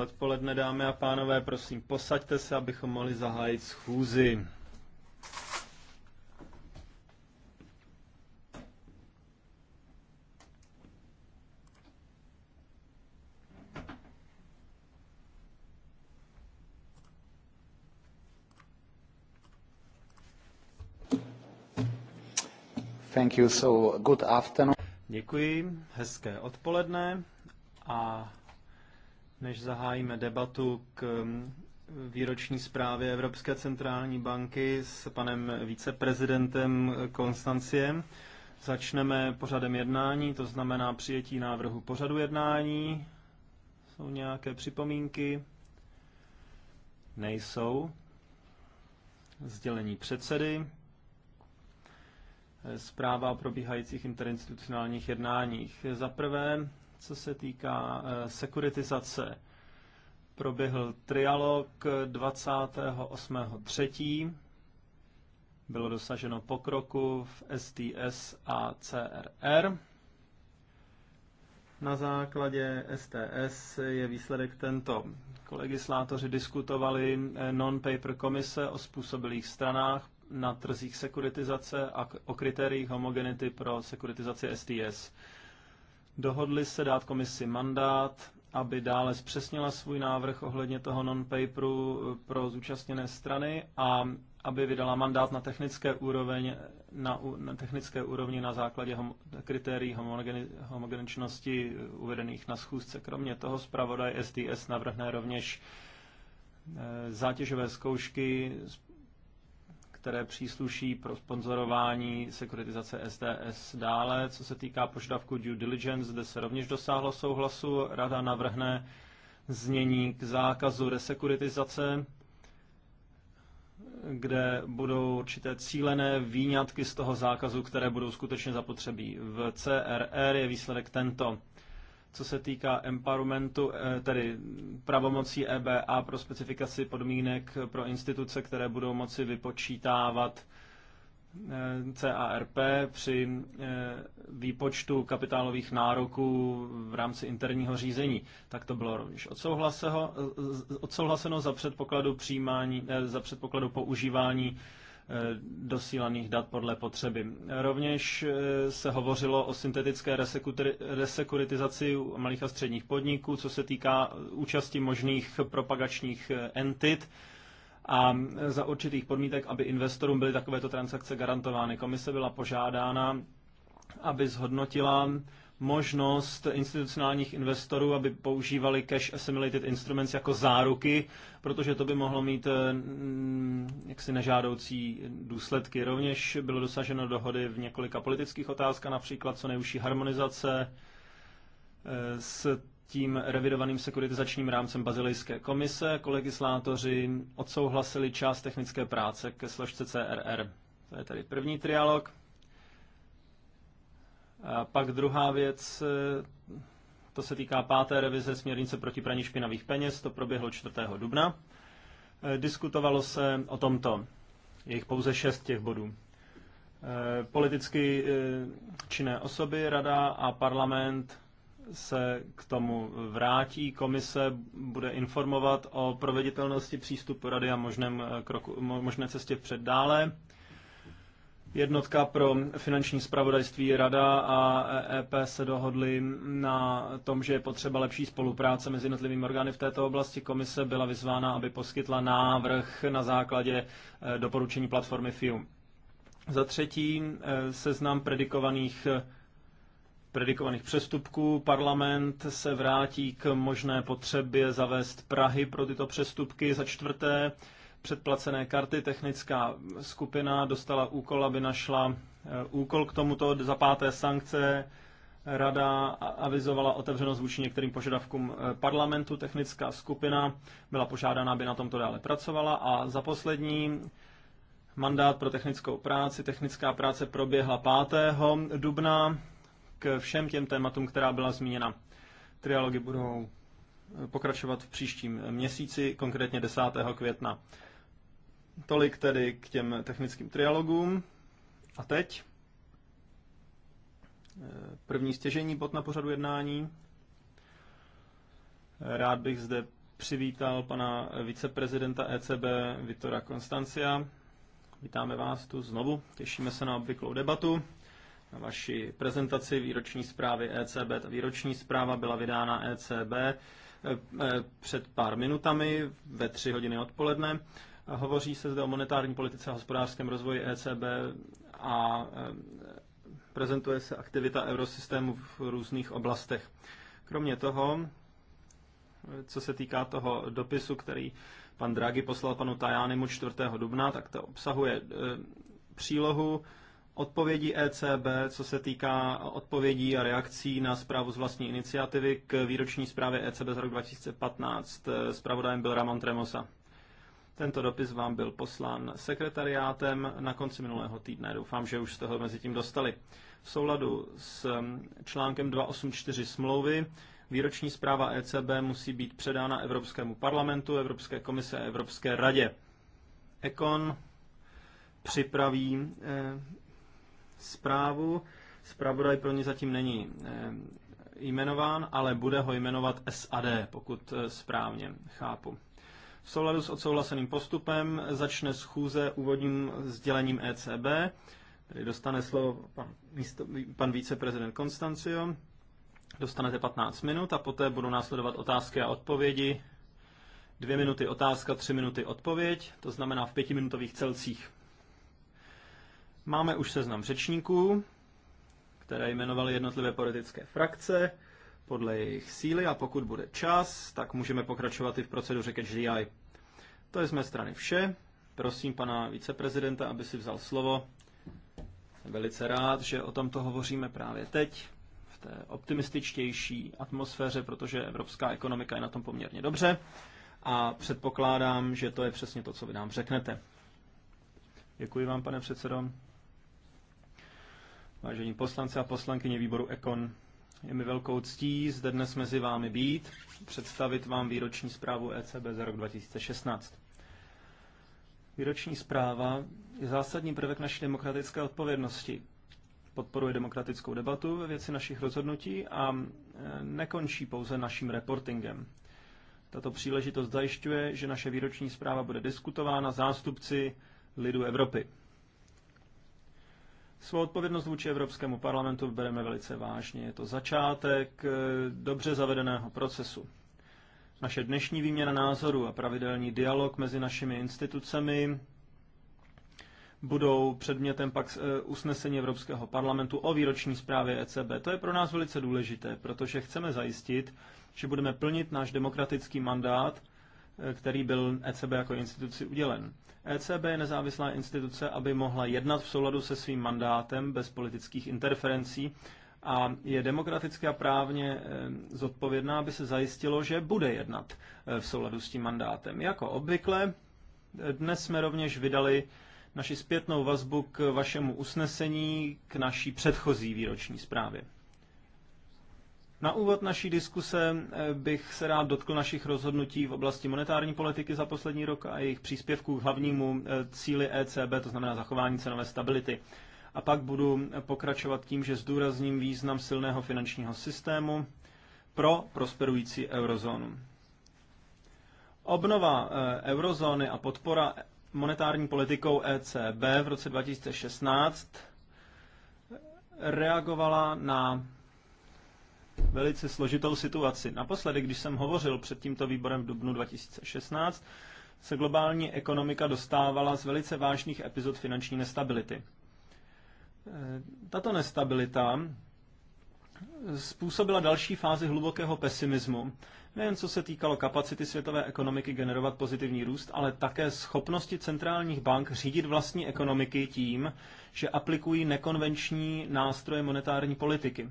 Odpoledne, dámy a pánové, prosím, posaďte se, abychom mohli zahájit schůzi. Thank you, so good afternoon. Děkuji, hezké odpoledne a než zahájíme debatu k mm, výroční zprávě Evropské centrální banky s panem viceprezidentem Konstanciem. Začneme pořadem jednání, to znamená přijetí návrhu pořadu jednání. Jsou nějaké připomínky? Nejsou. Sdělení předsedy. Zpráva o probíhajících interinstitucionálních jednáních. Za prvé, co se týká eh, sekuritizace, proběhl trialog 28.3. Bylo dosaženo pokroku v STS a CRR. Na základě STS je výsledek tento. Kolegislátoři diskutovali eh, non-paper komise o způsobilých stranách na trzích sekuritizace a o kritériích homogenity pro sekuritizaci STS. Dohodli se dát komisi mandát, aby dále zpřesnila svůj návrh ohledně toho non-paperu eh, pro zúčastněné strany a aby vydala mandát na technické úroveň na, na technické úrovni na základě hom, kritérií homogeni, homogeničnosti eh, uvedených na schůzce. Kromě toho zpravodaj SDS navrhne rovněž eh, zátěžové zkoušky které přísluší pro sponzorování sekuritizace SDS dále. Co se týká požadavku due diligence, zde se rovněž dosáhlo souhlasu. Rada navrhne znění k zákazu resekuritizace, kde budou určité cílené výňatky z toho zákazu, které budou skutečně zapotřebí. V CRR je výsledek tento co se týká empowermentu, eh, tedy pravomocí EBA pro specifikaci podmínek pro instituce, které budou moci vypočítávat eh, CARP při eh, výpočtu kapitálových nároků v rámci interního řízení. Tak to bylo rovněž odsouhlaseno, za předpokladu, přijímání, za předpokladu používání Eh, dosílaných dat podle potřeby. Rovněž eh, se hovořilo o syntetické resekuritizaci malých a středních podniků, co se týká eh, účasti možných propagačních entit a za určitých podmínek, aby investorům byly takovéto transakce garantovány. Komise byla požádána, aby zhodnotila možnost institucionálních investorů, aby používali cash assimilated instruments jako záruky, protože to by mohlo mít eh, jaksi nežádoucí důsledky. Rovněž bylo dosaženo dohody v několika politických otázkách, například co nejužší harmonizace eh, s tím revidovaným sekuritizačním rámcem Bazilejské komise. Kolegislátoři odsouhlasili část technické práce ke složce CRR. To je tady první trialog. A pak druhá věc, eh, to se týká páté revize směrnice proti praní špinavých peněz, to proběhlo 4. dubna. Eh, diskutovalo se o tomto. Je jich pouze šest těch bodů. Eh, politicky činné osoby, rada a parlament se k tomu vrátí. Komise bude informovat o proveditelnosti přístupu rady a možném kroku, možné cestě před dále. Jednotka pro finanční spravodajství Rada a EP e se dohodly na tom, že je potřeba lepší spolupráce mezi jednotlivými orgány v této oblasti. Komise byla vyzvána, aby poskytla návrh na základě eh, doporučení platformy FIU. Za třetí eh, seznam predikovaných eh, predikovaných přestupků. Parlament se vrátí k možné potřebě zavést Prahy pro tyto přestupky. Za čtvrté, předplacené karty. Technická skupina dostala úkol, aby našla eh, úkol k tomuto za páté sankce. Rada avizovala otevřenost vůči některým požadavkům eh, parlamentu. Technická skupina byla požádána, aby na tomto dále pracovala. A za poslední mandát pro technickou práci. Technická práce proběhla 5. dubna k všem těm tématům, která byla zmíněna. Trialogy budou eh, pokračovat v příštím měsíci, konkrétně 10. května. Tolik tedy k těm technickým trialogům. A teď eh, první stěžení bod na pořadu jednání. Eh, rád bych zde přivítal pana viceprezidenta ECB Vitora Konstancia. Vítáme vás tu znovu, těšíme se na obvyklou debatu, na vaši prezentaci výroční zprávy ECB. Ta výroční zpráva byla vydána ECB eh, před pár minutami ve tři hodiny odpoledne. Hovoří se zde o monetární politice a hospodářském rozvoji ECB a eh, prezentuje se aktivita eurosystému v různých oblastech. Kromě toho, eh, co se týká toho dopisu, který pan Draghi poslal panu Tajánimu 4. dubna, tak to obsahuje eh, přílohu odpovědí ECB, co se týká odpovědí a reakcí na zprávu z vlastní iniciativy k výroční zprávě ECB za rok 2015. Spravodajem byl Ramon Tremosa. Tento dopis vám byl poslán sekretariátem na konci minulého týdne. Doufám, že už jste ho mezi tím dostali. V souladu s um, článkem 284 smlouvy výroční zpráva ECB musí být předána Evropskému parlamentu, Evropské komise a Evropské radě. Ekon připraví eh, zprávu. Zpravodaj pro ně zatím není eh, jmenován, ale bude ho jmenovat SAD, pokud eh, správně chápu. V souladu s odsouhlaseným postupem začne schůze úvodním sdělením ECB, Tady dostane slovo pan, místo, pan víceprezident Konstancio, dostanete 15 minut a poté budou následovat otázky a odpovědi. Dvě minuty otázka, tři minuty odpověď, to znamená v pětiminutových celcích. Máme už seznam řečníků, které jmenovaly jednotlivé politické frakce podle jejich síly a pokud bude čas, tak můžeme pokračovat i v proceduře Catch To je z mé strany vše. Prosím pana viceprezidenta, aby si vzal slovo. Jsem velice rád, že o tomto hovoříme právě teď, v té optimističtější atmosféře, protože evropská ekonomika je na tom poměrně dobře a předpokládám, že to je přesně to, co vy nám řeknete. Děkuji vám, pane předsedo. Vážení poslanci a poslankyně výboru Ekon, je mi velkou ctí zde dnes mezi vámi být, představit vám výroční zprávu ECB za rok 2016. Výroční zpráva je zásadní prvek naší demokratické odpovědnosti. Podporuje demokratickou debatu ve věci našich rozhodnutí a e, nekončí pouze naším reportingem. Tato příležitost zajišťuje, že naše výroční zpráva bude diskutována zástupci lidu Evropy. Svou odpovědnost vůči Evropskému parlamentu bereme velice vážně. Je to začátek eh, dobře zavedeného procesu. Naše dnešní výměna názorů a pravidelný dialog mezi našimi institucemi budou předmětem pak eh, usnesení Evropského parlamentu o výroční zprávě ECB. To je pro nás velice důležité, protože chceme zajistit, že budeme plnit náš demokratický mandát který byl ECB jako instituci udělen. ECB je nezávislá instituce, aby mohla jednat v souladu se svým mandátem bez politických interferencí a je demokraticky a právně eh, zodpovědná, aby se zajistilo, že bude jednat eh, v souladu s tím mandátem. Jako obvykle, dnes jsme rovněž vydali naši zpětnou vazbu k vašemu usnesení, k naší předchozí výroční zprávě. Na úvod naší diskuse eh, bych se rád dotkl našich rozhodnutí v oblasti monetární politiky za poslední rok a jejich příspěvků k hlavnímu eh, cíli ECB, to znamená zachování cenové stability. A pak budu eh, pokračovat tím, že zdůrazním význam silného finančního systému pro prosperující eurozónu. Obnova eurozóny a podpora monetární politikou ECB v roce 2016 reagovala na velice složitou situaci. Naposledy, když jsem hovořil před tímto výborem v dubnu 2016, se globální ekonomika dostávala z velice vážných epizod finanční nestability. Tato nestabilita způsobila další fázi hlubokého pesimismu, nejen co se týkalo kapacity světové ekonomiky generovat pozitivní růst, ale také schopnosti centrálních bank řídit vlastní ekonomiky tím, že aplikují nekonvenční nástroje monetární politiky.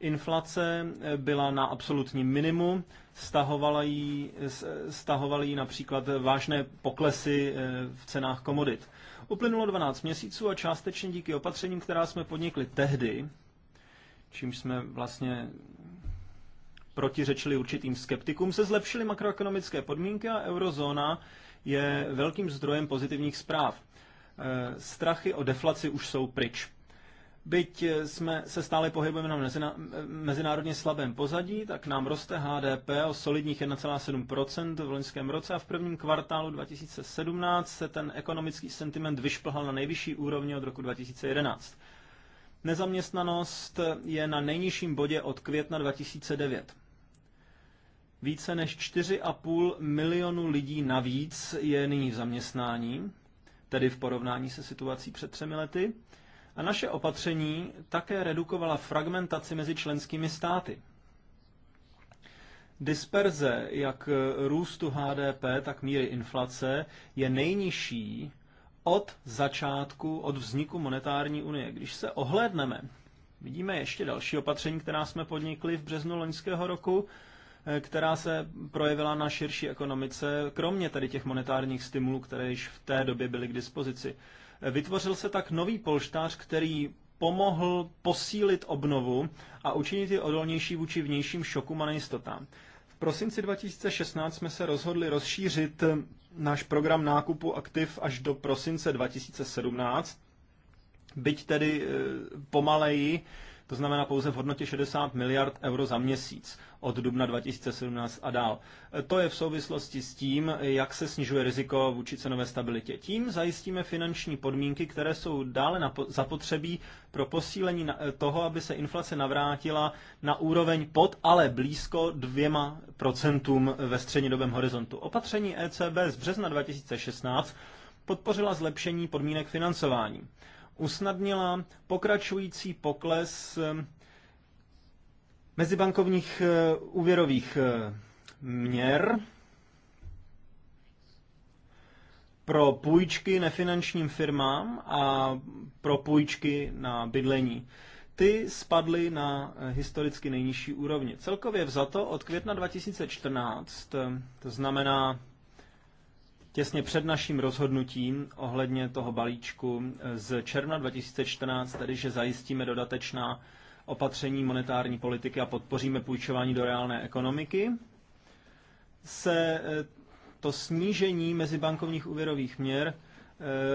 Inflace eh, byla na absolutním minimu, stahovala jí, stahovala jí například vážné poklesy eh, v cenách komodit. Uplynulo 12 měsíců a částečně díky opatřením, která jsme podnikli tehdy, čímž jsme vlastně protiřečili určitým skeptikům, se zlepšily makroekonomické podmínky a eurozóna je velkým zdrojem pozitivních zpráv. Eh, strachy o deflaci už jsou pryč. Byť eh, jsme se stále pohybujeme na mezinárodně slabém pozadí, tak nám roste HDP o solidních 1,7% v loňském roce a v prvním kvartálu 2017 se ten ekonomický sentiment vyšplhal na nejvyšší úrovni od roku 2011. Nezaměstnanost je na nejnižším bodě od května 2009. Více než 4,5 milionu lidí navíc je nyní v zaměstnání, tedy v porovnání se situací před třemi lety. A naše opatření také redukovala fragmentaci mezi členskými státy. Disperze jak růstu HDP, tak míry inflace je nejnižší od začátku, od vzniku monetární unie. Když se ohlédneme, vidíme ještě další opatření, která jsme podnikli v březnu loňského roku, eh, která se projevila na širší ekonomice, kromě tedy těch monetárních stimulů, které již v té době byly k dispozici. Vytvořil se tak nový polštář, který pomohl posílit obnovu a učinit ji odolnější vůči vnějším šokům a nejistotám. V prosinci 2016 jsme se rozhodli rozšířit náš program nákupu aktiv až do prosince 2017, byť tedy eh, pomaleji, to znamená pouze v hodnotě 60 miliard euro za měsíc od dubna 2017 a dál. To je v souvislosti s tím, jak se snižuje riziko vůči cenové stabilitě. Tím zajistíme finanční podmínky, které jsou dále zapotřebí pro posílení toho, aby se inflace navrátila na úroveň pod, ale blízko dvěma procentům ve střednědobém horizontu. Opatření ECB z března 2016 podpořila zlepšení podmínek financování usnadnila pokračující pokles eh, mezibankovních eh, úvěrových eh, měr pro půjčky nefinančním firmám a pro půjčky na bydlení. Ty spadly na historicky nejnižší úrovni. Celkově vzato od května 2014, to znamená těsně před naším rozhodnutím ohledně toho balíčku eh, z června 2014, tedy že zajistíme dodatečná opatření monetární politiky a podpoříme půjčování do reálné ekonomiky, se eh, to snížení mezibankovních úvěrových měr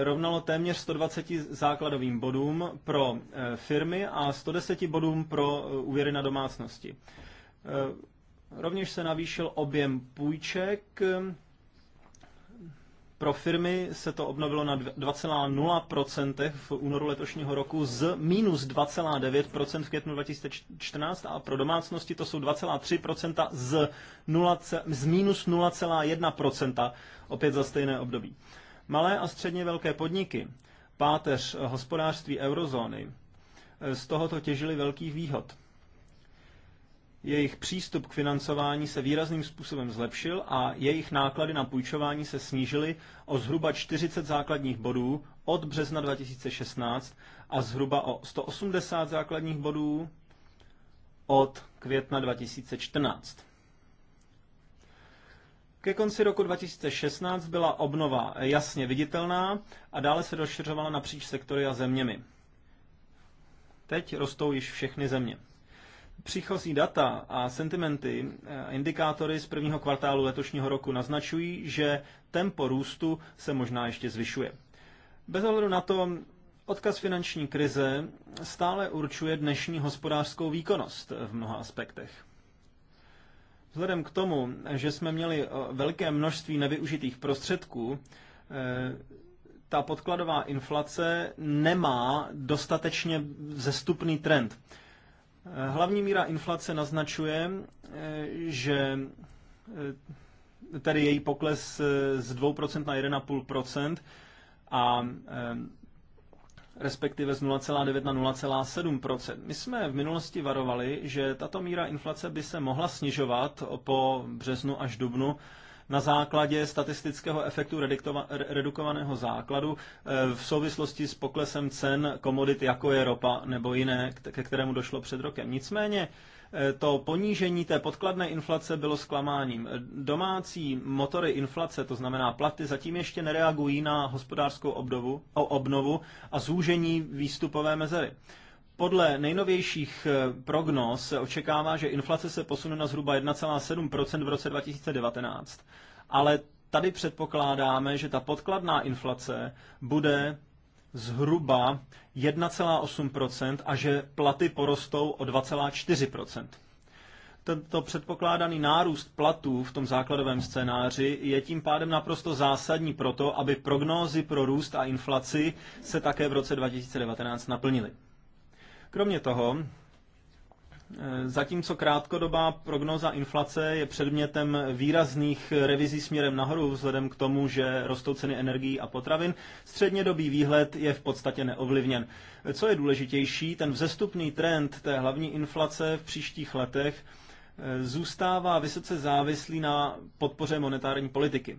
eh, rovnalo téměř 120 základovým bodům pro firmy a 110 bodům pro úvěry na domácnosti. Rovněž se navýšil objem půjček pro firmy se to obnovilo na 2,0% v únoru letošního roku z minus 2,9% v květnu 2014 a pro domácnosti to jsou 2,3% z, z minus 0,1% opět za stejné období. Malé a středně velké podniky, páteř hospodářství eurozóny, z tohoto těžili velkých výhod. Jejich přístup k financování se výrazným způsobem zlepšil a jejich náklady na půjčování se snížily o zhruba 40 základních bodů od března 2016 a zhruba o 180 základních bodů od května 2014. Ke konci roku 2016 byla obnova jasně viditelná a dále se rozšiřovala napříč sektory a zeměmi. Teď rostou již všechny země. Příchozí data a sentimenty, eh, indikátory z prvního kvartálu letošního roku naznačují, že tempo růstu se možná ještě zvyšuje. Bez ohledu na to, odkaz finanční krize stále určuje dnešní hospodářskou výkonnost v mnoha aspektech. Vzhledem k tomu, že jsme měli eh, velké množství nevyužitých prostředků, eh, ta podkladová inflace nemá dostatečně zestupný trend. Hlavní míra inflace naznačuje, eh, že eh, tedy její pokles eh, z 2% na 1,5% a respektive z 0,9 na 0,7 My jsme v minulosti varovali, že tato míra inflace by se mohla snižovat po březnu až dubnu na základě statistického efektu redukovaného základu eh, v souvislosti s poklesem cen komodit, jako je ropa nebo jiné, ke kterému došlo před rokem. Nicméně eh, to ponížení té podkladné inflace bylo zklamáním. Domácí motory inflace, to znamená platy, zatím ještě nereagují na hospodářskou obdovu, obnovu a zúžení výstupové mezery. Podle nejnovějších eh, prognóz se očekává, že inflace se posune na zhruba 1,7 v roce 2019, ale tady předpokládáme, že ta podkladná inflace bude zhruba 1,8 a že platy porostou o 2,4 tento předpokládaný nárůst platů v tom základovém scénáři je tím pádem naprosto zásadní proto, aby prognózy pro růst a inflaci se také v roce 2019 naplnily. Kromě toho, eh, Zatímco krátkodobá prognoza inflace je předmětem výrazných revizí směrem nahoru vzhledem k tomu, že rostou ceny energií a potravin, střednědobý výhled je v podstatě neovlivněn. Co je důležitější, ten vzestupný trend té hlavní inflace v příštích letech eh, zůstává vysoce závislý na podpoře monetární politiky.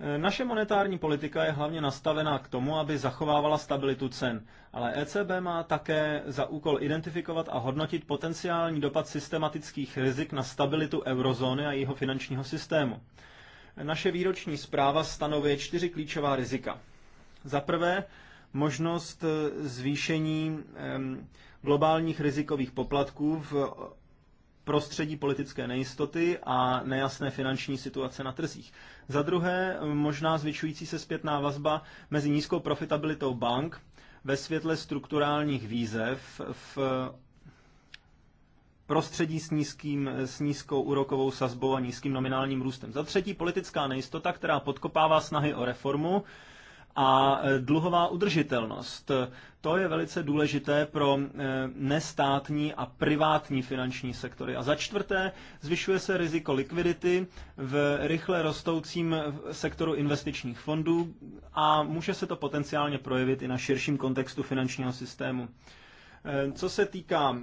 Eh, naše monetární politika je hlavně nastavená k tomu, aby zachovávala stabilitu cen, ale ECB má také za úkol identifikovat a hodnotit potenciální dopad systematických rizik na stabilitu eurozóny a jeho finančního systému. Eh, naše výroční zpráva stanovuje čtyři klíčová rizika. Za prvé, možnost eh, zvýšení globálních rizikových poplatků v prostředí politické nejistoty a nejasné finanční situace na trzích. Za druhé, možná zvětšující se zpětná vazba mezi nízkou profitabilitou bank ve světle strukturálních výzev v prostředí s, nízkým, s nízkou úrokovou sazbou a nízkým nominálním růstem. Za třetí, politická nejistota, která podkopává snahy o reformu a dluhová udržitelnost. To je velice důležité pro eh, nestátní a privátní finanční sektory. A za čtvrté, zvyšuje se riziko likvidity v rychle rostoucím eh, sektoru investičních fondů a může se to potenciálně projevit i na širším kontextu finančního systému. Eh, co se týká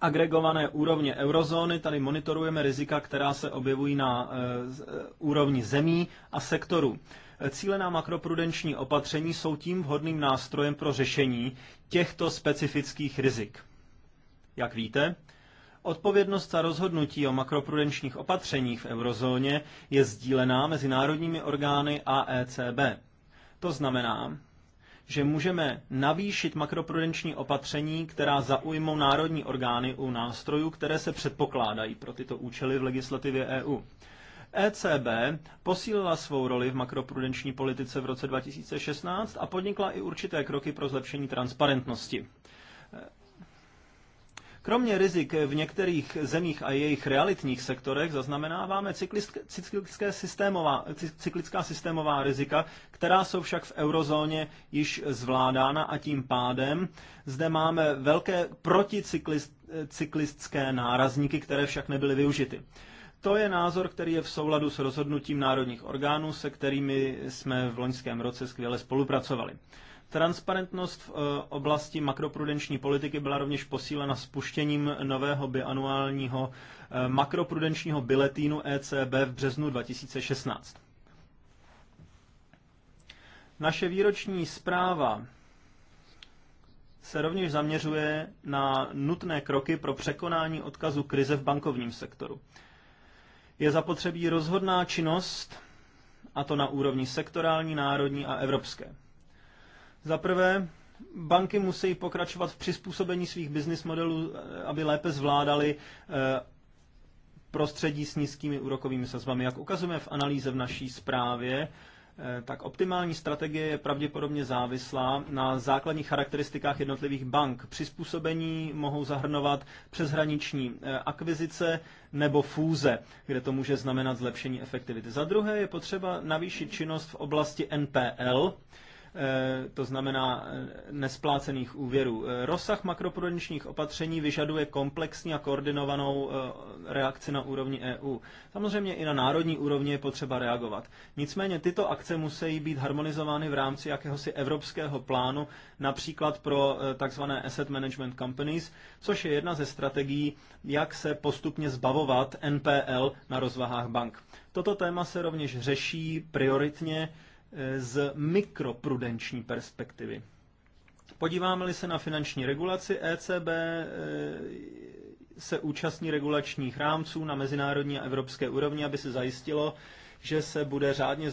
agregované úrovně eurozóny, tady monitorujeme rizika, která se objevují na úrovni zemí a sektorů. Cílená makroprudenční opatření jsou tím vhodným nástrojem pro řešení těchto specifických rizik. Jak víte, Odpovědnost za rozhodnutí o makroprudenčních opatřeních v eurozóně je sdílená mezi národními orgány a ECB. To znamená, že můžeme navýšit makroprudenční opatření, která zaujmou národní orgány u nástrojů, které se předpokládají pro tyto účely v legislativě EU. ECB posílila svou roli v makroprudenční politice v roce 2016 a podnikla i určité kroky pro zlepšení transparentnosti. Kromě rizik v některých zemích a jejich realitních sektorech zaznamenáváme cyklické systémová, cyklická systémová rizika, která jsou však v eurozóně již zvládána a tím pádem zde máme velké proticyklistické nárazníky, které však nebyly využity. To je názor, který je v souladu s rozhodnutím národních orgánů, se kterými jsme v loňském roce skvěle spolupracovali. Transparentnost v e, oblasti makroprudenční politiky byla rovněž posílena spuštěním nového bianuálního e, makroprudenčního biletínu ECB v březnu 2016. Naše výroční zpráva se rovněž zaměřuje na nutné kroky pro překonání odkazu krize v bankovním sektoru je zapotřebí rozhodná činnost, a to na úrovni sektorální, národní a evropské. Za prvé, banky musí pokračovat v přizpůsobení svých business modelů, eh, aby lépe zvládali eh, prostředí s nízkými úrokovými sazbami. Jak ukazujeme v analýze v naší zprávě, Eh, tak optimální strategie je pravděpodobně závislá na základních charakteristikách jednotlivých bank. Přizpůsobení mohou zahrnovat přeshraniční eh, akvizice nebo fúze, kde to může znamenat zlepšení efektivity. Za druhé je potřeba navýšit činnost v oblasti NPL, Eh, to znamená eh, nesplácených úvěrů. Eh, rozsah makroprudenčních opatření vyžaduje komplexní a koordinovanou reakci na úrovni EU. Samozřejmě i na národní úrovni je potřeba reagovat. Nicméně tyto akce musí být harmonizovány v rámci jakéhosi evropského plánu, například pro tzv. asset management companies, což je jedna ze strategií, jak se postupně zbavovat NPL na rozvahách bank. Toto téma se rovněž řeší prioritně z mikroprudenční perspektivy. Podíváme-li se na finanční regulaci, ECB e, se účastní regulačních rámců na mezinárodní a evropské úrovni, aby se zajistilo, že se bude řádně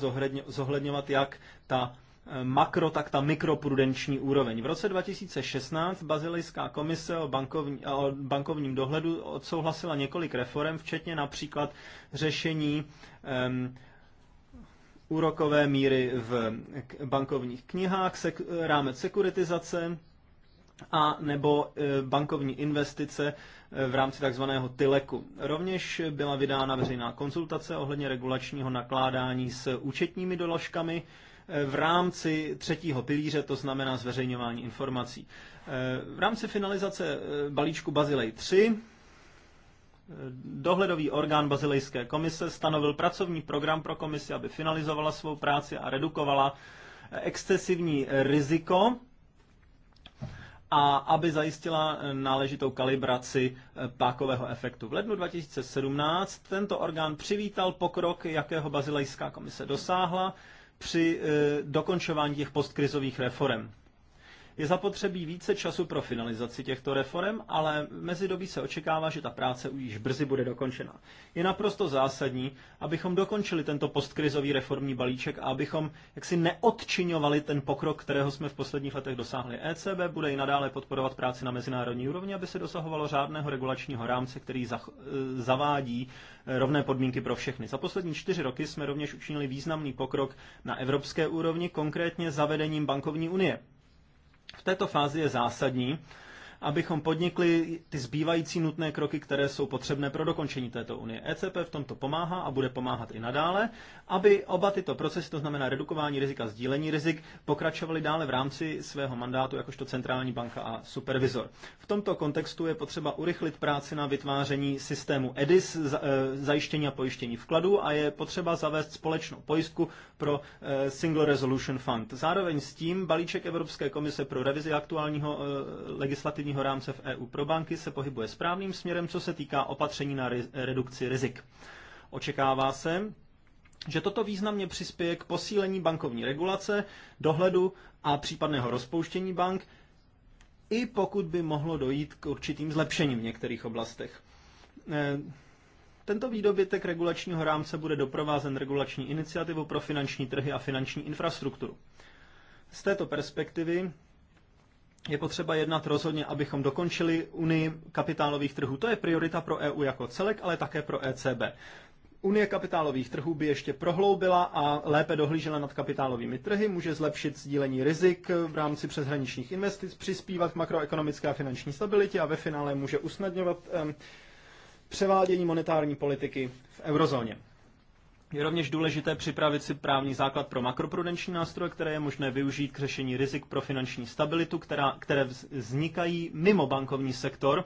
zohledňovat jak ta e, makro, tak ta mikroprudenční úroveň. V roce 2016 Bazilejská komise o, bankovní, o bankovním dohledu odsouhlasila několik reform, včetně například řešení um, úrokové míry v bankovních knihách, sek, rámec sekuritizace a nebo e, bankovní investice e, v rámci takzvaného TILEKu. Rovněž byla vydána veřejná konzultace ohledně regulačního nakládání s účetními doložkami e, v rámci třetího pilíře, to znamená zveřejňování informací. V rámci finalizace balíčku Bazilej 3 Dohledový orgán Bazilejské komise stanovil pracovní program pro komisi, aby finalizovala svou práci a redukovala excesivní riziko a aby zajistila náležitou kalibraci pákového efektu. V lednu 2017 tento orgán přivítal pokrok, jakého Bazilejská komise dosáhla při eh, dokončování těch postkrizových reform. Je zapotřebí více času pro finalizaci těchto reform, ale mezi dobí se očekává, že ta práce už brzy bude dokončena. Je naprosto zásadní, abychom dokončili tento postkrizový reformní balíček a abychom jaksi neodčiňovali ten pokrok, kterého jsme v posledních letech dosáhli. ECB bude i nadále podporovat práci na mezinárodní úrovni, aby se dosahovalo řádného regulačního rámce, který e, zavádí e, rovné podmínky pro všechny. Za poslední čtyři roky jsme rovněž učinili významný pokrok na evropské úrovni, konkrétně zavedením bankovní unie. V této fázi je zásadní, abychom podnikli ty zbývající nutné kroky, které jsou potřebné pro dokončení této unie. ECP v tomto pomáhá a bude pomáhat i nadále, aby oba tyto procesy, to znamená redukování rizika, sdílení rizik, pokračovaly dále v rámci svého mandátu jakožto centrální banka a supervizor. V tomto kontextu je potřeba urychlit práci na vytváření systému EDIS, e, zajištění a pojištění vkladů a je potřeba zavést společnou pojistku pro e, Single Resolution Fund. Zároveň s tím balíček Evropské komise pro revizi aktuálního e, legislativního regulativního rámce v EU pro banky se pohybuje správným směrem, co se týká opatření na redukci rizik. Očekává se, že toto významně přispěje k posílení bankovní regulace, dohledu a případného rozpouštění bank, i pokud by mohlo dojít k určitým zlepšením v některých oblastech. E, tento výdobytek regulačního rámce bude doprovázen regulační iniciativou pro finanční trhy a finanční infrastrukturu. Z této perspektivy je potřeba jednat rozhodně, abychom dokončili Unii kapitálových trhů. To je priorita pro EU jako celek, ale také pro ECB. Unie kapitálových trhů by ještě prohloubila a lépe dohlížela nad kapitálovými trhy, může zlepšit sdílení rizik v rámci přeshraničních investic, přispívat k makroekonomické a finanční stabilitě a ve finále může usnadňovat převádění monetární politiky v eurozóně. Je rovněž důležité připravit si právní základ pro makroprudenční nástroje, které je možné využít k řešení rizik pro finanční stabilitu, která, které vznikají mimo bankovní sektor.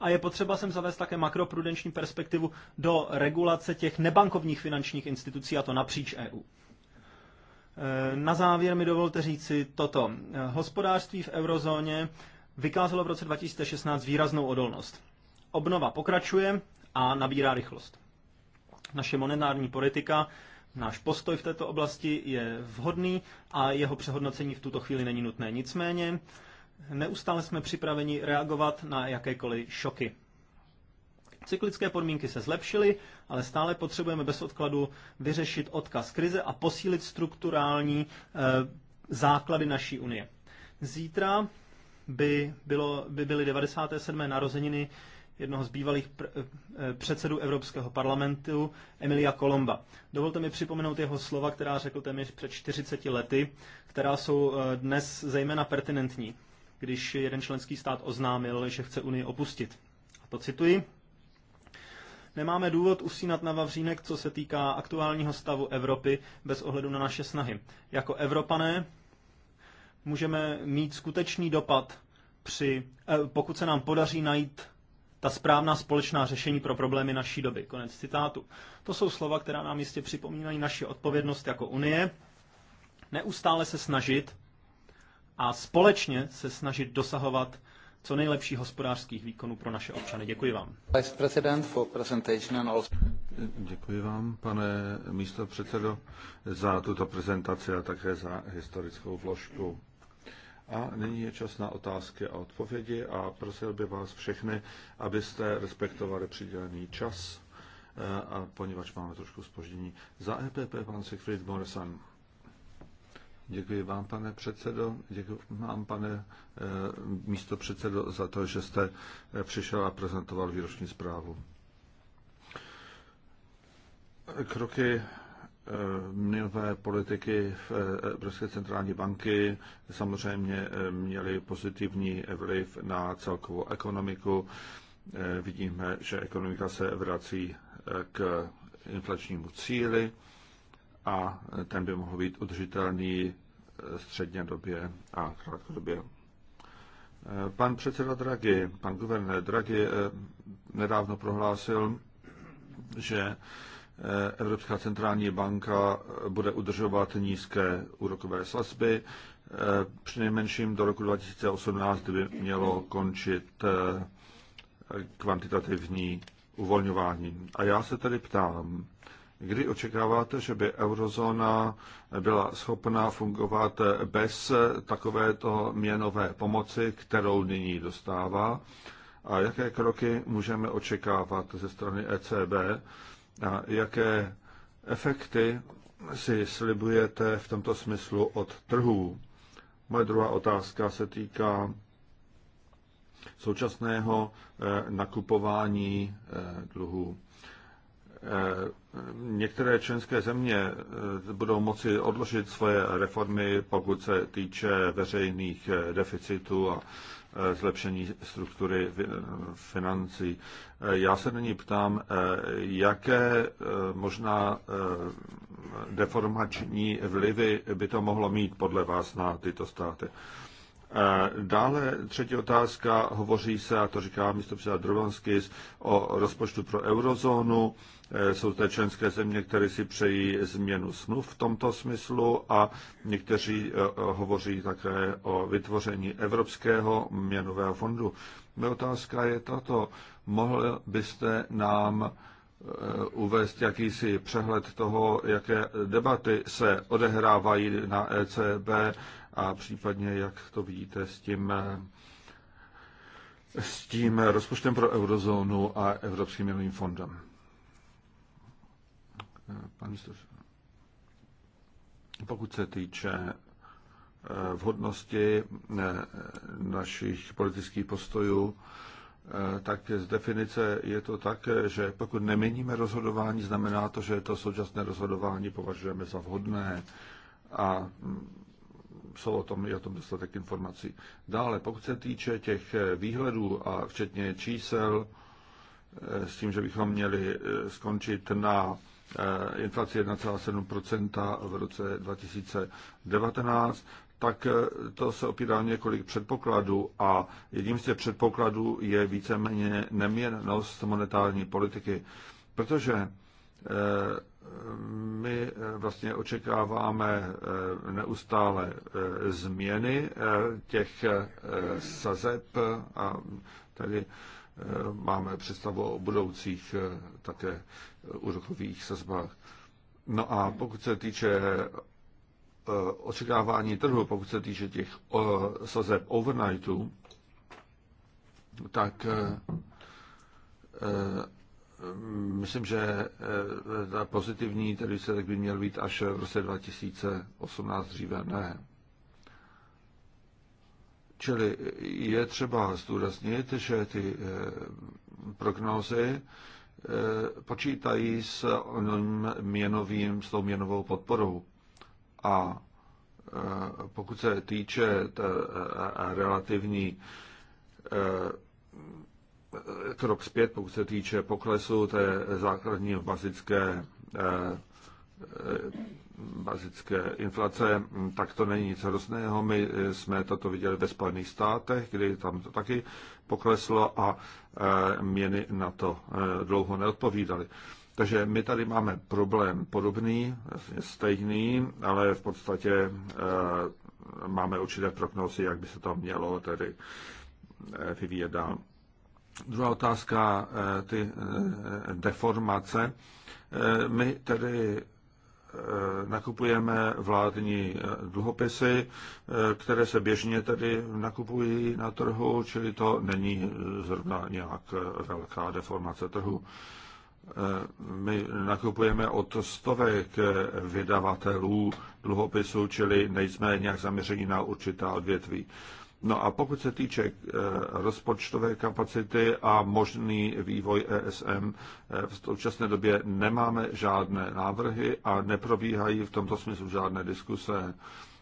A je potřeba sem zavést také makroprudenční perspektivu do regulace těch nebankovních finančních institucí, a to napříč EU. E, na závěr mi dovolte říci toto. E, hospodářství v eurozóně vykázalo v roce 2016 výraznou odolnost. Obnova pokračuje a nabírá rychlost. Naše monetární politika, náš postoj v této oblasti je vhodný a jeho přehodnocení v tuto chvíli není nutné. Nicméně, neustále jsme připraveni reagovat na jakékoliv šoky. Cyklické podmínky se zlepšily, ale stále potřebujeme bez odkladu vyřešit odkaz krize a posílit strukturální e, základy naší unie. Zítra by, bylo, by byly 97. narozeniny jednoho z bývalých pr- eh, předsedů Evropského parlamentu, Emilia Kolomba. Dovolte mi připomenout jeho slova, která řekl téměř před 40 lety, která jsou eh, dnes zejména pertinentní, když jeden členský stát oznámil, že chce Unii opustit. A to cituji. Nemáme důvod usínat na vavřínek, co se týká aktuálního stavu Evropy, bez ohledu na naše snahy. Jako Evropané můžeme mít skutečný dopad při, eh, pokud se nám podaří najít ta správná společná řešení pro problémy naší doby. Konec citátu. To jsou slova, která nám jistě připomínají naši odpovědnost jako Unie. Neustále se snažit a společně se snažit dosahovat co nejlepší hospodářských výkonů pro naše občany. Děkuji vám. Děkuji vám, pane místo předsedo, za tuto prezentaci a také za historickou vložku. A nyní je čas na otázky a odpovědi a prosil bych vás všechny, abyste respektovali přidělený čas, eh, a poněvadž máme trošku spoždění. Za EPP pan Siegfried Morrison. Děkuji vám, pane předsedo, děkuji vám, pane eh, místo předsedo, za to, že jste eh, přišel a prezentoval výroční zprávu. Kroky měnové politiky v Evropské centrální banky samozřejmě měly pozitivní vliv na celkovou ekonomiku. Vidíme, že ekonomika se vrací k inflačnímu cíli a ten by mohl být udržitelný středně době a krátkodobě. Pan předseda Draghi, pan guvernér Draghi nedávno prohlásil, že Evropská centrální banka bude udržovat nízké úrokové sazby. Přinejmenším do roku 2018 by mělo končit eh, kvantitativní uvolňování. A já se tedy ptám, kdy očekáváte, že by eurozóna byla schopná fungovat bez takovéto měnové pomoci, kterou nyní dostává? A jaké kroky můžeme očekávat ze strany ECB, a jaké efekty si slibujete v tomto smyslu od trhů? Moje druhá otázka se týká současného eh, nakupování eh, dluhů. Eh, některé členské země budou moci odložit svoje reformy, pokud se týče veřejných deficitů a Eh, zlepšení struktury financí. Eh, já se nyní ptám, eh, jaké možná deformační vlivy by to mohlo mít podle vás na tyto státy. Dále třetí otázka, hovoří se, a to říká místo předseda Drobanskis, o rozpočtu pro eurozónu. Eh, jsou to členské země, které si přejí změnu smluv v tomto smyslu a někteří eh, hovoří také o vytvoření Evropského měnového fondu. Moje otázka je tato. Mohl byste nám eh, uvést jakýsi přehled toho, jaké debaty se odehrávají na ECB a případně jak to vidíte s tím, s tím rozpočtem pro eurozónu a Evropským měnovým fondem. Pan pokud se týče eh, vhodnosti eh, našich politických postojů, eh, tak z definice je to tak, že pokud neměníme rozhodování, znamená to, že to současné rozhodování považujeme za vhodné a mm, jsou o tom, je o tom dostatek informací. Dále, pokud se týče těch výhledů a včetně čísel, s tím, že bychom měli skončit na Eh, inflaci 1,7 v roce 2019, tak eh, to se opírá několik předpokladů a jedním z těch předpokladů je víceméně neměrnost monetární politiky, protože eh, my vlastně očekáváme neustále změny těch sazeb a tedy Eh, máme představu o budoucích eh, také eh, úrokových sazbách. No a pokud se týče očekávání trhu, pokud se týče těch sazeb overnightů, tak myslím, že ta pozitivní tedy se tak by měl být až v roce 2018, dříve ne. Čili je třeba zdůraznit, že ty eh, prognózy eh, počítají s měnovým, s tou měnovou podporou. A eh, pokud se týče relativní krok zpět, pokud se týče poklesu té základní bazické bazické inflace, tak to není nic hrozného. My eh, jsme toto viděli ve Spojených státech, kdy tam to taky pokleslo a eh, měny na to eh, dlouho neodpovídaly. Takže my tady máme problém podobný, vlastně stejný, ale v podstatě máme určité prognózy, jak by se to mělo tedy vyvíjet dál. Druhá otázka, ty deformace. My tedy Eh, nakupujeme vládní eh, dluhopisy, eh, které se běžně tedy nakupují na trhu, čili to není zrovna nějak velká deformace trhu. My nakupujeme od stovek vydavatelů dluhopisů, čili nejsme nějak zaměření na určitá odvětví. No a pokud se týče eh, rozpočtové kapacity a možný vývoj ESM, eh, v současné době nemáme žádné návrhy a neprobíhají v tomto smyslu žádné diskuse.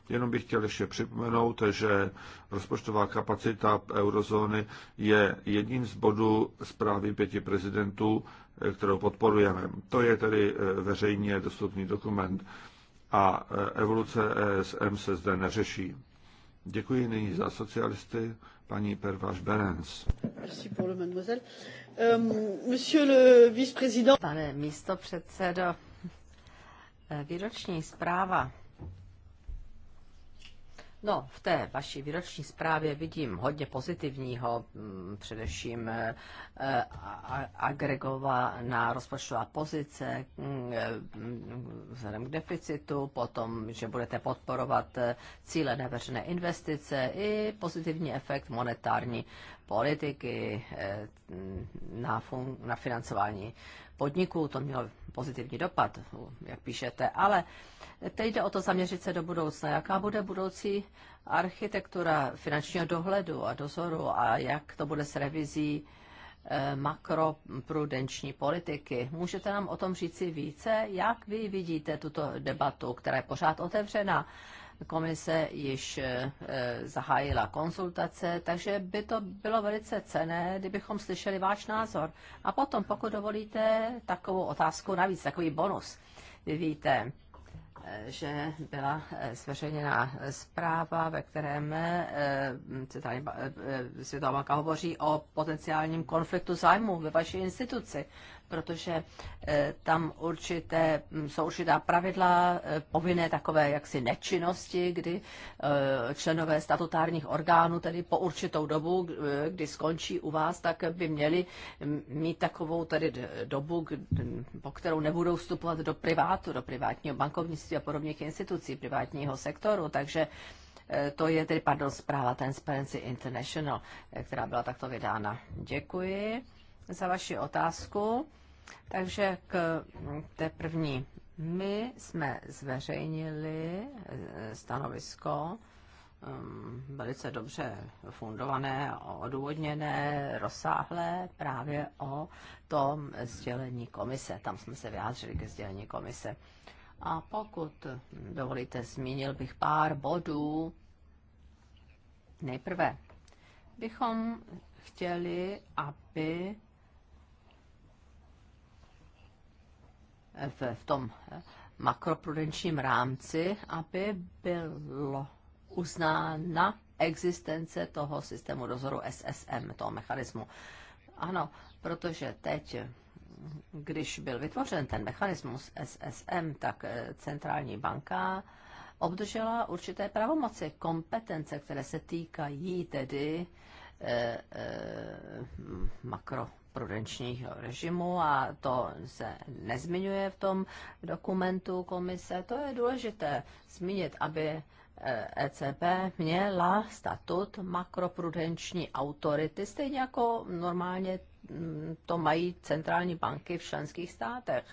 Jenom bych chtěl ještě připomenout, že rozpočtová kapacita eurozóny je jedním z bodů zprávy pěti prezidentů, eh, kterou podporujeme. To je tedy veřejně dostupný dokument a evoluce ESM se zde neřeší. Děkuji nyní za socialisty paní Berens. Euh, Pane místo předsedo, výroční zpráva No, v té vaší výroční zprávě vidím hodně pozitivního, mm, především na eh, rozpočtová pozice mm, eh, mm, vzhledem k deficitu, potom, že budete podporovat eh, cíle neveřejné investice i pozitivní efekt monetární politiky na, fun- na financování podniků. To mělo pozitivní dopad, jak píšete, ale Teď jde o to zaměřit se do budoucna. Jaká bude budoucí architektura finančního dohledu a dozoru a jak to bude s revizí eh, makroprudenční politiky. Můžete nám o tom říci více? Jak vy vidíte tuto debatu, která je pořád otevřena? Komise již eh, eh, zahájila konsultace, takže by to bylo velice cené, kdybychom slyšeli váš názor. A potom, pokud dovolíte, takovou otázku navíc, takový bonus. Vy víte, že byla eh, zveřejněna eh, zpráva, ve kterém eh, se tady Světová banka hovoří o potenciálním konfliktu zájmu ve vaší instituci protože eh, tam určité, mm, jsou určitá pravidla eh, povinné takové jaksi nečinnosti, kdy eh, členové statutárních orgánů tedy po určitou dobu, kdy skončí u vás, tak by měli mm, mít takovou tedy dobu, mm, po kterou nebudou vstupovat do privátu, do privátního bankovnictví a podobných institucí privátního sektoru, takže to je tedy, pardon, zpráva Transparency International, která byla takto vydána. Děkuji za vaši otázku. Takže k té první. My jsme zveřejnili eh, stanovisko ehm, velice dobře fundované, odůvodněné, rozsáhlé právě o tom sdělení komise. Tam jsme se vyjádřili ke sdělení komise. A pokud dovolíte, zmínil bych pár bodů. Nejprve bychom chtěli, aby v, v tom makroprudenčním rámci, aby bylo uznána existence toho systému dozoru SSM, toho mechanismu. Ano, protože teď, když byl vytvořen ten mechanismus SSM, tak eh, centrální banka obdržela určité pravomoci, kompetence, které se týkají tedy e, e, makro prudenčních režimu a to se nezmiňuje v tom dokumentu komise. To je důležité zmínit, aby ECB eh, e měla statut makroprudenční autority, stejně jako normálně mm, to mají centrální banky v členských státech,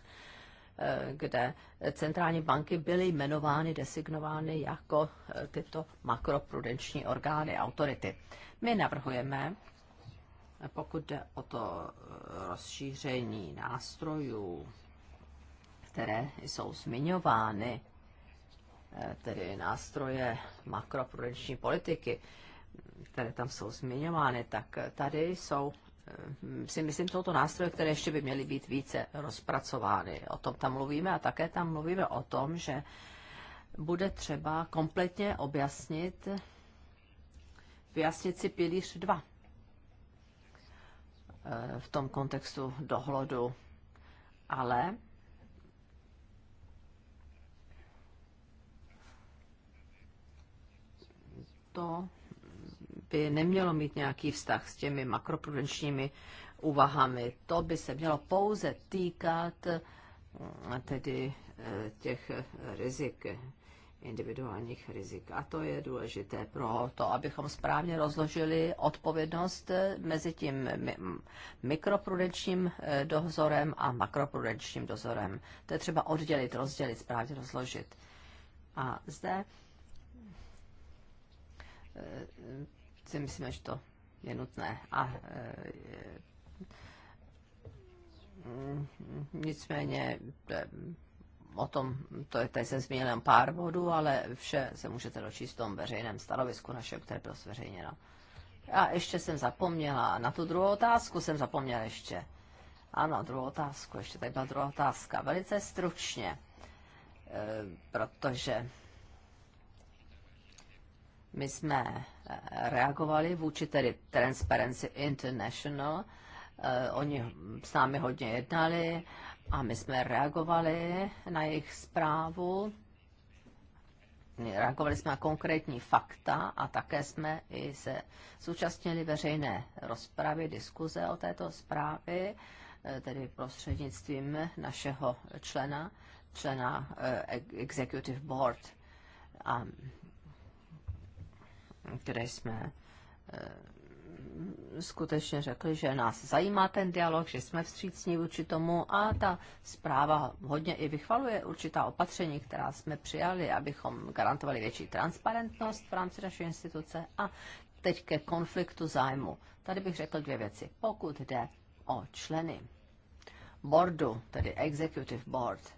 eh, kde centrální banky byly jmenovány, designovány jako eh, tyto makroprudenční orgány, autority. My navrhujeme, pokud jde o to eh, rozšíření nástrojů, které jsou zmiňovány, eh, tedy nástroje makroprudenční politiky, které tam jsou zmiňovány, tak tady jsou, eh, si myslím, jsou to nástroje, které ještě by měly být více rozpracovány. O tom tam mluvíme a také tam mluvíme o tom, že bude třeba kompletně objasnit, vyjasnit si pilíř 2 Eh, v tom kontextu dohlodu. Ale to by nemělo mít nějaký vztah s těmi makroprudenčními úvahami. To by se mělo pouze týkat eh, tedy eh, těch rizik individuálních rizik. A to je důležité pro to, abychom správně rozložili odpovědnost eh, mezi tím mikroprudenčním eh, dozorem a makroprudenčním dozorem. To je třeba oddělit, rozdělit, správně rozložit. A zde eh, si myslíme, že to je nutné. A mm, nicméně o tom, to je, tady jsem zmínil jen pár bodů, ale vše se můžete dočíst v tom veřejném stanovisku našeho, které bylo zveřejněno. A ještě jsem zapomněla, na tu druhou otázku jsem zapomněla ještě. Ano, druhou otázku, ještě tady byla druhá otázka. Velice stručně, e, protože my jsme e, reagovali vůči tedy Transparency International, e, oni s námi hodně jednali, a my jsme reagovali na jejich zprávu. Reagovali jsme na konkrétní fakta a také jsme i se zúčastnili veřejné rozpravy, diskuze o této zprávě, eh, tedy prostřednictvím našeho člena, člena eh, Executive Board, a, které jsme eh, skutečně řekli, že nás zajímá ten dialog, že jsme vstřícní vůči tomu a ta zpráva hodně i vychvaluje určitá opatření, která jsme přijali, abychom garantovali větší transparentnost v rámci naší instituce a teď ke konfliktu zájmu. Tady bych řekl dvě věci. Pokud jde o členy boardu, tedy executive board,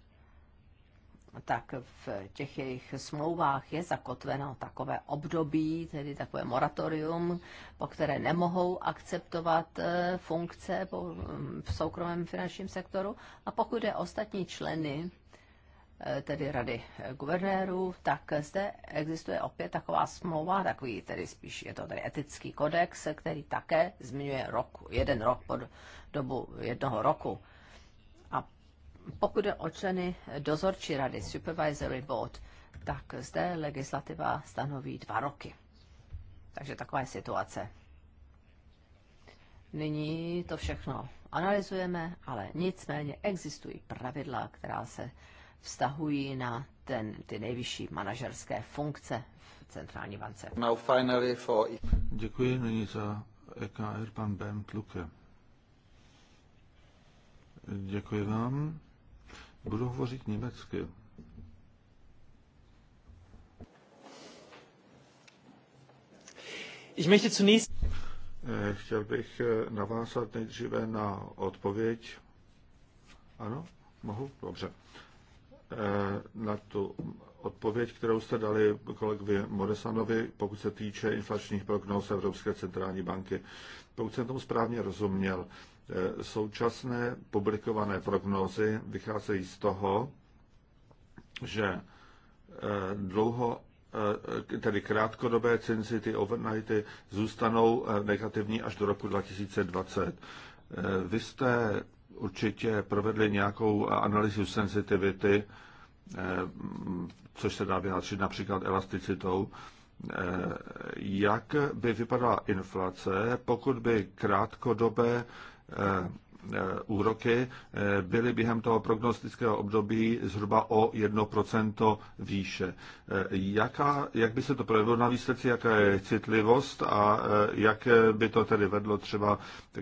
tak v těch jejich smlouvách je zakotveno takové období, tedy takové moratorium, po které nemohou akceptovat eh, funkce mm, v soukromém finančním sektoru. A pokud je ostatní členy, eh, tedy rady guvernérů, tak zde existuje opět taková smlouva, takový tedy spíš je to tedy etický kodex, který také zmiňuje rok jeden rok pod dobu jednoho roku. Pokud je o členy dozorčí rady, supervisory board, tak zde legislativa stanoví dva roky. Takže taková je situace. Nyní to všechno analyzujeme, ale nicméně existují pravidla, která se vztahují na ten, ty nejvyšší manažerské funkce v centrální bance. Now finally for... Děkuji nyní za EKR pan Bernd Luke. Děkuji vám. Budu hovořit německy. Ich möchte zunächst... Eh, chtěl bych eh, navázat nejdříve na odpověď. Ano, mohu? Dobře. Eh, na tu odpověď, kterou jste dali kolegovi Moresanovi, pokud se týče inflačních prognóz Evropské centrální banky. Pokud jsem tomu správně rozuměl, E, současné publikované prognózy vycházejí z toho, že e, dlouho, e, tedy krátkodobé cenzity, overnighty zůstanou negativní až do roku 2020. Vy jste určitě provedli nějakou analýzu sensitivity, což se dá vyjádřit například elasticitou. Jak by vypadala inflace, pokud by krátkodobé Eh, úroky eh, byly během toho prognostického období zhruba o 1% výše. Eh, jaká, jak by se to projevilo na výsledci, jaká je citlivost a jak by to tedy vedlo třeba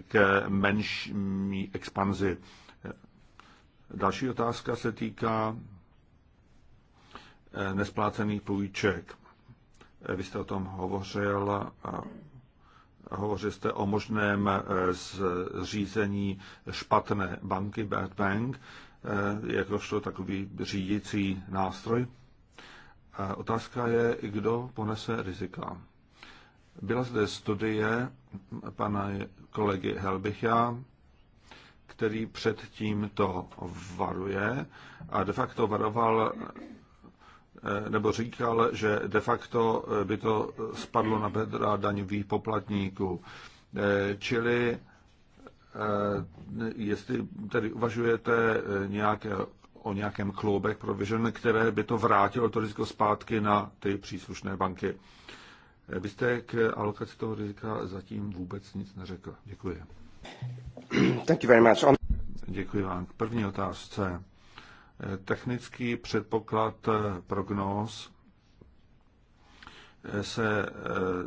k menší expanzi? Další otázka se týká nesplácených půjček. Vy jste o tom hovořil Hovořil jste o možném eh, zřízení špatné banky, bad bank, eh, jakožto takový řídící nástroj. Eh, otázka je, kdo ponese rizika. Byla zde studie pana kolegy Helbicha, který předtím to varuje a de facto varoval Eh, nebo říkal, že de facto eh, by to eh, spadlo na bedra daňových poplatníků. Čili jestli tedy uvažujete nějaké, o nějakém kloubek provision, které by to vrátilo to riziko zpátky na ty příslušné banky. Vy jste k alokaci toho rizika zatím vůbec nic neřekl. Děkuji. Thank you very much. On... Děkuji vám. K první otázce technický předpoklad eh, prognóz eh, se eh,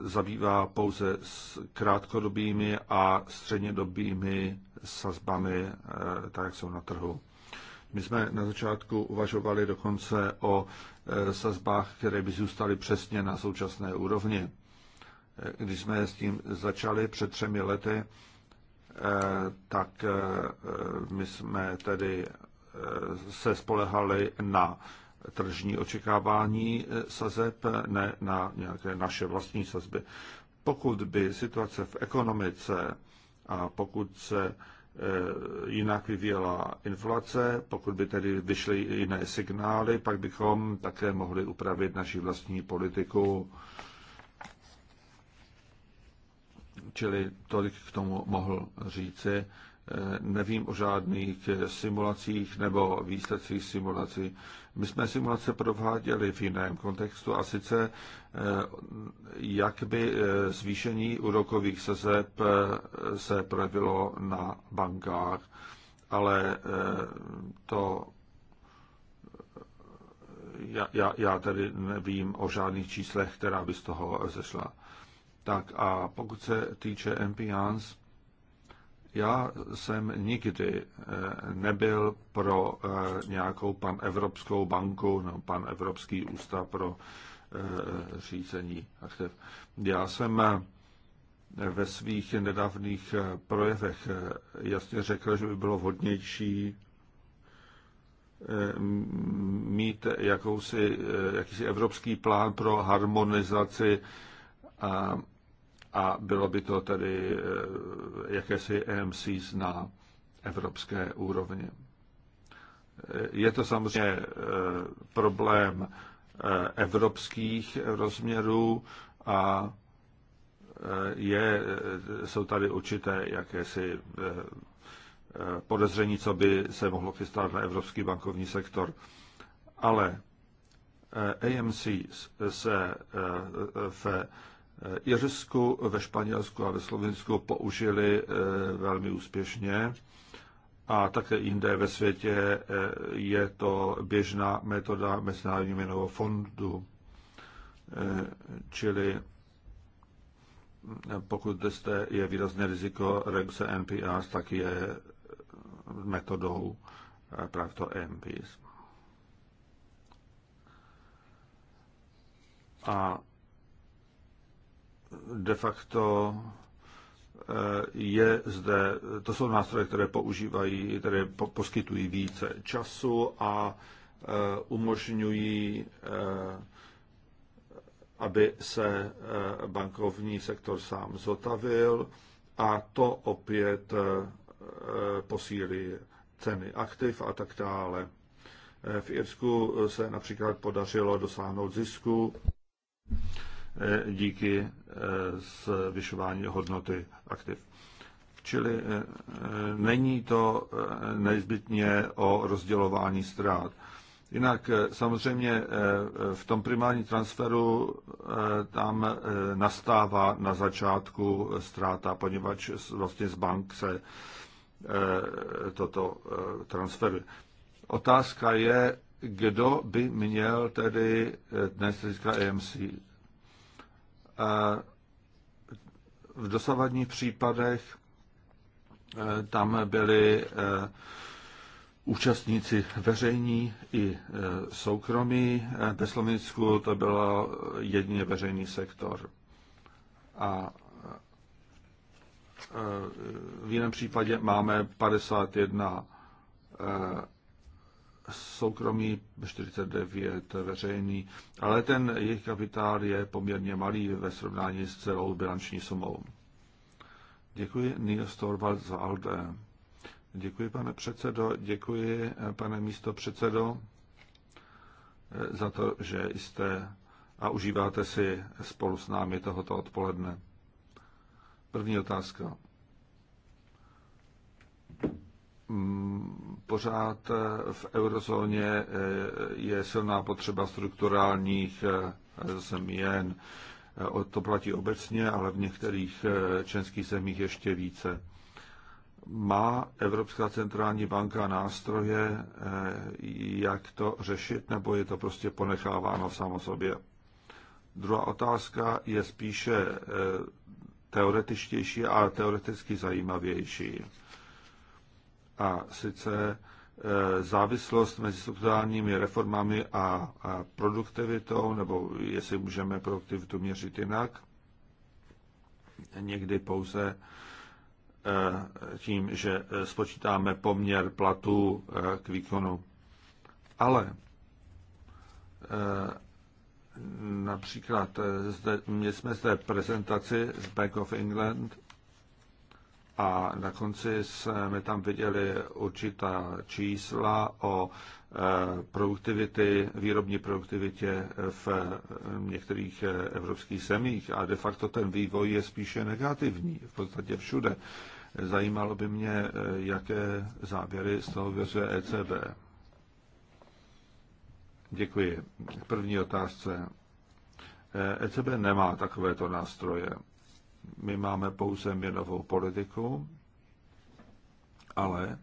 zabývá pouze s krátkodobými a střednědobými sazbami, tak jak jsou na trhu. My jsme na začátku uvažovali dokonce o sazbách, které by zůstaly přesně na současné úrovni. Když jsme s tím začali před třemi lety, tak my jsme tedy se spolehali na tržní očekávání sazeb, ne na nějaké naše vlastní sazby. Pokud by situace v ekonomice a pokud se e, jinak vyvíjela inflace, pokud by tedy vyšly jiné signály, pak bychom také mohli upravit naši vlastní politiku. Čili tolik k tomu mohl říci. Eh, nevím o žádných eh, simulacích nebo výsledcích simulací. My jsme simulace prováděli v jiném kontextu a sice eh, jak by zvýšení úrokových sazeb se projevilo na bankách, ale to já, já, já tady nevím o žádných číslech, která by z toho zešla. Tak a pokud se týče MPians. Já jsem nikdy eh, nebyl pro eh, nějakou panevropskou banku nebo panevropský ústav pro eh, řízení aktiv. Já jsem ve svých nedávných projevech jasně řekl, že by bylo vhodnější mít jakousi, jakýsi evropský plán pro harmonizaci a a bylo by to tedy eh, jakési EMC na evropské úrovni. Eh, je to samozřejmě eh, problém evropských rozměrů a je, jsou tady určité jakési podezření, co by se mohlo chystat na evropský bankovní sektor. Ale AMC se v Eh, Irsku, ve Španělsku a ve Slovensku použili eh, velmi úspěšně a také jinde ve světě eh, je to běžná metoda Mezinárodního měnového fondu. Čili pokud jste je výrazné riziko regulace NPS, tak je metodou právě to NPS. A de facto eh, je zde, to jsou nástroje, které používají, které poskytují více času a eh, umožňují, eh, aby se bankovní sektor sám zotavil a to opět posílí ceny aktiv a tak dále. V Irsku se například podařilo dosáhnout zisku E, díky zvyšování e, hodnoty aktiv. Čili e, není to nezbytně o rozdělování ztrát. Jinak samozřejmě v tom primárním transferu tam nastává na začátku ztráta, poněvadž vlastně z bank se toto transferuje. Otázka je, kdo by měl tedy dnes získat EMC v dosavadních případech eh, tam byli eh, účastníci veřejní i eh, soukromí. Ve Slovensku to byl jedině veřejný sektor. A v jiném případě máme 51 soukromí 49 veřejný, ale ten jejich kapitál je poměrně malý ve srovnání s celou bilanční sumou. Děkuji Neil Storvald za ALDE. Děkuji, pane předsedo, děkuji, pane místo předsedo, za to, že jste a užíváte si spolu s námi tohoto odpoledne. První otázka pořád v eurozóně eh, je silná potřeba strukturálních eh, změn. Eh, to platí obecně, ale v některých členských zemích ještě více. Má Evropská centrální banka nástroje, jak to řešit, nebo je to prostě ponecháváno samo sobě? Druhá otázka je spíše teoretičtější a teoreticky zajímavější a sice e, závislost mezi strukturálními reformami a produktivitou, nebo jestli můžeme produktivitu měřit jinak, někdy pouze e, tím, že e, spočítáme poměr platů k výkonu. Ale například zde, měli jsme zde prezentaci z Bank of England a na konci jsme tam viděli určitá čísla o eh, produktivity, výrobní produktivitě v eh, některých eh, evropských zemích a de facto ten vývoj je spíše negativní v podstatě všude. Zajímalo by mě, jaké závěry z toho vyvozuje ECB. Děkuji. první otázce. ECB e nemá takovéto nástroje. My máme pouze měnovou politiku, ale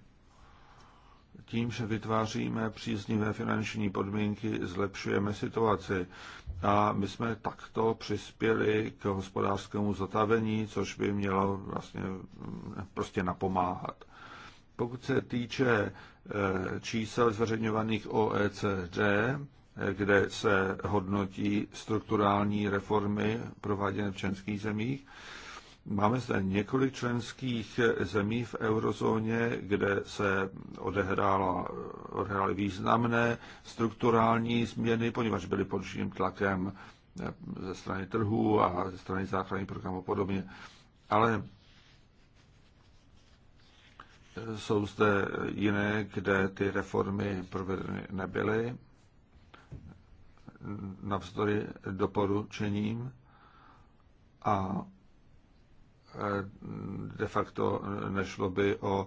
tím, že vytváříme příznivé finanční podmínky, zlepšujeme situaci. A my jsme takto přispěli k hospodářskému zatavení, což by mělo vlastně eh, prostě napomáhat. Pokud se týče eh, čísel zveřejňovaných OECD, kde se hodnotí strukturální reformy prováděné v členských zemích. Máme zde několik členských zemí v eurozóně, kde se odehrála, odehrály významné strukturální změny, poněvadž byly pod tlakem ze strany trhu a ze strany záchranných programů a podobně. Ale jsou zde jiné, kde ty reformy provedeny nebyly navzdory doporučením a e, de facto nešlo by o e,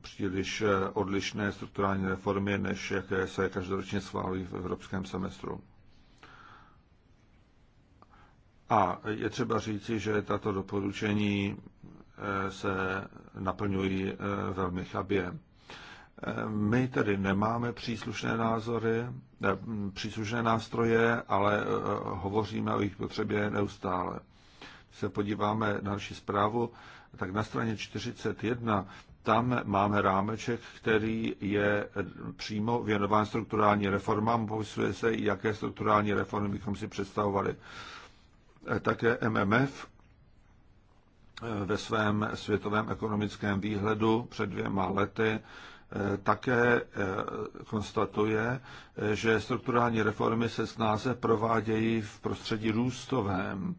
příliš odlišné strukturální reformy, než jaké se každoročně schválují v evropském semestru. A je třeba říci, že tato doporučení e, se naplňují velmi chabě. My tedy nemáme příslušné názory, příslušné nástroje, ale e, hovoříme o jejich potřebě neustále. Když se podíváme na naši zprávu, tak na straně 41 tam máme rámeček, který je přímo věnován strukturální reformám. Popisuje se, jaké strukturální reformy bychom si představovali. E, také MMF e, ve svém světovém ekonomickém výhledu před dvěma lety Eh, také eh, konstatuje, eh, že strukturální reformy se snáze provádějí v prostředí růstovém,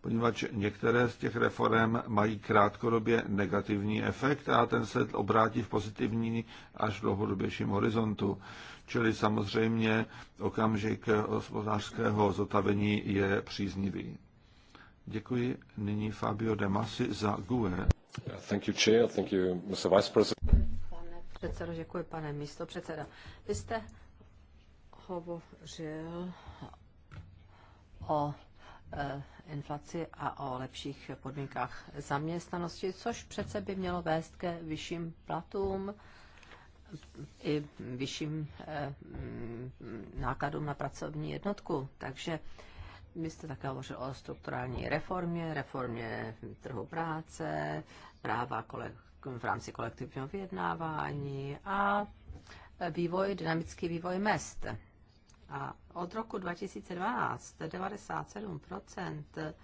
poněvadž některé z těch reform mají krátkodobě negativní efekt a ten se obrátí v pozitivní až dlouhodobějším horizontu. Čili samozřejmě okamžik hospodářského zotavení je příznivý. Děkuji nyní Fabio De Masi za GUE. Thank you, Chair. Thank you, Mr. Vice President předsedo, děkuji pane místo předseda. Vy jste hovořil o e, inflaci a o lepších podmínkách zaměstnanosti, což přece by mělo vést ke vyšším platům i vyšším e, mm, nákladům na pracovní jednotku. Takže my jste také hovořil o strukturální reformě, reformě trhu práce, práva kolektivní v rámci kolektivního vyjednávání a vývoj, dynamický vývoj mest. A od roku 2012 97% eh,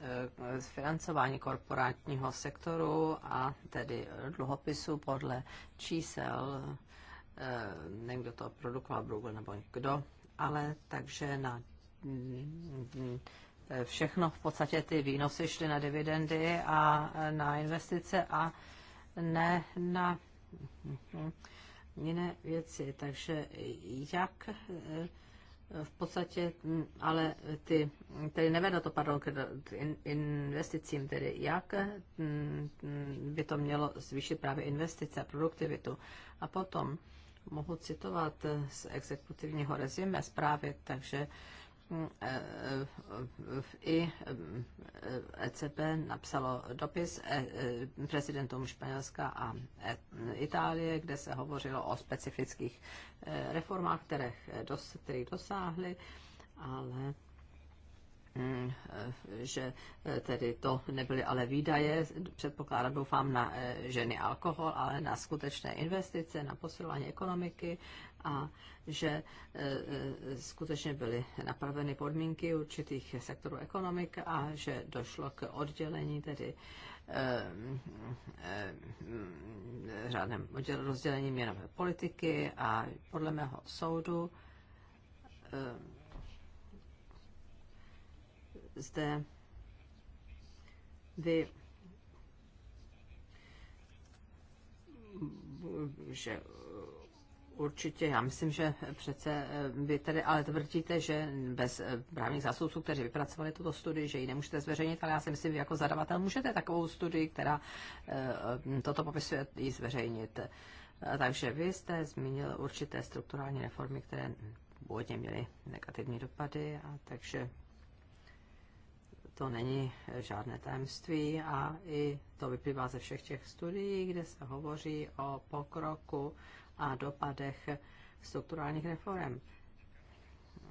eh, financování korporátního sektoru a tedy dluhopisu podle čísel, eh, nevím, kdo to produkoval, Bruegel nebo kdo, ale takže na Eh, všechno v podstatě ty výnosy šly na dividendy a eh, na investice a ne na jiné věci. Takže jak eh, v podstatě, hm, ale ty, tedy nevedlo to, pardon, k investicím, tedy jak hm, hm, by to mělo zvýšit právě investice a produktivitu. A potom mohu citovat z exekutivního rezime zprávy, takže i ECB eh, eh, e napsalo dopis eh, prezidentům Španělska a Itálie, kde se hovořilo o specifických reformách, které dos, kterých dosáhly, ale hm, že tedy to nebyly ale výdaje, předpokládám, doufám, na ženy alkohol, ale na skutečné investice, na posilování ekonomiky a že e, e, skutečně byly napraveny podmínky určitých sektorů ekonomik a že došlo k oddělení tedy e, řádném rozdělení měnové politiky a podle mého soudu zde vy že určitě, já myslím, že přece eh, vy tedy ale tvrdíte, že bez eh, právních zástupců, kteří vypracovali tuto studii, že ji nemůžete zveřejnit, ale já si myslím, že jako zadavatel můžete takovou studii, která eh, toto popisuje, ji zveřejnit. Takže vy jste zmínil určité strukturální reformy, které původně měly negativní dopady, a takže to není žádné tajemství a i to vyplývá ze všech těch studií, kde se hovoří o pokroku a dopadech strukturálních reform.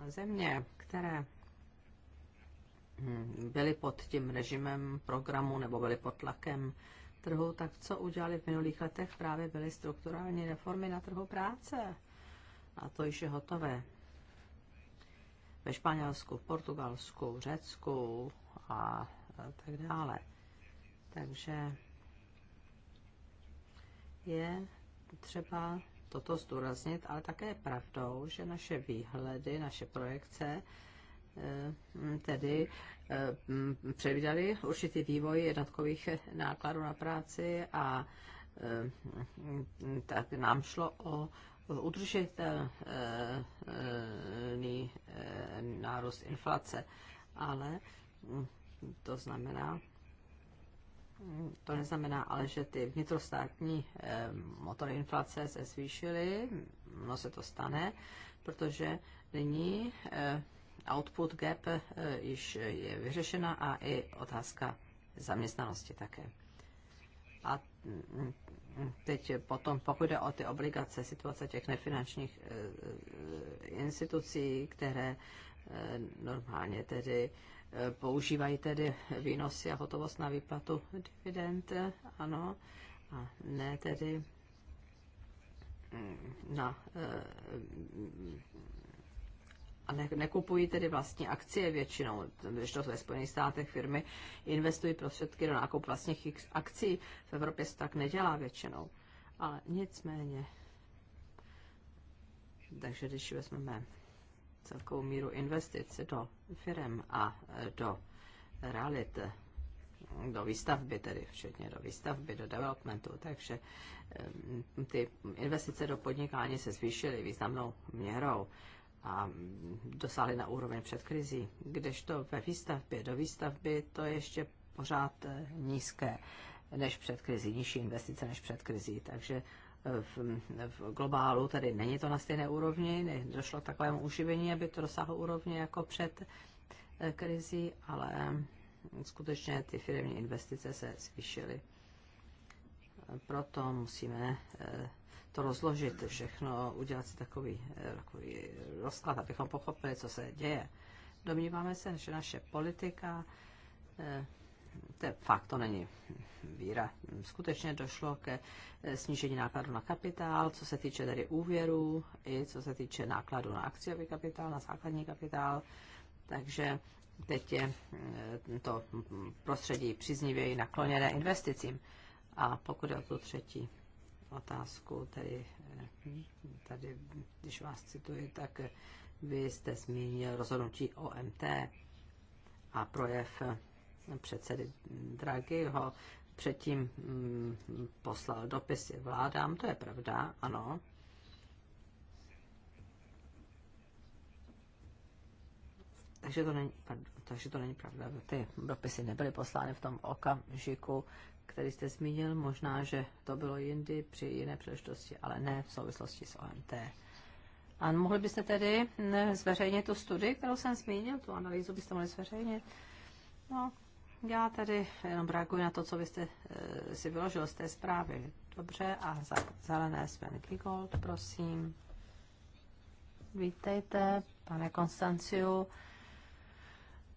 Země, které byly pod tím režimem programu nebo byly pod tlakem trhu, tak co udělali v minulých letech? Právě byly strukturální reformy na trhu práce. A to již je hotové. Ve Španělsku, v Portugalsku, v Řecku a tak dále. Takže je třeba toto zdůraznit, ale také je pravdou, že naše výhledy, naše projekce eh, tedy eh, předvídali určitý vývoj jednotkových nákladů na práci a eh, tak nám šlo o udržitelný nárůst inflace, ale hm, to znamená, to neznamená ale, že ty vnitrostátní eh, motory inflace se zvýšily, no se to stane, protože nyní eh, output gap eh, již je vyřešena a i otázka zaměstnanosti také. A mm, mm, teď potom, pokud jde o ty obligace, situace těch nefinančních institucí, které normálně tedy používají tedy výnosy a hotovost na výplatu dividend, ano, a ne tedy mm, na, eh, a ne, nekupují tedy vlastně akcie většinou, když to ve Spojených státech firmy investují prostředky do nákup vlastních akcí, v Evropě se tak nedělá většinou. Ale nicméně, takže když vezmeme celkovou míru investic do firm a e, do realit, e, do výstavby tedy, včetně do výstavby, do developmentu, takže e, ty investice do podnikání se zvýšily významnou měrou a mm, dosáhly na úroveň před krizí, kdežto ve výstavbě, do výstavby to je ještě pořád nízké než před krizí, nižší investice než před krizí, takže v, v globálu, tedy není to na stejné úrovni, došlo k takovému uživení, aby to dosáhlo úrovně jako před eh, krizí, ale skutečně ty firmní investice se zvýšily. Proto musíme eh, to rozložit všechno, udělat si takový, eh, takový rozklad, abychom pochopili, co se děje. Domníváme se, že naše politika to fakt, to není víra. Skutečně došlo ke eh, snížení nákladu na kapitál, co se týče tedy úvěru, i co se týče nákladu na akciový kapitál, na základní kapitál. Takže teď je eh, to prostředí příznivěji nakloněné investicím. A pokud je o tu třetí otázku, tedy eh, tady, když vás cituji, tak vy jste zmínil rozhodnutí OMT a projev předsedy Draghiho předtím mm, poslal dopisy vládám, to je pravda, ano. Takže to není, takže to není pravda, ty dopisy nebyly poslány v tom okamžiku, který jste zmínil, možná, že to bylo jindy při jiné příležitosti, ale ne v souvislosti s OMT. A mohli byste tedy mm, zveřejnit tu studii, kterou jsem zmínil, tu analýzu byste mohli zveřejnit? No, já tady jenom reaguji na to, co vy jste eh, si vyložil z té zprávy. Dobře, a za zelené Sven Gold, prosím. Vítejte, pane Konstanciu.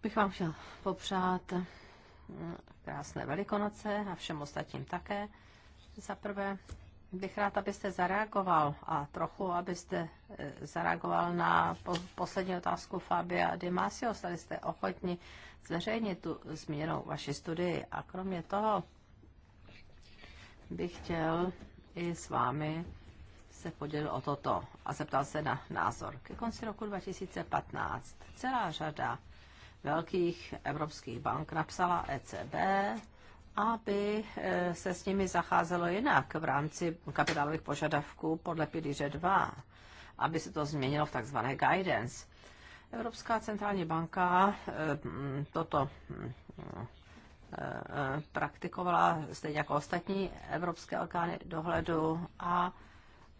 Bych vám chtěl popřát eh, krásné velikonoce a všem ostatním také. Za prvé bych rád, abyste zareagoval a trochu, abyste e, zareagoval na poslední otázku Fabia Dimasio. Stali jste ochotni zveřejnit tu změnu vaši studii. A kromě toho bych chtěl i s vámi se podělil o toto a zeptal se na názor. Ke konci roku 2015 celá řada velkých evropských bank napsala ECB, aby eh, se s nimi zacházelo jinak v rámci kapitálových požadavků podle pilíře 2, aby se to změnilo v tzv. guidance. Evropská centrální banka eh, mm, toto mm, eh, praktikovala stejně jako ostatní evropské orgány dohledu a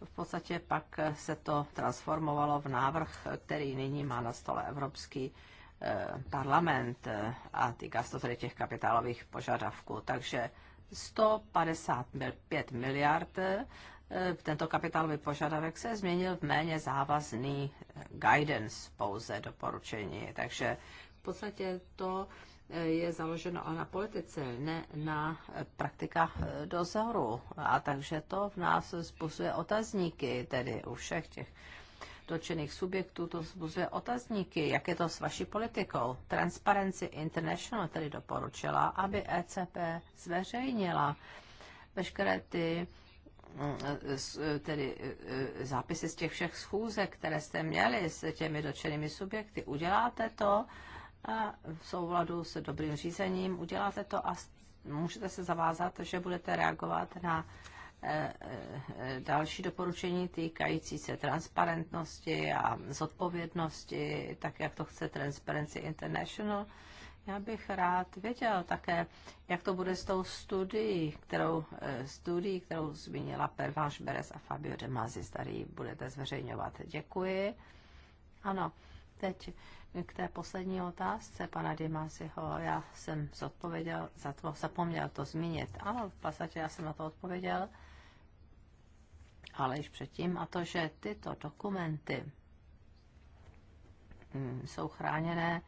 v podstatě pak se to transformovalo v návrh, který nyní má na stole Evropský Eh, parlament eh, a týká se to tedy těch kapitálových požadavků. Takže 155 miliard eh, tento kapitálový požadavek se změnil v méně závazný guidance, pouze doporučení. Takže v podstatě to je založeno na politice, ne na praktikách dozoru. A takže to v nás způsobuje otazníky, tedy u všech těch dotčených subjektů, to vzbuzuje otazníky, jak je to s vaší politikou. Transparency International tedy doporučila, aby ECP zveřejnila veškeré ty mm, tedy e, zápisy z těch všech schůzek, které jste měli s těmi dotčenými subjekty. Uděláte to a v souladu s dobrým řízením, uděláte to a můžete se zavázat, že budete reagovat na Eh, eh, další doporučení týkající se transparentnosti a zodpovědnosti, tak jak to chce Transparency International. Já bych rád věděl také, jak to bude s tou studií, kterou, eh, studií, kterou zmínila Pervanš Beres a Fabio De Mazis, tady budete zveřejňovat. Děkuji. Ano, teď k té poslední otázce pana Dimasiho. Já jsem zodpověděl, za to zapomněl to zmínit. Ano, v podstatě já jsem na to odpověděl ale již předtím, a to, že tyto dokumenty mm, jsou chráněné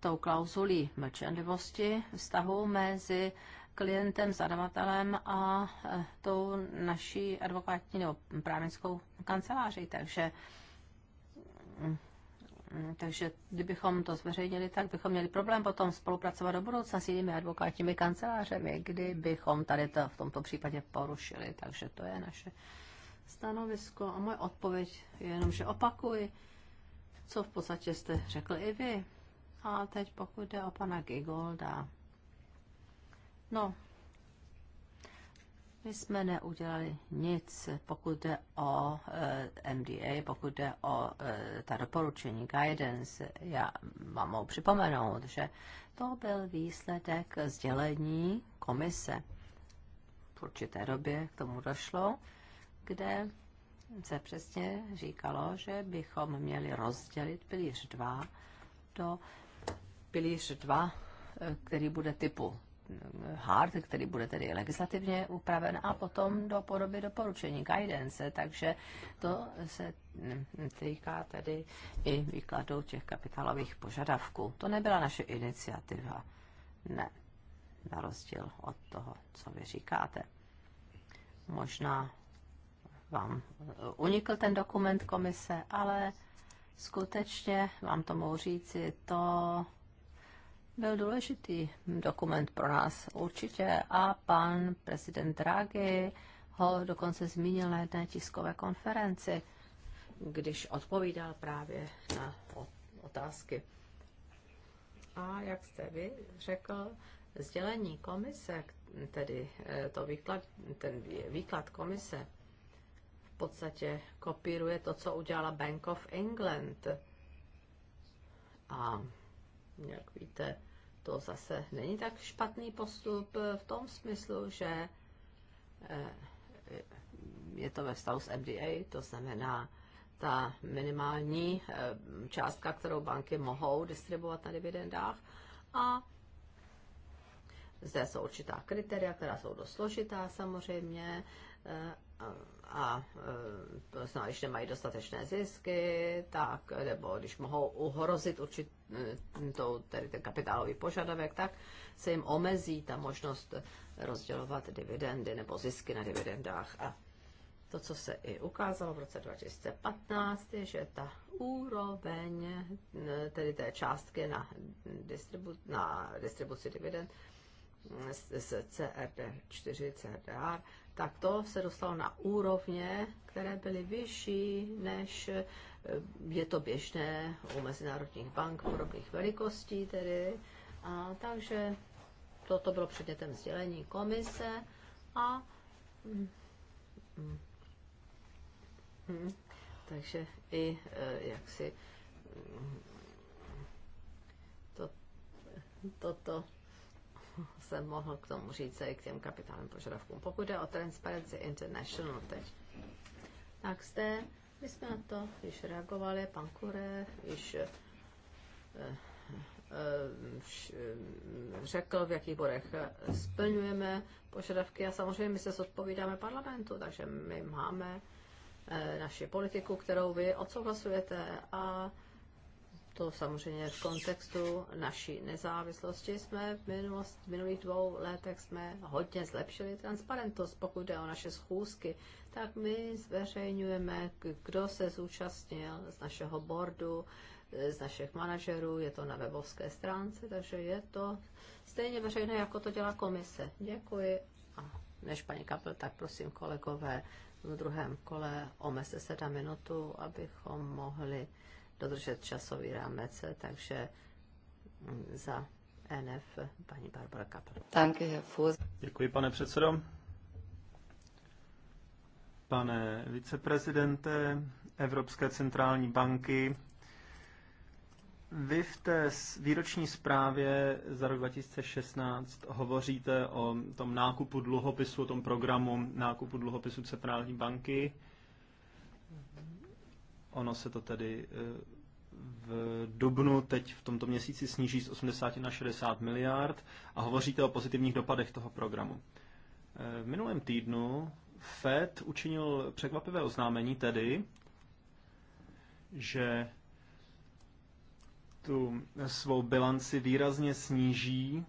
tou klauzulí mlčenlivosti vztahu mezi klientem, zadavatelem a e, tou naší advokátní nebo právnickou kanceláří. Takže, mm, takže kdybychom to zveřejnili, tak bychom měli problém potom spolupracovat do budoucna s jinými advokátními kancelářemi, kdybychom tady to v tomto případě porušili. Takže to je naše stanovisko a moje odpověď je jenom, že opakuji, co v podstatě jste řekli i vy. A teď pokud jde o pana Gigolda. No, my jsme neudělali nic, pokud jde o e, eh, MDA, pokud jde o e, ta doporučení, guidance. Já vám mohu připomenout, že to byl výsledek sdělení komise. V určité době k tomu došlo kde se přesně říkalo, že bychom měli rozdělit pilíř 2 do pilíř 2, eh, který bude typu eh, hard, který bude tedy legislativně upraven a potom do podoby doporučení guidance, takže to se mm, týká tedy i výkladu těch kapitálových požadavků. To nebyla naše iniciativa, ne, na rozdíl od toho, co vy říkáte. Možná vám eh, unikl ten dokument komise, ale skutečně vám to mohu říci, to byl důležitý dokument pro nás určitě a pan prezident Draghi ho dokonce zmínil na jedné tiskové konferenci, když odpovídal právě na otázky. A jak jste vy řekl, sdělení komise, tedy eh, to výklad, ten výklad komise podstatě kopíruje to, co udělala Bank of England. A jak víte, to zase není tak špatný postup v tom smyslu, že eh, je to ve vztahu s MDA, to znamená ta minimální eh, částka, kterou banky mohou distribuovat na dividendách. A zde jsou určitá kritéria, která jsou dost složitá samozřejmě, eh, a to znamená, když nemají dostatečné zisky, tak, nebo když mohou uhrozit určitou, mm, tedy ten kapitálový požadavek, tak se jim omezí ta možnost rozdělovat dividendy nebo zisky na dividendách. A to, co se i ukázalo v roce 2015, je, že ta úroveň mm, tedy té částky na, distribu- na distribuci dividend mm, z, z CRD 4 CRDR tak to se dostalo na úrovně, které byly vyšší, než eh, je to běžné u mezinárodních bank podobných velikostí tedy. A takže toto bylo předmětem sdělení komise a Hmm. Takže i eh, jaksi mm, to, toto jsem mohl k tomu říct i k těm kapitálním požadavkům. Pokud jde o Transparency International teď, tak jste, my jsme na to již reagovali, pan Kure již eh, eh, eh, řekl, v jakých bodech splňujeme požadavky a samozřejmě my se zodpovídáme parlamentu, takže my máme naši politiku, kterou vy odsouhlasujete a to samozřejmě v kontextu naší nezávislosti jsme v, minulost, v minulých dvou letech jsme hodně zlepšili transparentnost, pokud jde o naše schůzky, tak my zveřejňujeme, kdo se zúčastnil z našeho boardu, z našich manažerů, je to na webovské stránce, takže je to stejně veřejné, jako to dělá komise. Děkuji. A než paní Kapel, tak prosím kolegové v druhém kole omezte se na minutu, abychom mohli dodržet časový rámec, takže za NF paní Barbara Kapl. Děkuji, pane předsedo. Pane viceprezidente Evropské centrální banky, vy v té výroční zprávě za rok 2016 hovoříte o tom nákupu dluhopisu, o tom programu nákupu dluhopisu centrální banky. Ono se to tedy eh, v dubnu teď v tomto měsíci sníží z 80 na 60 miliard a hovoříte o pozitivních dopadech toho programu. Eh, v minulém týdnu Fed učinil překvapivé oznámení tedy, že tu svou bilanci výrazně sníží,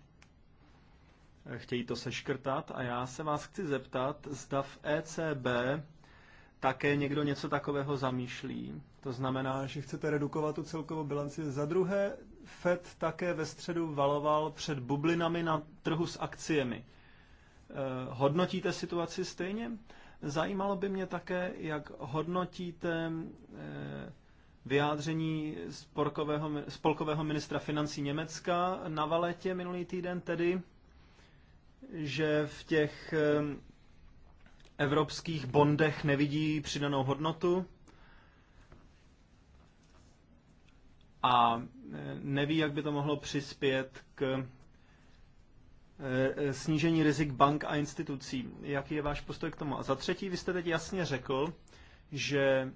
eh, chtějí to seškrtat a já se vás chci zeptat, zda v ECB také někdo něco takového zamýšlí. To znamená, že chcete redukovat tu celkovou bilanci. Za druhé, FED také ve středu valoval před bublinami na trhu s akciemi. Eh, hodnotíte situaci stejně? Zajímalo by mě také, jak hodnotíte eh, vyjádření spolkového ministra financí Německa na valetě minulý týden, tedy, že v těch eh, evropských bondech nevidí přidanou hodnotu a e, neví, jak by to mohlo přispět k e, e, snížení rizik bank a institucí. Jaký je váš postoj k tomu? A za třetí, vy jste teď jasně řekl, že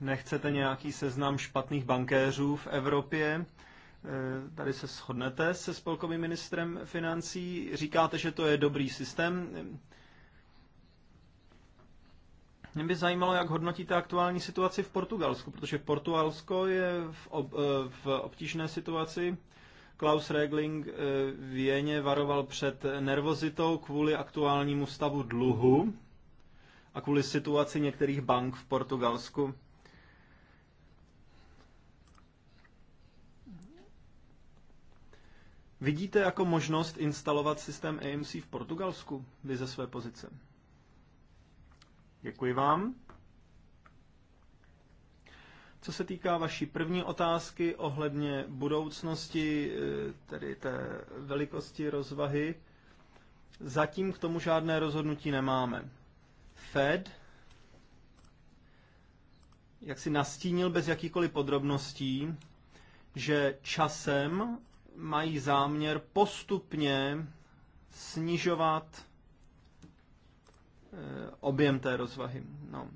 nechcete nějaký seznam špatných bankéřů v Evropě, Eh, tady se shodnete se spolkovým ministrem financí. Říkáte, že to je dobrý systém. Mě by zajímalo, jak hodnotíte aktuální situaci v Portugalsku, protože Portugalsko je v, ob, eh, v obtížné situaci. Klaus Regling eh, v Jeně varoval před nervozitou kvůli aktuálnímu stavu dluhu a kvůli situaci některých bank v Portugalsku. Vidíte jako možnost instalovat systém AMC v Portugalsku vy ze své pozice? Děkuji vám. Co se týká vaší první otázky ohledně budoucnosti, eh, tedy té velikosti rozvahy, zatím k tomu žádné rozhodnutí nemáme. Fed, jak si nastínil bez jakýkoliv podrobností, že časem mají záměr postupně snižovat eh, objem té rozvahy. No.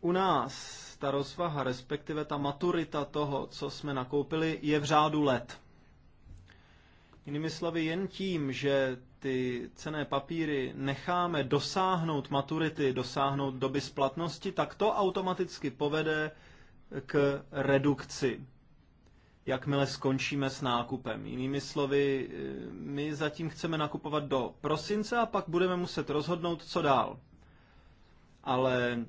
U nás ta rozvaha, respektive ta maturita toho, co jsme nakoupili, je v řádu let. Jinými slovy, jen tím, že ty cené papíry necháme dosáhnout maturity, dosáhnout doby splatnosti, tak to automaticky povede k redukci jakmile skončíme s nákupem. Jinými slovy, eh, my zatím chceme nakupovat do prosince a pak budeme muset rozhodnout, co dál. Ale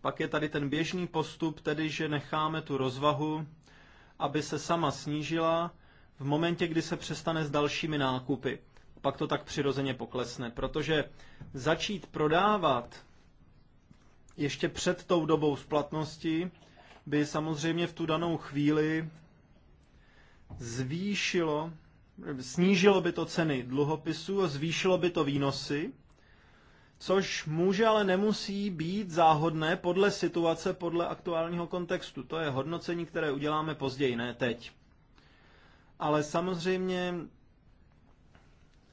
pak je tady ten běžný postup, tedy že necháme tu rozvahu, aby se sama snížila v momentě, kdy se přestane s dalšími nákupy. Pak to tak přirozeně poklesne, protože začít prodávat ještě před tou dobou splatnosti by samozřejmě v tu danou chvíli zvýšilo, snížilo by to ceny dluhopisů a zvýšilo by to výnosy, což může ale nemusí být záhodné podle situace, podle aktuálního kontextu. To je hodnocení, které uděláme později, ne teď. Ale samozřejmě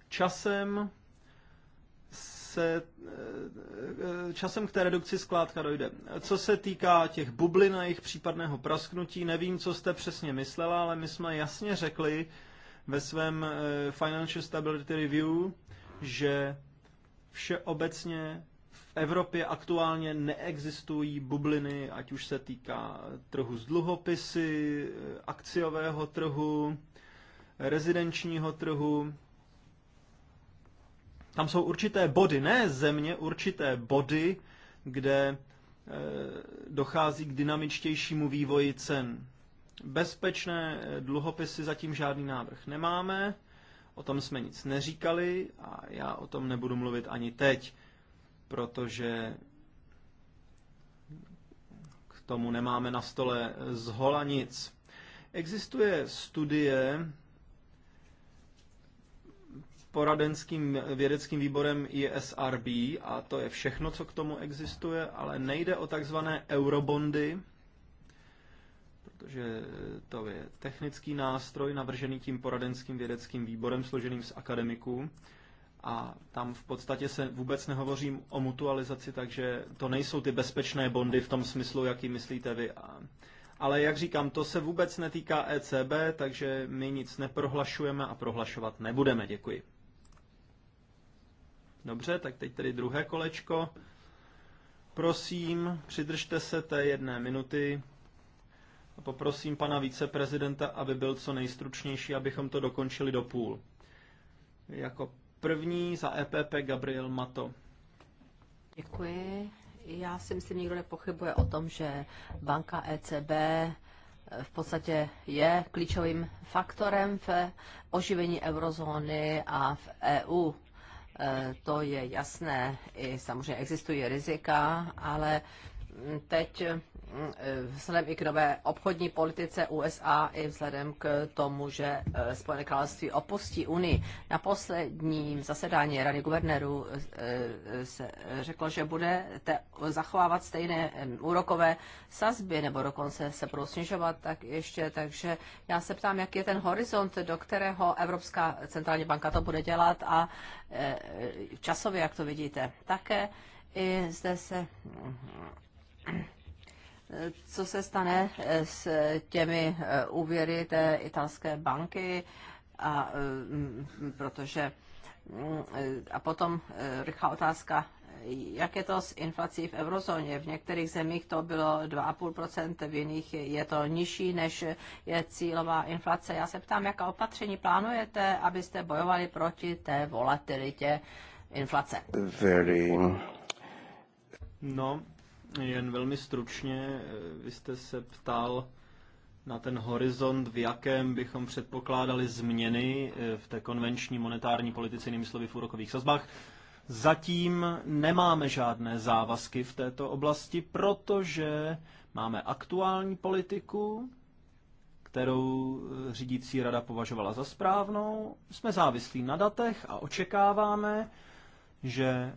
časem se eh, eh, časem k té redukci skládka dojde. Co se týká těch bublin a jejich případného prasknutí, nevím, co jste přesně myslela, ale my jsme jasně řekli ve svém eh, Financial Stability Review, že všeobecně v Evropě aktuálně neexistují bubliny, ať už se týká trhu s dluhopisy, akciového trhu, rezidenčního trhu, tam jsou určité body, ne země, určité body, kde eh, dochází k dynamičtějšímu vývoji cen. Bezpečné eh, dluhopisy zatím žádný návrh nemáme, o tom jsme nic neříkali a já o tom nebudu mluvit ani teď, protože k tomu nemáme na stole eh, zhola nic. Existuje studie poradenským vědeckým výborem ISRB a to je všechno, co k tomu existuje, ale nejde o takzvané eurobondy, protože to je technický nástroj navržený tím poradenským vědeckým výborem složeným z akademiků a tam v podstatě se vůbec nehovořím o mutualizaci, takže to nejsou ty bezpečné bondy v tom smyslu, jaký myslíte vy. Ale jak říkám, to se vůbec netýká ECB, takže my nic neprohlašujeme a prohlašovat nebudeme. Děkuji. Dobře, tak teď tedy druhé kolečko. Prosím, přidržte se té jedné minuty a poprosím pana viceprezidenta, aby byl co nejstručnější, abychom to dokončili do půl. Jako první za EPP Gabriel Mato. Děkuji. Já si myslím, nikdo nepochybuje o tom, že banka ECB v podstatě je klíčovým faktorem v oživení eurozóny a v EU Eh, to je jasné. I samozřejmě existují rizika, ale hm, teď vzhledem i k nové obchodní politice USA i vzhledem k tomu, že eh, Spojené království opustí Unii. Na posledním zasedání Rady guvernérů eh, eh, se řeklo, že bude zachovávat stejné úrokové sazby nebo dokonce se budou snižovat tak ještě. Takže já se ptám, jaký je ten horizont, do kterého Evropská centrální banka to bude dělat a časově, jak to vidíte. Také i zde se co se stane s těmi eh, úvěry té italské banky, a, mm, protože mm, a potom eh, rychlá otázka, jak je to s inflací v eurozóně? V některých zemích to bylo 2,5%, v jiných je to nižší, než je cílová inflace. Já se ptám, jaká opatření plánujete, abyste bojovali proti té volatilitě inflace? Very... No, jen velmi stručně, eh, vy jste se ptal na ten horizont, v jakém bychom předpokládali změny eh, v té konvenční monetární politice, jinými slovy v úrokových sazbách. Zatím nemáme žádné závazky v této oblasti, protože máme aktuální politiku, kterou eh, řídící rada považovala za správnou. Jsme závislí na datech a očekáváme, že eh,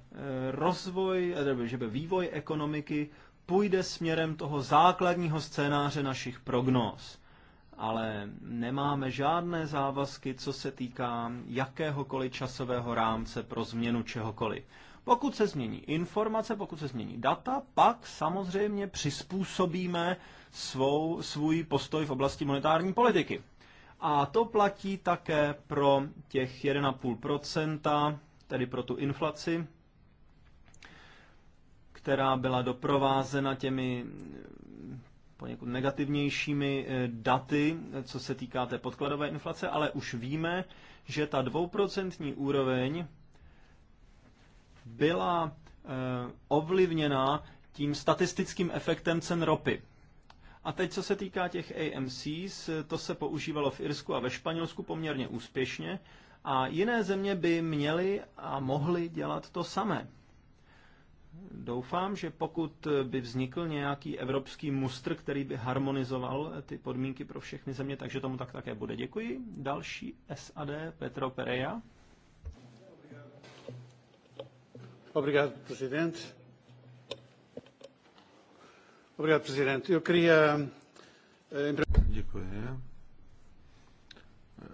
rozvoj, eh, že by vývoj ekonomiky půjde směrem toho základního scénáře našich prognóz. Ale nemáme žádné závazky, co se týká jakéhokoliv časového rámce pro změnu čehokoliv. Pokud se změní informace, pokud se změní data, pak samozřejmě přizpůsobíme svou, svůj postoj v oblasti monetární politiky. A to platí také pro těch 1,5 tedy pro tu inflaci, která byla doprovázena těmi eh, poněkud negativnějšími eh, daty, co se týká té podkladové inflace, ale už víme, že ta dvouprocentní úroveň byla eh, ovlivněna tím statistickým efektem cen ropy. A teď, co se týká těch AMCs, to se používalo v Irsku a ve Španělsku poměrně úspěšně a jiné země by měly a mohly dělat to samé. Doufám, že pokud by vznikl nějaký evropský mustr, který by harmonizoval ty podmínky pro všechny země, takže tomu tak také bude. Děkuji. Další SAD Petro Pereja. Obrigado, presidente. Obrigado, presidente. Eu queria... Eh, Děkuji.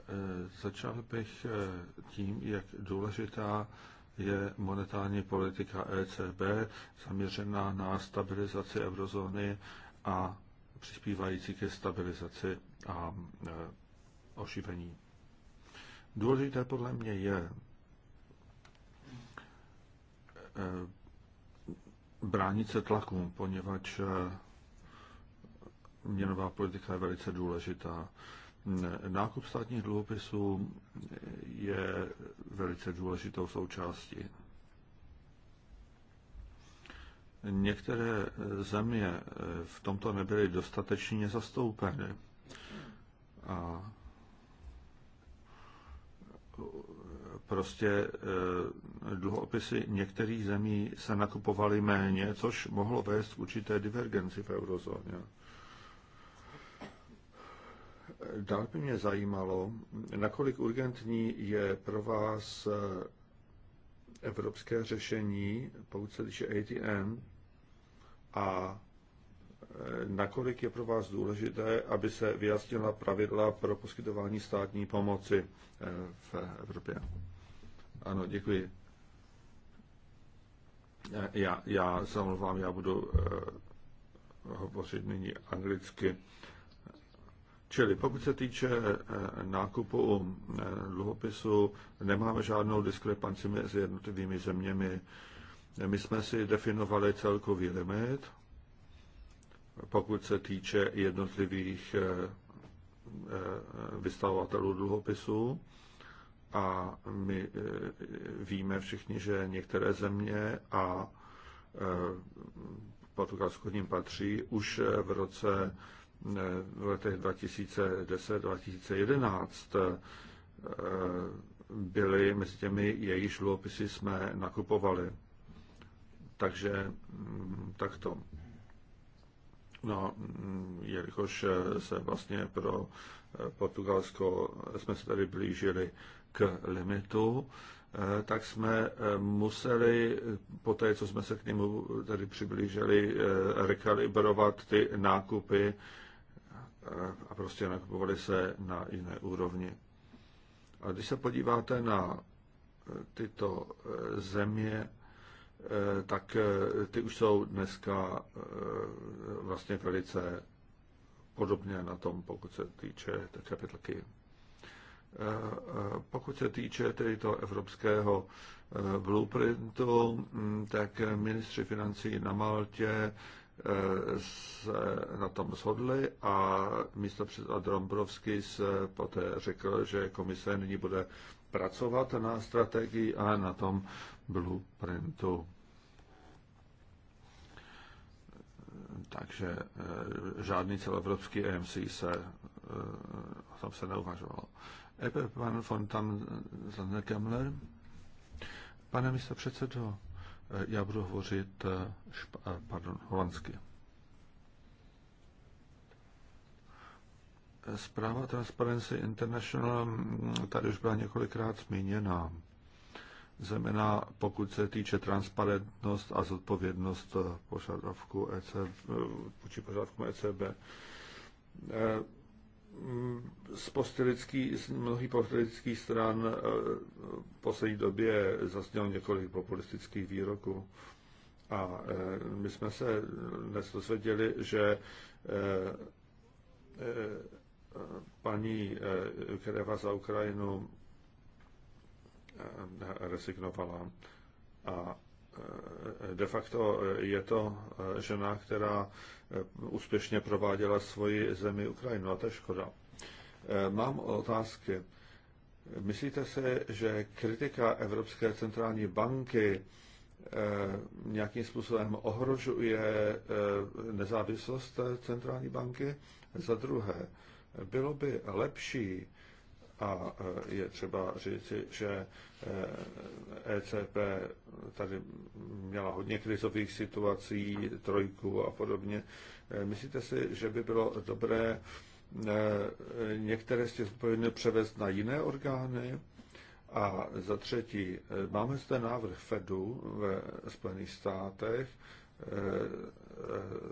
Eh, začal bych eh, tím, jak důležitá je monetární politika ECB zaměřená na stabilizaci eurozóny a přispívající ke stabilizaci a eh, ošivení. Důležité podle mě je bránit se tlakům, poněvadž měnová politika je velice důležitá. Nákup státních dluhopisů je velice důležitou součástí. Některé země v tomto nebyly dostatečně zastoupeny. A prostě eh, dluhopisy některých zemí se nakupovaly méně, což mohlo vést k určité divergenci v eurozóně. Dál by mě zajímalo, nakolik urgentní je pro vás eh, evropské řešení, pokud se týče ATM, a eh, nakolik je pro vás důležité, aby se vyjasnila pravidla pro poskytování státní pomoci eh, v Evropě. Ano, děkuji. Já, já se omlouvám, já budu hovořit nyní anglicky. Čili pokud se týče eh, nákupu eh, dluhopisu, nemáme žádnou diskrepanci mezi jednotlivými zeměmi. My jsme si definovali celkový limit, pokud se týče jednotlivých eh, vystavovatelů dluhopisů. A my víme všichni, že některé země a Portugalsko k ním patří, už v roce v letech 2010-2011 eh, byly mezi těmi, jejíž dluhopisy jsme nakupovali. Takže mm, takto. No, mm, jelikož eh, se vlastně pro eh, Portugalsko jsme se tady blížili k limitu, tak jsme museli, po té, co jsme se k němu tady přiblížili, rekalibrovat ty nákupy a prostě nakupovali se na jiné úrovni. A když se podíváte na e, tyto e, země, e, tak ty už jsou dneska vlastně velice podobně na tom, pokud se týče té kapitalky. Pokud se týče tedy toho evropského blueprintu, tak ministři financí na Maltě se na tom shodli a místo před Adrombrovský se poté řekl, že komise nyní bude pracovat na strategii a na tom blueprintu. Takže eh, žádný celoevropský EMC se eh, o tom se neuvažovalo. Epe pan von Tam eh, Kemmler. Pane místo předsedo, Eh, já budu hovořit eh, špa, eh, pardon, holandsky. Zpráva Transparency International mm, tady už byla několikrát zmíněna. Zeměna, pokud se týče transparentnost a zodpovědnost požadavku ECB, vůči požadavku ECB. Mm, z, postelický, z mnohých postelických stran eh, v poslední době zasnělo několik populistických výroků. A eh, my jsme se dnes dozvěděli, že eh, paní, Kreva za Ukrajinu resignovala a de facto je to žena, která Eh, úspěšně prováděla svoji zemi Ukrajinu. A to je škoda. Eh, mám otázky. Myslíte se, že kritika Evropské centrální banky eh, nějakým způsobem ohrožuje nezávislost centrální banky? Za druhé, bylo by lepší, a e, je třeba říci, že ECP e tady měla hodně krizových situací, trojku a podobně. E, myslíte si, že by bylo dobré některé z těch zodpovědných převést na jiné orgány? A za třetí, máme zde návrh Fedu ve Spojených státech,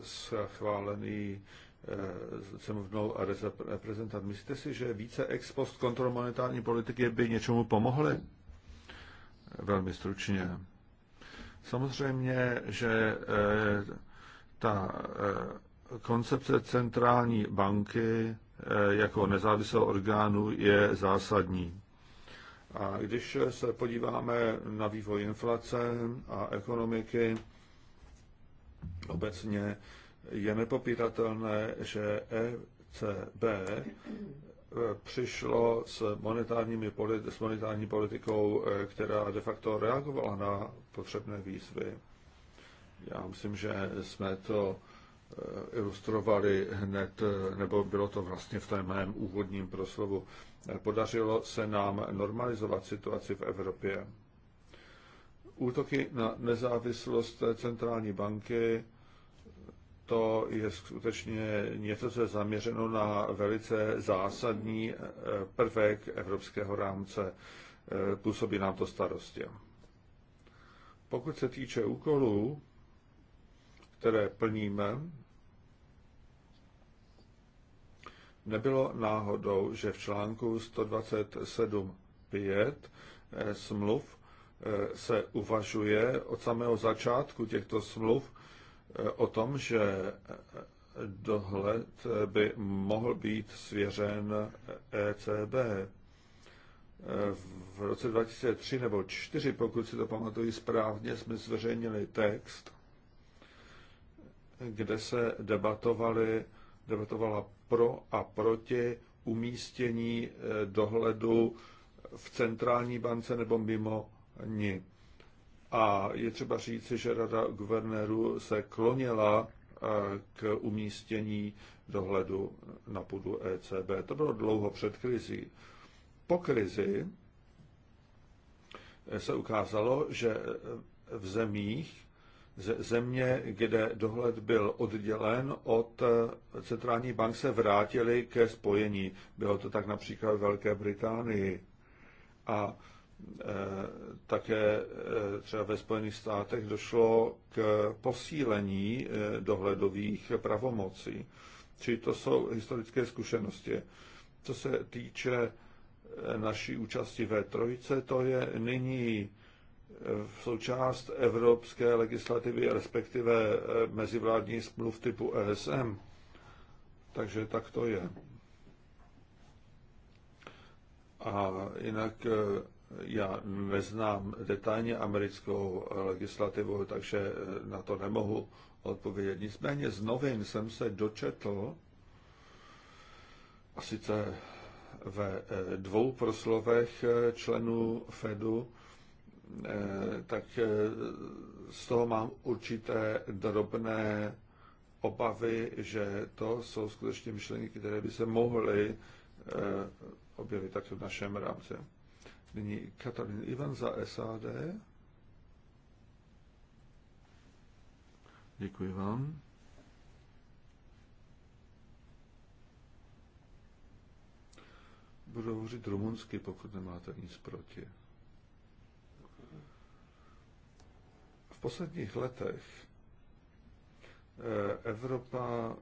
schválený Eh, se mluvnou a reprezentant. Myslíte si, že více ex post kontrol monetární politiky by něčemu pomohly? Velmi stručně. Samozřejmě, že eh, ta eh, koncepce centrální banky jako nezávislého orgánu je zásadní. A když se podíváme na vývoj inflace a ekonomiky obecně, je nepopíratelné, že ECB eh, přišlo s, monetárními politi- s monetární politikou, eh, která de facto reagovala na potřebné výzvy. Já myslím, že jsme to eh, ilustrovali hned, nebo bylo to vlastně v tom mém úvodním proslovu. Podařilo se nám normalizovat situaci v Evropě. Útoky na nezávislost centrální banky to je skutečně něco, co je zaměřeno na velice zásadní eh, prvek evropského rámce. Eh, působí nám to starostě. Pokud se týče úkolů, které plníme, nebylo náhodou, že v článku 127.5 eh, smluv se uvažuje od samého začátku těchto smluv o tom, že dohled by mohl být svěřen ECB. V roce 2003 nebo 2004, pokud si to pamatuju správně, jsme zveřejnili text, kde se debatovali, debatovala pro a proti umístění dohledu v centrální bance nebo mimo ní. A je třeba říci, že Rada guvernérů se klonila eh, k umístění dohledu na půdu ECB. To bylo dlouho před krizí. Po krizi se ukázalo, že v zemích, ze země, kde dohled byl oddělen od eh, centrální bank, se vrátili ke spojení. Bylo to tak například v Velké Británii. A Eh, také eh, třeba ve Spojených státech došlo k posílení eh, dohledových pravomocí. Čili to jsou historické zkušenosti. Co se týče naší účasti ve Trojice, to je nyní v součást evropské legislativy, respektive mezivládní smluv typu ESM. Takže tak to je. A jinak já neznám detailně americkou legislativu, takže na to nemohu odpovědět. Nicméně z novin jsem se dočetl, a sice ve dvou proslovech členů Fedu, eh, tak eh, z toho mám určité drobné obavy, že to jsou skutečně myšlenky, které by se mohly eh, objevit tak v našem rámci. Nyní Katarín Ivan za SAD. Děkuji vám. Budu hovořit rumunsky, pokud nemáte nic proti. V posledních letech eh, Evropa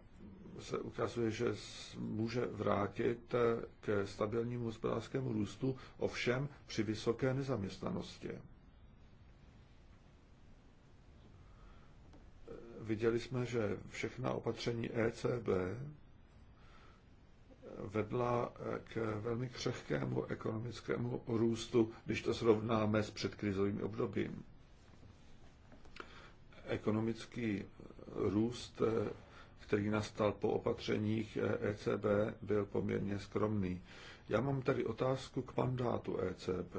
se ukazuje, že může vrátit eh, k stabilnímu hospodářskému růstu, ovšem při vysoké nezaměstnanosti. Eh, viděli jsme, že všechna opatření ECB eh, vedla k velmi křehkému ekonomickému růstu, když to srovnáme s předkrizovým obdobím. Ekonomický růst který nastal po opatřeních ECB, byl poměrně skromný. Já mám tady otázku k mandátu ECB.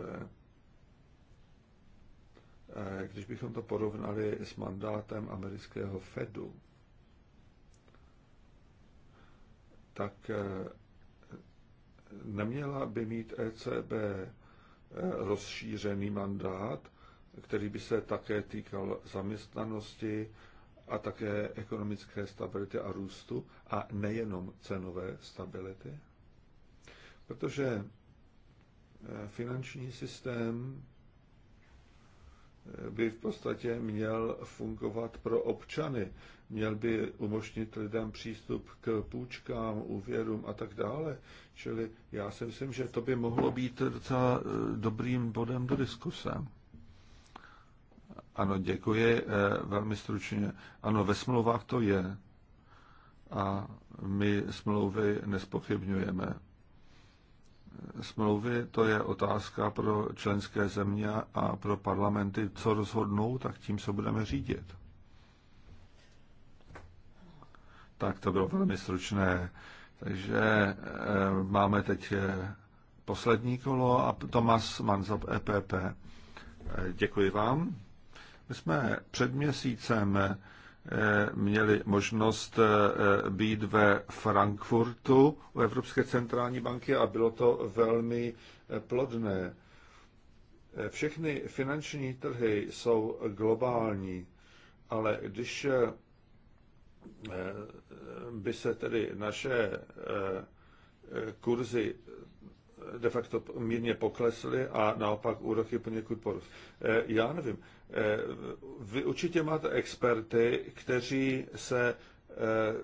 Eh, když bychom to porovnali s mandátem amerického Fedu, tak eh, neměla by mít ECB eh, rozšířený mandát, který by se také týkal zaměstnanosti, a také ekonomické stability a růstu a nejenom cenové stability. Protože eh, finanční systém eh, by v podstatě měl fungovat pro občany, měl by umožnit lidem přístup k půjčkám, úvěrům a tak dále. Čili já si myslím, že to by mohlo být docela eh, dobrým bodem do diskuse. Ano, děkuji. Eh, velmi stručně. Ano, ve smlouvách to je. A my smlouvy nespochybňujeme. Smlouvy to je otázka pro členské země a pro parlamenty, co rozhodnou, tak tím se budeme řídit. Tak to bylo velmi stručné. Takže e, máme teď eh, poslední kolo a Tomas Manzop EPP. E, děkuji vám. My jsme před měsícem eh, měli možnost eh, být ve Frankfurtu u Evropské centrální banky a bylo to velmi eh, plodné. Všechny finanční trhy jsou globální, ale když by se tedy naše kurzy de facto mírně poklesly a naopak úroky poněkud porus. Eh, já nevím, eh, vy určitě máte experty, kteří se eh,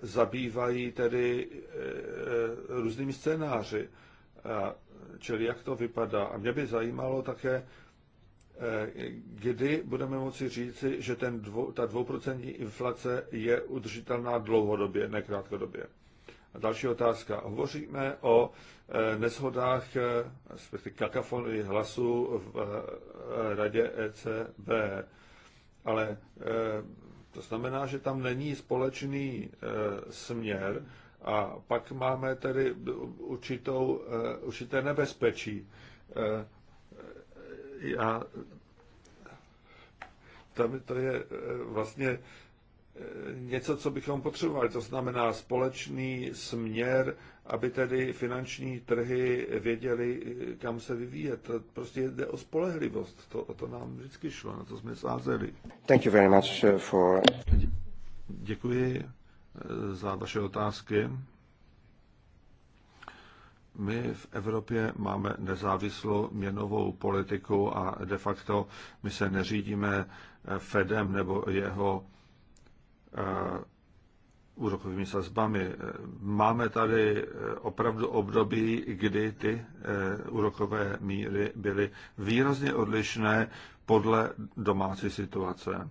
zabývají tedy různými scénáři. Čili jak to vypadá. A mě by zajímalo také, kdy budeme moci říci, že ten dvou, ta dvouprocentní inflace je udržitelná dlouhodobě, ne krátkodobě. Další otázka. Hovoříme o eh, neshodách, eh, respektive kakafony hlasů v eh, radě ECB, ale to znamená, že tam není společný směr a pak máme tedy určitou, určité nebezpečí. Já, tam to je vlastně něco, co bychom potřebovali. To znamená společný směr, aby tedy finanční trhy věděli, kam se vyvíjet. Prostě jde o spolehlivost. To, to nám vždycky šlo, na to jsme sázeli. Thank you very much uh, for... Děkuji uh, za vaše otázky. My v Evropě máme nezávislou měnovou politiku a de facto my se neřídíme Fedem nebo jeho úrokovými sazbami. Máme tady e, opravdu období, kdy ty e, úrokové míry byly výrazně odlišné podle domácí situace.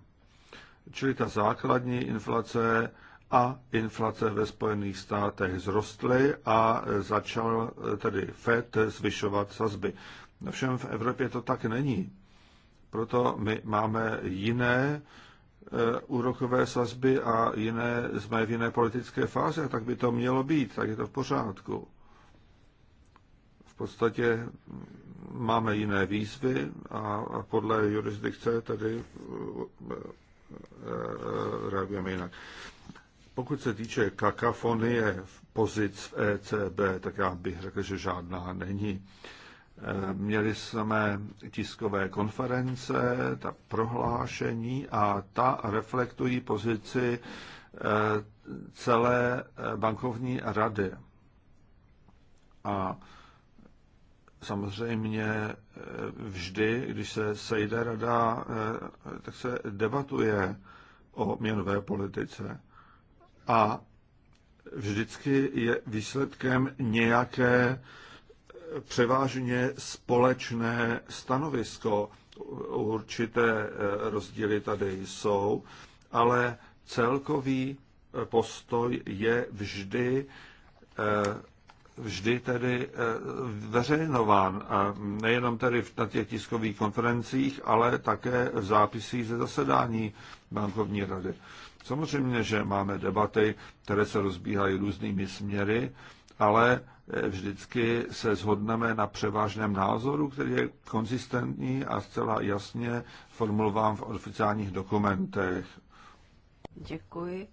Čili ta základní inflace a inflace ve Spojených státech zrostly a začal tedy FED zvyšovat sazby. Všem v Evropě to tak není. Proto my máme jiné uh, Eh, úrokové sazby a jiné, jsme v jiné politické fáze, tak by to mělo být, tak je to v pořádku. V podstatě máme jiné výzvy a podle jurisdikce tedy eh, eh, reagujeme jinak. Pokud se týče kakafonie pozic v ECB, tak já bych řekl, že žádná není. Měli jsme tiskové konference, ta prohlášení a ta reflektují pozici eh, celé eh, bankovní rady. A samozřejmě eh, vždy, když se sejde rada, tak se debatuje o měnové politice. A vždycky je výsledkem nějaké převážně společné stanovisko. Určité eh, rozdíly tady jsou, ale celkový eh, postoj je vždy eh, vždy tedy veřejnován, nejenom tedy na těch tiskových konferencích, ale také v zápisích ze zasedání bankovní rady. Samozřejmě, že máme debaty, které se rozbíhají různými směry, ale vždycky se shodneme na převážném názoru, který je konzistentní a zcela jasně formulován v oficiálních dokumentech. Děkuji.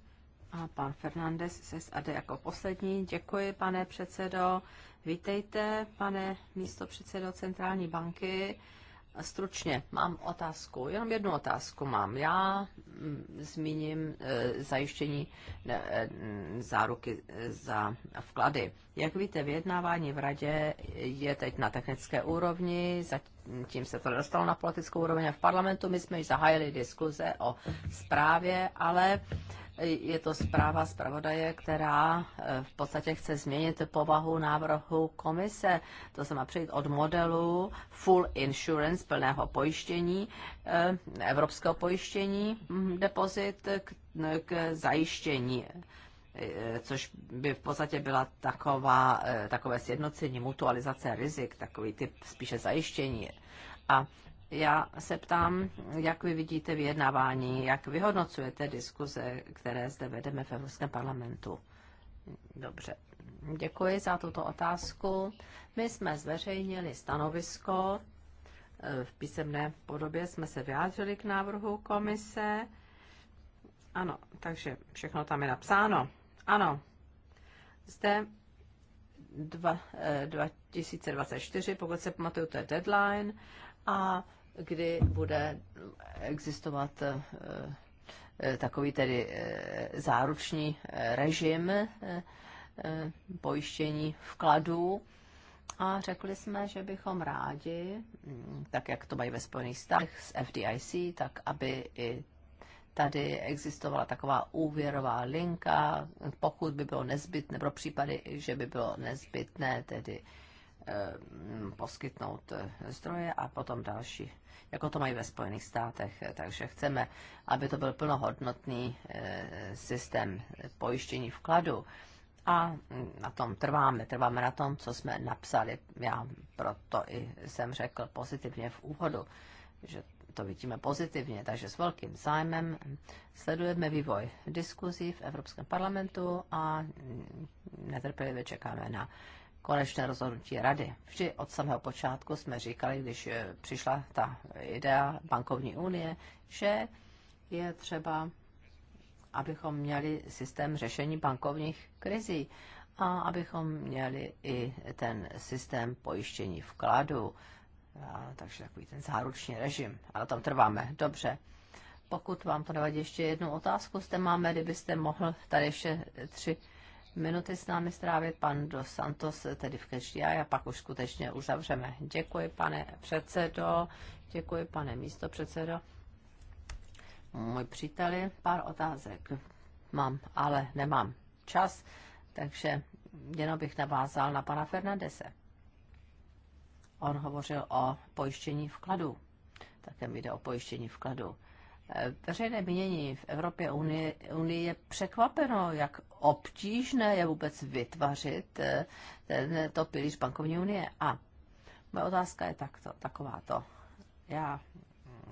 A pan Fernandez se zade jako poslední. Děkuji, pane předsedo. Vítejte, pane místo předsedo Centrální banky. Stručně mám otázku, jenom jednu otázku mám. Já mm, zmíním e, zajištění e, záruky eh, za vklady. Jak víte, vyjednávání v radě je teď na technické úrovni, tím se to dostalo na politickou úroveň v parlamentu. My jsme již zahájili diskuze o zprávě, ale je to zpráva zpravodaje, která eh, v podstatě chce změnit povahu návrhu komise. To má přejít od modelu full insurance, plného pojištění, eh, evropského pojištění mm, depozit k, k zajištění Eh, což by v podstatě byla taková, eh, takové sjednocení, mutualizace rizik, takový typ spíše zajištění. A já se ptám, jak vy vidíte vyjednávání, jak vyhodnocujete diskuze, které zde vedeme v Evropském parlamentu. Dobře, děkuji za tuto otázku. My jsme zveřejnili stanovisko, eh, v písemné podobě jsme se vyjádřili k návrhu komise. Ano, takže všechno tam je napsáno. Ano, zde dva, 2024, eh, pokud se pamatuju, to je deadline, a kdy bude existovat eh, eh, takový tedy záruční režim pojištění vkladů. A řekli jsme, že bychom rádi, mm, tak jak to mají ve Spojených státech s FDIC, tak aby i tady existovala taková úvěrová linka, pokud by bylo nezbytné, pro případy, že by bylo nezbytné tedy eh, poskytnout eh, zdroje a potom další, jako to mají ve Spojených státech. Takže chceme, aby to byl plnohodnotný eh, systém pojištění vkladu a na tom trváme. Trváme na tom, co jsme napsali. Já proto i jsem řekl pozitivně v úvodu, že to vidíme pozitivně, takže s velkým zájmem sledujeme vývoj diskuzí v Evropském parlamentu a netrpělivě čekáme na konečné rozhodnutí rady. Vždy od samého počátku jsme říkali, když přišla ta idea bankovní unie, že je třeba, abychom měli systém řešení bankovních krizí a abychom měli i ten systém pojištění vkladu takže takový ten záruční režim. Ale tam trváme. Dobře. Pokud vám to nevadí, ještě jednu otázku zde máme, kdybyste mohl tady ještě tři minuty s námi strávit pan Dos Santos, tedy v Kečti a pak už skutečně uzavřeme. Děkuji, pane předsedo, děkuji, pane místo předsedo. Můj příteli, pár otázek mám, ale nemám čas, takže jenom bych navázal na pana Fernandese. On hovořil o pojištění vkladu. Také mi jde o pojištění vkladu. Eh, veřejné mínění v Evropě Unie unie je překvapeno, jak obtížné je vůbec vytvařit eh, tento pilíř bankovní unie. A moje otázka je takto, takováto. Já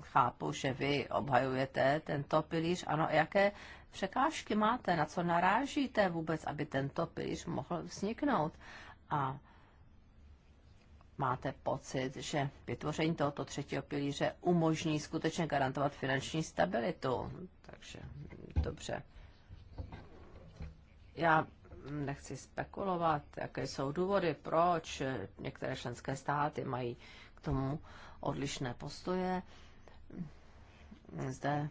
chápu, že vy obhajujete tento pilíř. Ano, jaké překážky máte, na co narážíte vůbec, aby tento pilíř mohl vzniknout? A máte pocit, že vytvoření tohoto třetího pilíře umožní skutečně garantovat finanční stabilitu. Takže dobře. Já nechci spekulovat, jaké jsou důvody, proč některé členské státy mají k tomu odlišné postoje. Zde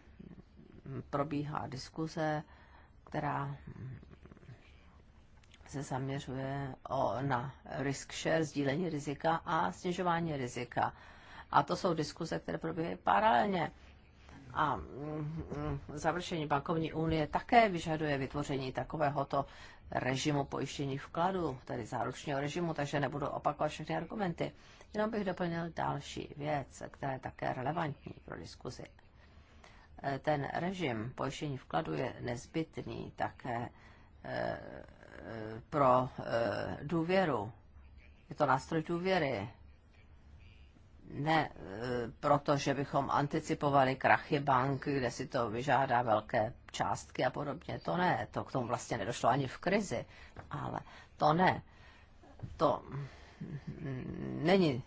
probíhá diskuze, která se zaměřuje o, na risk share, sdílení rizika a snižování rizika. A to jsou diskuze, které probíhají paralelně. A mm, završení bankovní unie také vyžaduje vytvoření takovéhoto režimu pojištění vkladu, tedy záručního režimu, takže nebudu opakovat všechny argumenty. Jenom bych doplnil další věc, která je také relevantní pro diskuzi. E, ten režim pojištění vkladu je nezbytný také e, pro eh, důvěru. Je to nástroj důvěry. Ne eh, proto, že bychom anticipovali krachy bank, kde si to vyžádá velké částky a podobně. To ne. To k tomu vlastně nedošlo ani v krizi. Ale to ne. To hm, není,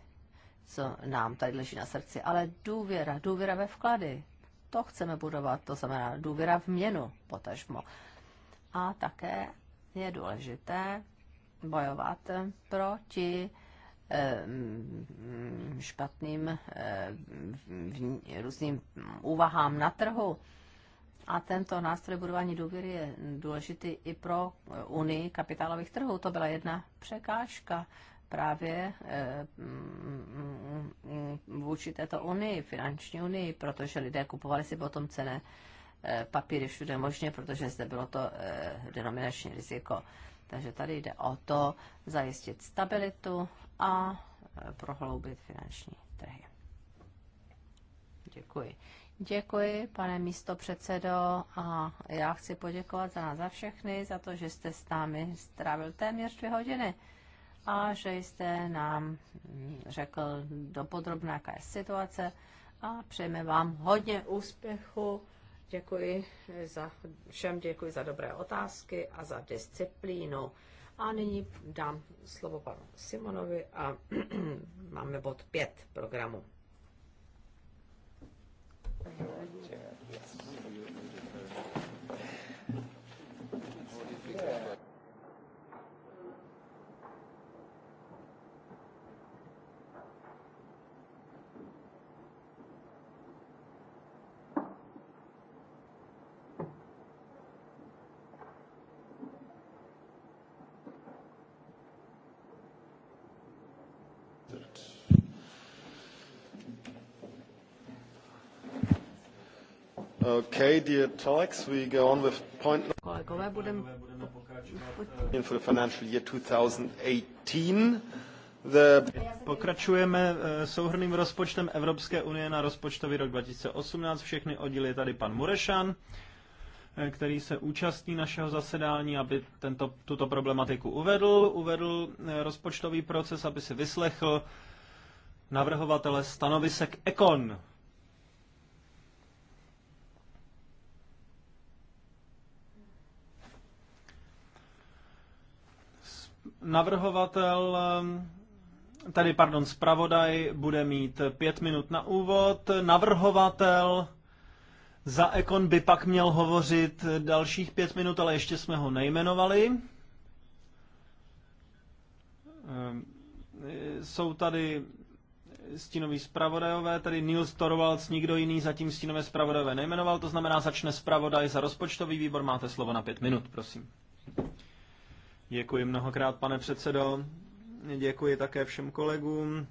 co nám tady leží na srdci, ale důvěra, důvěra ve vklady. To chceme budovat, to znamená důvěra v měnu, potažmo. A také je důležité bojovat proti eh, špatným eh, různým úvahám na trhu. A tento nástroj budování důvěry je důležitý i pro Unii kapitálových trhů. To byla jedna překážka právě eh, vůči této unii, finanční unii, protože lidé kupovali si potom cené Eh, papíry všude možně, protože zde bylo to eh, denominační riziko. Takže tady jde o to zajistit stabilitu a eh, prohloubit finanční trhy. Děkuji. Děkuji, pane místo předsedo, a já chci poděkovat za nás za všechny, za to, že jste s námi strávil téměř dvě hodiny a že jste nám mm, řekl dopodrobná, jaká je situace a přejeme vám hodně úspěchu Děkuji za, všem děkuji za dobré otázky a za disciplínu. A nyní dám slovo panu Simonovi a máme bod 5 programu. Okay, dear colleagues, we go on with point... Kolegové, budeme... ...for the financial year 2018. Pokračujeme eh, souhrnným rozpočtem Evropské unie na rozpočtový rok 2018. Všechny oddíly je tady pan Murešan, eh, který se účastní našeho zasedání, aby tento, tuto problematiku uvedl, uvedl eh, rozpočtový proces, aby si vyslechl navrhovatele stanovisek Ekon. Navrhovatel, ehm, tady pardon, zpravodaj bude mít pět minut na úvod. Navrhovatel za Ekon by pak měl hovořit dalších pět minut, ale ještě jsme ho nejmenovali. Ehm, jsou tady stínoví zpravodajové, tady Nils Torvalds, nikdo jiný zatím stínové zpravodajové nejmenoval, to znamená začne zpravodaj za rozpočtový výbor, máte slovo na pět minut, prosím. Děkuji mnohokrát, pane předsedo. Děkuji také všem kolegům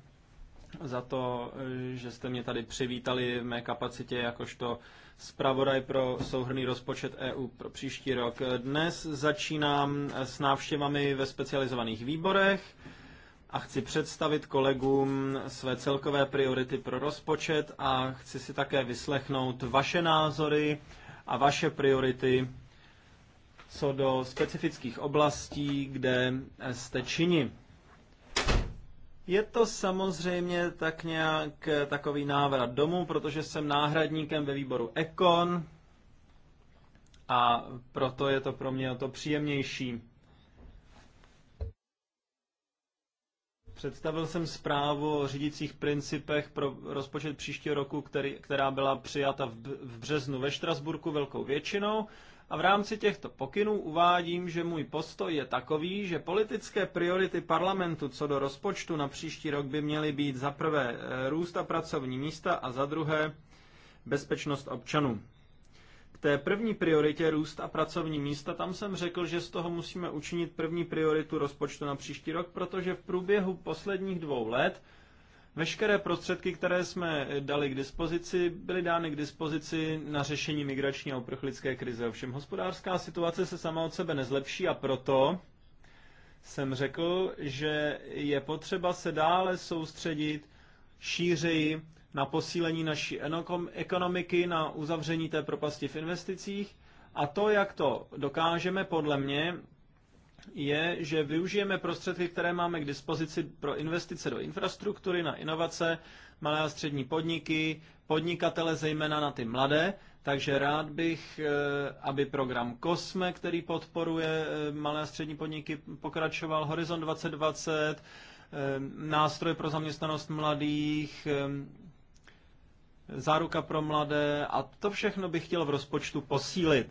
za to, že jste mě tady přivítali v mé kapacitě jakožto zpravodaj pro souhrný rozpočet EU pro příští rok. Dnes začínám s návštěvami ve specializovaných výborech a chci představit kolegům své celkové priority pro rozpočet a chci si také vyslechnout vaše názory a vaše priority co do specifických oblastí, kde jste čini. Je to samozřejmě tak nějak takový návrat domů, protože jsem náhradníkem ve výboru Ekon a proto je to pro mě o to příjemnější. Představil jsem zprávu o řídících principech pro rozpočet příštího roku, který, která byla přijata v, v březnu ve Štrasburku velkou většinou a v rámci těchto pokynů uvádím, že můj postoj je takový, že politické priority parlamentu co do rozpočtu na příští rok by měly být za prvé e, růst a pracovní místa a za druhé bezpečnost občanů. K té první prioritě růst a pracovní místa, tam jsem řekl, že z toho musíme učinit první prioritu rozpočtu na příští rok, protože v průběhu posledních dvou let Veškeré prostředky, které jsme dali k dispozici, byly dány k dispozici na řešení migrační a uprchlické krize. Ovšem hospodářská situace se sama od sebe nezlepší a proto jsem řekl, že je potřeba se dále soustředit šířeji na posílení naší ekonomiky, na uzavření té propasti v investicích a to, jak to dokážeme podle mě, je, že využijeme prostředky, které máme k dispozici pro investice do infrastruktury, na inovace, malé a střední podniky, podnikatele, zejména na ty mladé. Takže rád bych, eh, aby program COSME, který podporuje eh, malé a střední podniky, pokračoval Horizon 2020, eh, nástroj pro zaměstnanost mladých, záruka pro mladé a to všechno bych chtěl v rozpočtu posílit.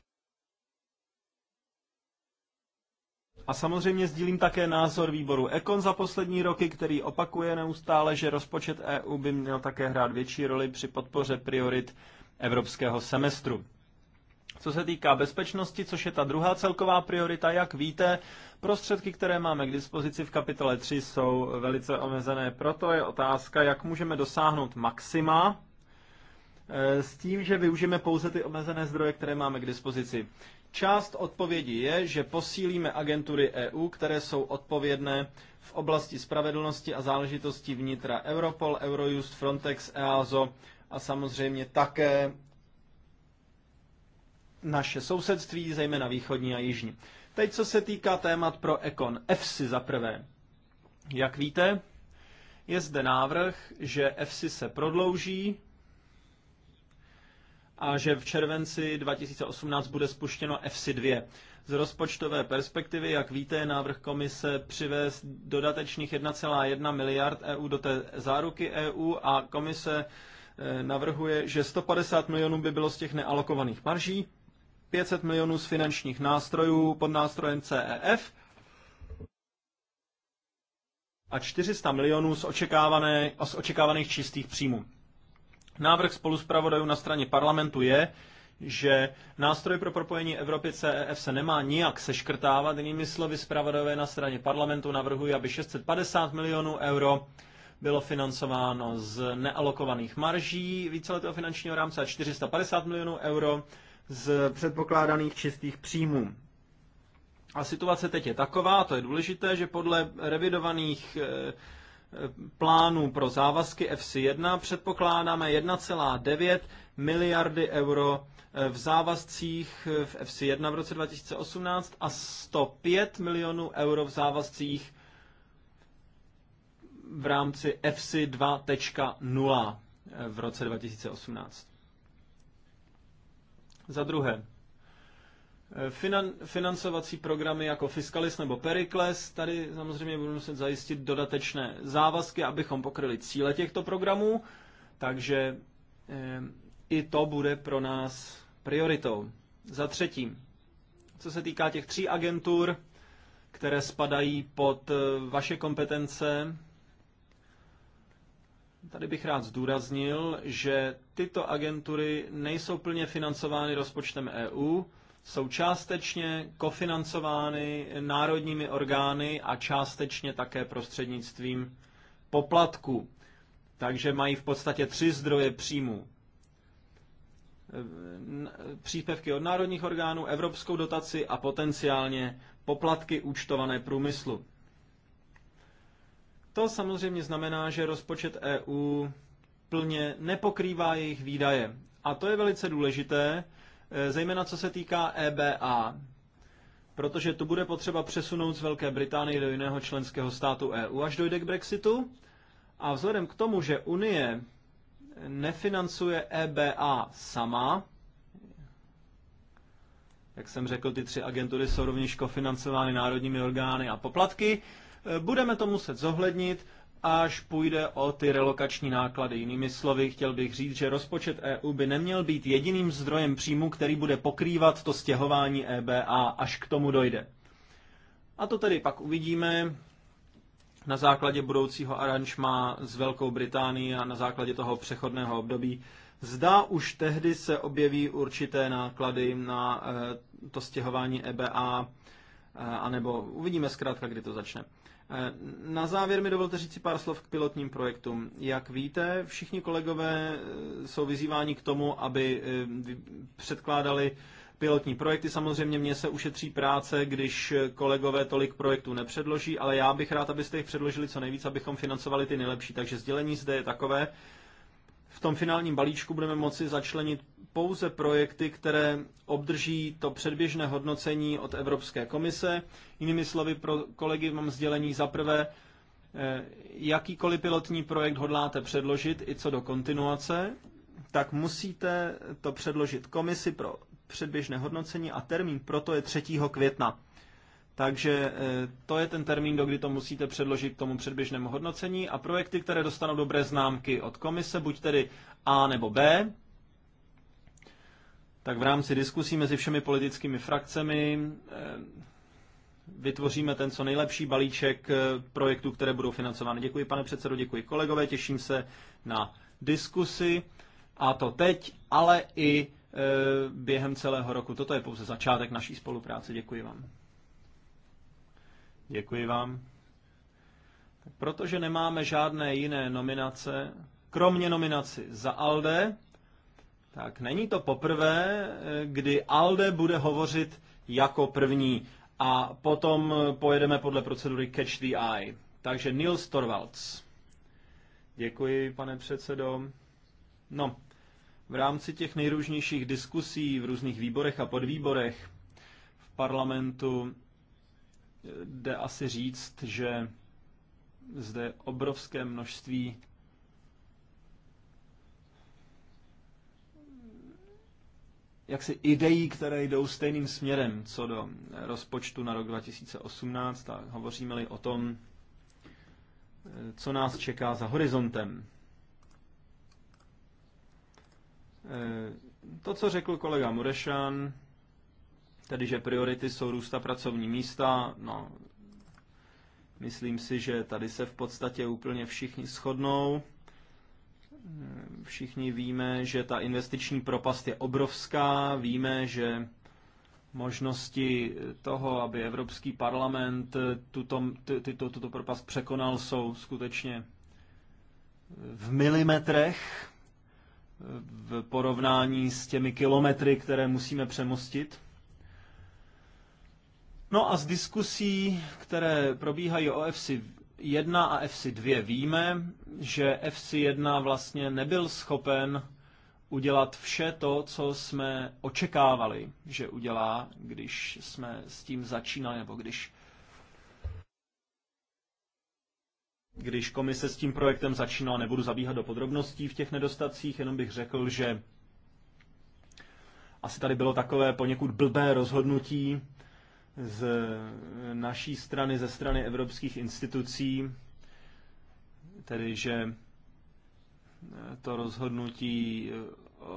A samozřejmě sdílím také názor výboru Ekon za poslední roky, který opakuje neustále, že rozpočet EU by měl také hrát větší roli při podpoře priorit evropského semestru. Co se týká bezpečnosti, což je ta druhá celková priorita, jak víte, prostředky, které máme k dispozici v kapitole 3, jsou velice omezené. Proto je otázka, jak můžeme dosáhnout maxima eh, s tím, že využijeme pouze ty omezené zdroje, které máme k dispozici. Část odpovědi je, že posílíme agentury EU, které jsou odpovědné v oblasti spravedlnosti a záležitostí vnitra Europol, Eurojust, Frontex, EASO a samozřejmě také naše sousedství, zejména východní a jižní. Teď, co se týká témat pro ECON, EFSI za prvé. Jak víte, je zde návrh, že EFSI se prodlouží a že v červenci 2018 bude spuštěno fc 2. Z rozpočtové perspektivy, jak víte, návrh komise přivést dodatečných 1,1 miliard EU do té záruky EU a komise eh, navrhuje, že 150 milionů by bylo z těch nealokovaných marží, 500 milionů z finančních nástrojů pod nástrojem CEF a 400 milionů z, očekávané, z očekávaných čistých příjmů. Návrh spoluzpravodajů na straně parlamentu je, že nástroj pro propojení Evropy CEF se nemá nijak seškrtávat. Jinými slovy, zpravodajové na straně parlamentu navrhují, aby 650 milionů euro bylo financováno z nealokovaných marží víceletého finančního rámce a 450 milionů euro z předpokládaných čistých příjmů. A situace teď je taková, to je důležité, že podle revidovaných e, plánu pro závazky FC1 předpokládáme 1,9 miliardy euro eh, v závazcích eh, v FC1 v roce 2018 a 105 milionů euro v závazcích v rámci FC 2.0 eh, v roce 2018. Za druhé, Eh, finan, financovací programy jako Fiskalis nebo Perikles, tady samozřejmě budeme muset zajistit dodatečné závazky, abychom pokryli cíle těchto programů, takže eh, i to bude pro nás prioritou. Za třetím. co se týká těch tří agentur, které spadají pod eh, vaše kompetence, Tady bych rád zdůraznil, že tyto agentury nejsou plně financovány rozpočtem EU, jsou částečně kofinancovány národními orgány a částečně také prostřednictvím poplatků. Takže mají v podstatě tři zdroje příjmů. Příspěvky od národních orgánů, evropskou dotaci a potenciálně poplatky účtované průmyslu. To samozřejmě znamená, že rozpočet EU plně nepokrývá jejich výdaje. A to je velice důležité, Eh, zejména co se týká EBA, protože tu bude potřeba přesunout z Velké Británie do jiného členského státu EU, až dojde k Brexitu. A vzhledem k tomu, že Unie nefinancuje EBA sama, jak jsem řekl, ty tři agentury jsou rovněž kofinancovány národními orgány a poplatky, eh, budeme to muset zohlednit až půjde o ty relokační náklady. Jinými slovy, chtěl bych říct, že rozpočet EU by neměl být jediným zdrojem příjmu, který bude pokrývat to stěhování EBA, až k tomu dojde. A to tedy pak uvidíme na základě budoucího aranžma s Velkou Británií a na základě toho přechodného období. Zdá už tehdy se objeví určité náklady na eh, to stěhování EBA, eh, anebo uvidíme zkrátka, kdy to začne. Eh, na závěr mi dovolte říct si pár slov k pilotním projektům. Jak víte, všichni kolegové eh, jsou vyzýváni k tomu, aby eh, předkládali pilotní projekty. Samozřejmě mě se ušetří práce, když kolegové tolik projektů nepředloží, ale já bych rád, abyste jich předložili co nejvíc, abychom financovali ty nejlepší. Takže sdělení zde je takové. V tom finálním balíčku budeme moci začlenit pouze projekty, které obdrží to předběžné hodnocení od Evropské komise. Jinými slovy, pro kolegy mám sdělení za prvé, eh, jakýkoliv pilotní projekt hodláte předložit, i co do kontinuace, tak musíte to předložit komisi pro předběžné hodnocení a termín proto je 3. května. Takže eh, to je ten termín, do kdy to musíte předložit tomu předběžnému hodnocení a projekty, které dostanou dobré známky od komise, buď tedy A nebo B, tak v rámci diskusí mezi všemi politickými frakcemi eh, vytvoříme ten co nejlepší balíček eh, projektů, které budou financovány. Děkuji, pane předsedo, děkuji kolegové, těším se na diskusy a to teď, ale i eh, během celého roku. Toto je pouze začátek naší spolupráce. Děkuji vám. Děkuji vám. Protože nemáme žádné jiné nominace, kromě nominaci za ALDE, tak není to poprvé, eh, kdy Alde bude hovořit jako první a potom eh, pojedeme podle procedury Catch the Eye. Takže Nils Torvalds. Děkuji, pane předsedo. No, v rámci těch nejrůznějších diskusí v různých výborech a podvýborech v parlamentu eh, jde asi říct, že zde obrovské množství jaksi ideí, které jdou stejným směrem co do rozpočtu na rok 2018 a hovoříme-li o tom, co nás čeká za horizontem. Eh, to, co řekl kolega Murešan, tedy že priority jsou růsta pracovní místa, no, myslím si, že tady se v podstatě úplně všichni shodnou. Všichni víme, že ta investiční propast je obrovská, víme, že možnosti toho, aby Evropský parlament tuto, tyto, tuto propast překonal, jsou skutečně v milimetrech v porovnání s těmi kilometry, které musíme přemostit. No a z diskusí, které probíhají o EFSI, 1 a FC2 víme, že FC1 vlastně nebyl schopen udělat vše to, co jsme očekávali, že udělá, když jsme s tím začínali, nebo když když komise s tím projektem začínala, nebudu zabíhat do podrobností v těch nedostacích, jenom bych řekl, že asi tady bylo takové poněkud blbé rozhodnutí z naší strany, ze strany evropských institucí, tedy že to rozhodnutí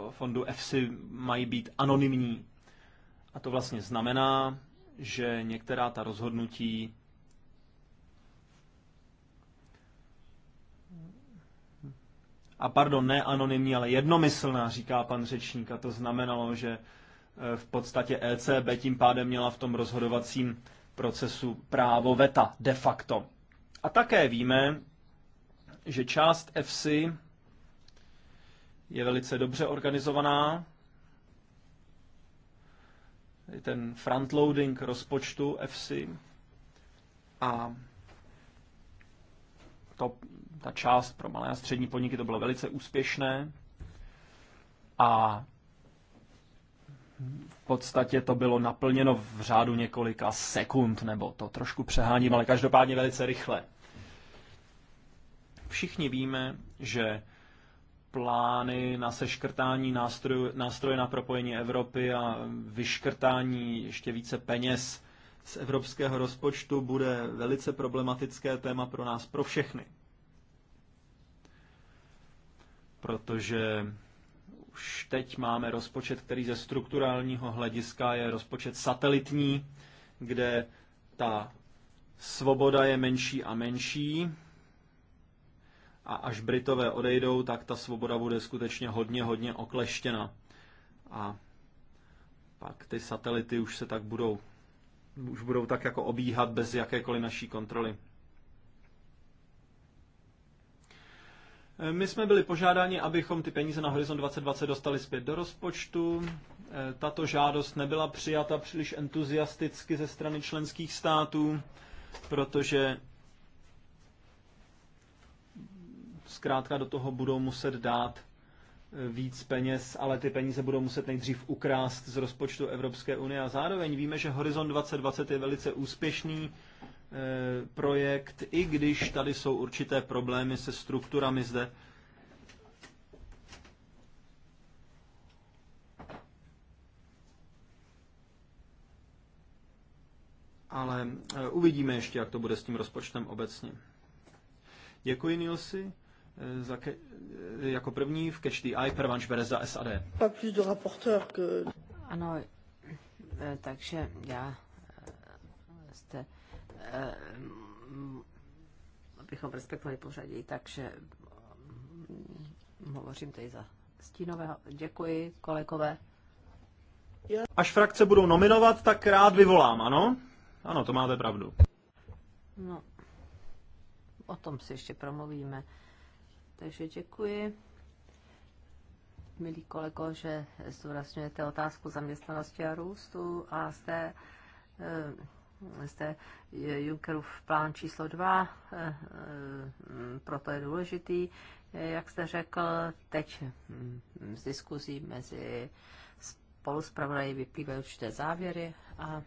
fondu EFSI mají být anonymní. A to vlastně znamená, že některá ta rozhodnutí a pardon, ne anonymní, ale jednomyslná, říká pan řečník. A to znamenalo, že v podstatě ECB tím pádem měla v tom rozhodovacím procesu právo veta de facto. A také víme, že část FC je velice dobře organizovaná. Ten frontloading rozpočtu FC a to, ta část pro malé a střední podniky to bylo velice úspěšné. A v podstatě to bylo naplněno v řádu několika sekund, nebo to trošku přeháním, ale každopádně velice rychle. Všichni víme, že plány na seškrtání nástroj, nástroje na propojení Evropy a vyškrtání ještě více peněz z evropského rozpočtu bude velice problematické téma pro nás, pro všechny. Protože už teď máme rozpočet, který ze strukturálního hlediska je rozpočet satelitní, kde ta svoboda je menší a menší. A až Britové odejdou, tak ta svoboda bude skutečně hodně, hodně okleštěna. A pak ty satelity už se tak budou, už budou tak jako obíhat bez jakékoliv naší kontroly. Eh, my jsme byli požádáni, abychom ty peníze na Horizon 2020 dostali zpět do rozpočtu. Eh, tato žádost nebyla přijata příliš entuziasticky ze strany členských států, protože zkrátka do toho budou muset dát eh, víc peněz, ale ty peníze budou muset nejdřív ukrást z rozpočtu Evropské unie. A zároveň víme, že Horizon 2020 je velice úspěšný Eh, projekt, i když tady jsou určité problémy se strukturami zde. Ale eh, uvidíme ještě, jak to bude s tím rozpočtem obecně. Děkuji, Nilsi. Eh, za ke, jako první v Catch the Eye Pervanš Bereza SAD. Ano, takže já Eh, abychom respektovali pořadí, takže mm, hovořím tady za stínového. Děkuji, kolegové. Až frakce budou nominovat, tak rád vyvolám, ano? Ano, to máte pravdu. No, o tom si ještě promluvíme. Takže děkuji, milí kolego, že zdůrazňujete otázku zaměstnanosti a růstu a jste zde je Junckerův plán číslo 2, eh, eh, proto je důležitý, eh, jak jste řekl, teď hm, z diskuzí mezi spoluspravodají vyplývají určité závěry a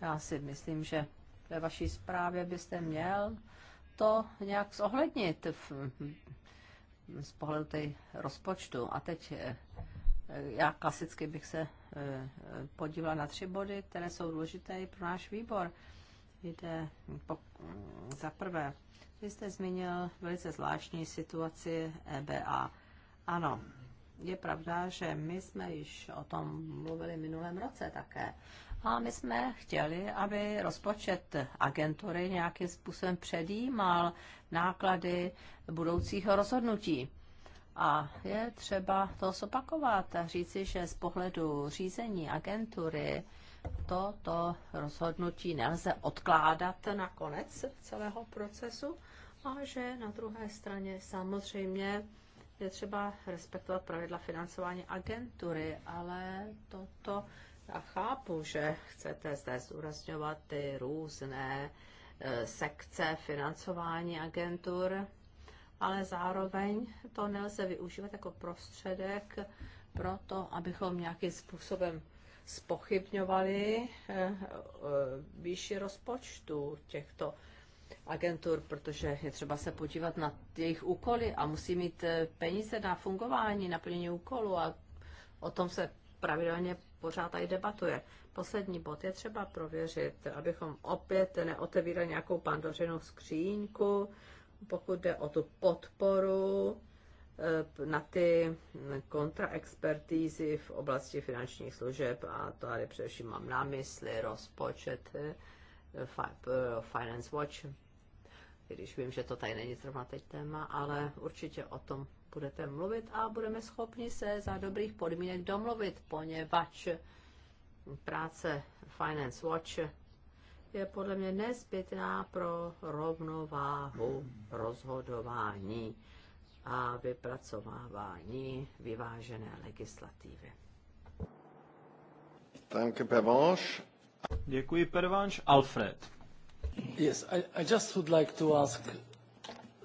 já si myslím, že ve vaší zprávě byste měl to nějak zohlednit v, hm, z pohledu tej rozpočtu. A teď já klasicky bych se eh, podívala na tři body, které jsou důležité i pro náš výbor. Jde po, za prvé, vy jste zmínil velice zvláštní situaci EBA. Ano, je pravda, že my jsme již o tom mluvili minulém roce také. A my jsme chtěli, aby rozpočet agentury nějakým způsobem předjímal náklady budoucího rozhodnutí. A je třeba to zopakovat a říci, že z pohledu řízení agentury toto rozhodnutí nelze odkládat na konec celého procesu a že na druhé straně samozřejmě je třeba respektovat pravidla financování agentury, ale toto já chápu, že chcete zde zdůrazňovat ty různé eh, sekce financování agentur, ale zároveň to nelze využívat jako prostředek pro to, abychom nějakým způsobem spochybňovali eh, eh, výši rozpočtu těchto agentur, protože je třeba se podívat na jejich úkoly a musí mít eh, peníze na fungování, na plnění úkolu a o tom se pravidelně pořád tady debatuje. Poslední bod je třeba prověřit, abychom opět neotevírali nějakou pandořinou skříňku, pokud jde o tu podporu eh, na ty kontraexpertízy v oblasti finančních služeb, a to, tady především mám na mysli rozpočet eh, eh, Finance Watch, když vím, že to tady není zrovna teď téma, ale určitě o tom budete mluvit a budeme schopni se za dobrých podmínek domluvit, poněvadž práce Finance Watch je podle mě nezbytná pro rovnováhu rozhodování a vypracovávání vyvážené legislativy. Děkuji Pervanche. Děkuji, Pervanš. Alfred. Yes, I, I just would like to ask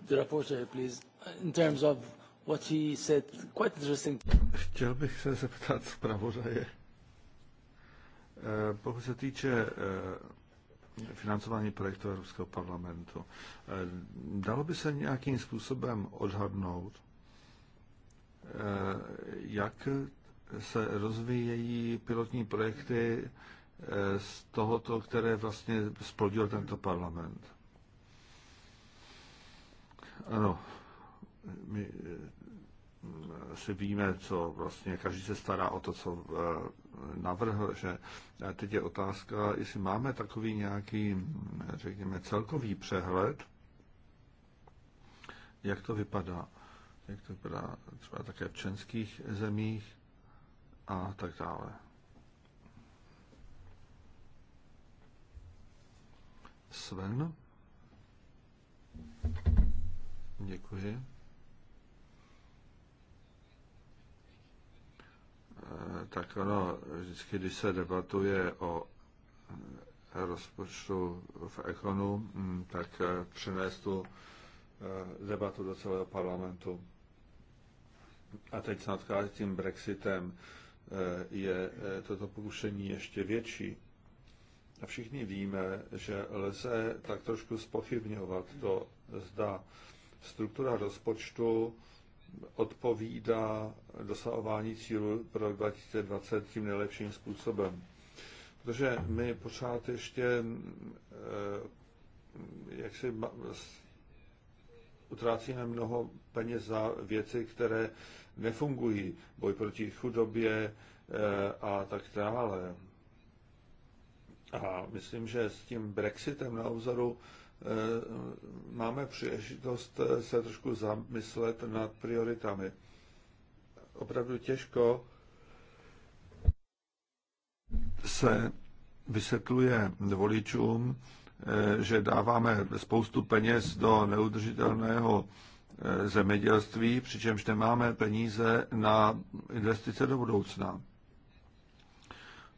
the rapporteur, please, in terms of what he said, quite interesting. Chtěl bych se zeptat zpravodaje. Eh, pokud se týče eh, financování projektu Evropského parlamentu. Eh, dalo by se nějakým způsobem odhadnout, eh, jak se rozvíjejí pilotní projekty eh, z tohoto, které vlastně splodil tento parlament. Ano, my si víme, co vlastně každý se stará o to, co navrhl, že teď je otázka, jestli máme takový nějaký, řekněme, celkový přehled, jak to vypadá. Jak to vypadá třeba také v členských zemích a tak dále. Sven? Děkuji. tak ono, vždycky, když se debatuje o rozpočtu v ekonu, mm, tak eh, přinést tu eh, debatu do celého parlamentu. A teď snad s tím Brexitem eh, je toto pokušení ještě větší. A všichni víme, že lze tak trošku spochybňovat to, zda struktura rozpočtu odpovídá dosahování cílu pro 2020 tím nejlepším způsobem. Protože my pořád ještě eh, jak si utrácíme mnoho peněz za věci, které nefungují. Boj proti chudobě eh, a tak dále. A myslím, že s tím Brexitem na obzoru Eh, máme příležitost eh, se trošku zamyslet nad prioritami. Opravdu těžko se vysvětluje voličům, eh, že dáváme spoustu peněz do neudržitelného zemědělství, přičemž nemáme peníze na investice do budoucna.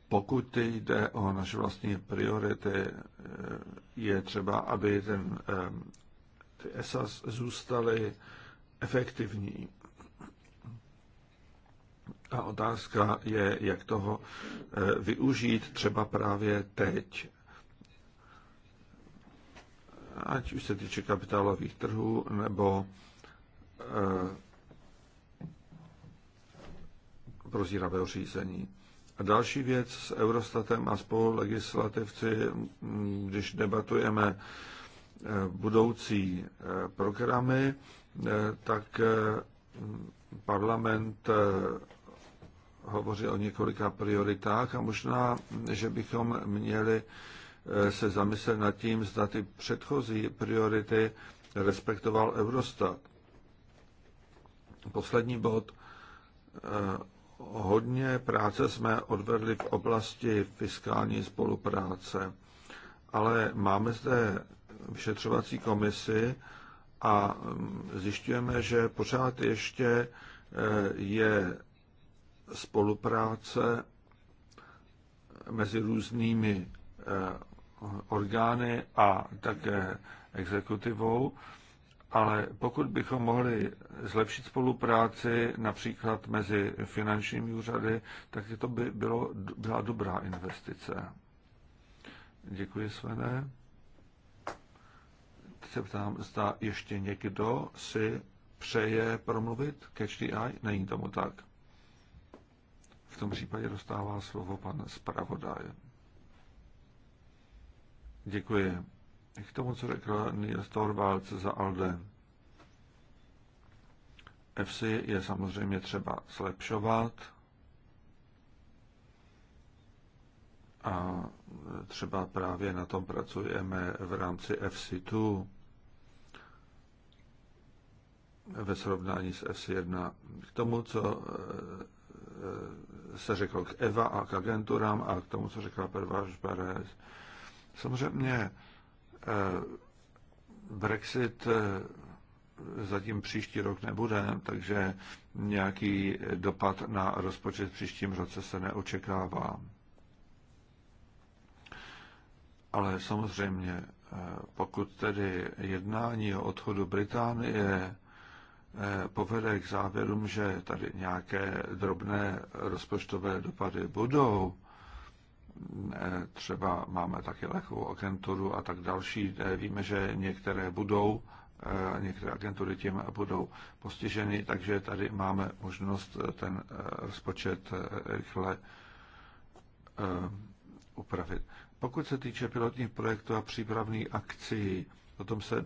Pokud jde o naše vlastní priority, eh, je třeba, aby ten, eh, ty ESAS zůstaly efektivní. A otázka je, jak toho eh, využít třeba právě teď. Ať už se týče kapitálových trhů nebo prozíravého řízení. Další věc s Eurostatem a spolu legislativci, mm, když debatujeme eh, budoucí eh, programy, eh, tak parlament hovoří o několika prioritách a možná, že bychom měli se zamyslet nad tím, zda ty předchozí priority respektoval Eurostat. Poslední bod hodně práce jsme odvedli v oblasti fiskální spolupráce, ale máme zde vyšetřovací komisi a mm, zjišťujeme, že pořád ještě e, je spolupráce mezi různými e, orgány a také exekutivou ale pokud bychom mohli zlepšit spolupráci například mezi finančními úřady, tak to by bylo, byla dobrá investice. Děkuji, Svené. Teď se ptám, zda ještě někdo si přeje promluvit ke HDI? Není tomu tak. V tom případě dostává slovo pan zpravodaj. Děkuji k tomu, co řekl Nils Torvalds za ALDE. FC je samozřejmě třeba zlepšovat a třeba právě na tom pracujeme v rámci FC2 ve srovnání s FC1. K tomu, co eh, se řekl k EVA a k agenturám a k tomu, co řekla Perváš Perez. Samozřejmě Eh, Brexit eh, zatím příští rok nebude, takže nějaký dopad na rozpočet v příštím roce se neočekává. Ale samozřejmě, eh, pokud tedy jednání o odchodu Británie povede k závěrům, že tady nějaké drobné rozpočtové dopady budou, třeba máme taky lehkou agenturu a tak další. Eh, víme, že některé budou, eh, některé agentury tím budou postiženy, takže tady máme možnost eh, ten rozpočet rychle upravit. Pokud se týče pilotních projektů a přípravných akcí, O tom se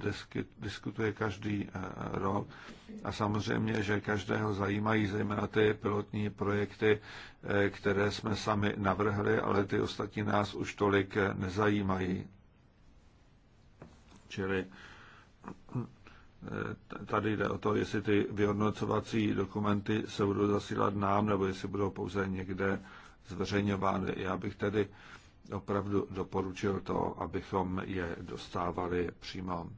diskutuje každý eh, rok a samozřejmě, že každého zajímají zejména ty pilotní projekty, eh, které jsme sami navrhli, ale ty ostatní nás už tolik eh, nezajímají. Čili tady jde o to, jestli ty vyhodnocovací dokumenty se budou zasílat nám, nebo jestli budou pouze někde zveřejňovány. Já bych tedy opravdu doporučil to, abychom je dostávali přímo.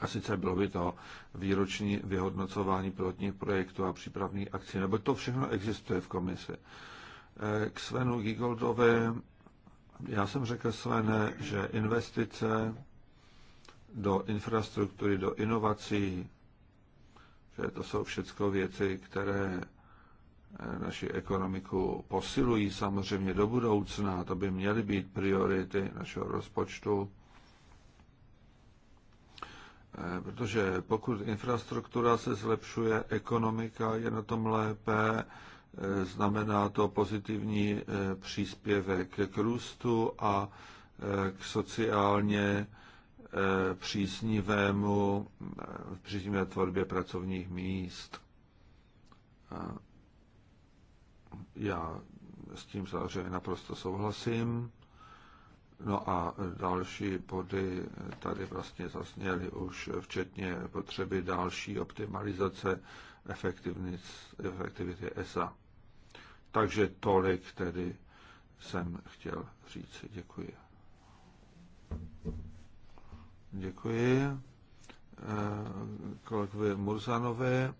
A sice bylo by to výroční vyhodnocování pilotních projektů a přípravných akcí, nebo to všechno existuje v komisi. Eh, k Svenu Gigoldovi, já jsem řekl Svene, že investice do infrastruktury, do inovací, že to jsou všechno věci, které naši ekonomiku posilují samozřejmě do budoucna, to by měly být priority našeho rozpočtu, eh, protože pokud infrastruktura se zlepšuje, ekonomika je na tom lépe, eh, znamená to pozitivní eh, příspěvek k růstu a k sociálně příznivému, příznivé tvorbě pracovních míst já s tím samozřejmě naprosto souhlasím. No a další body tady vlastně zasněly už, včetně potřeby další optimalizace efektivity ESA. Takže tolik tedy jsem chtěl říct. Děkuji. Děkuji eh, kolegovi Murzanovi.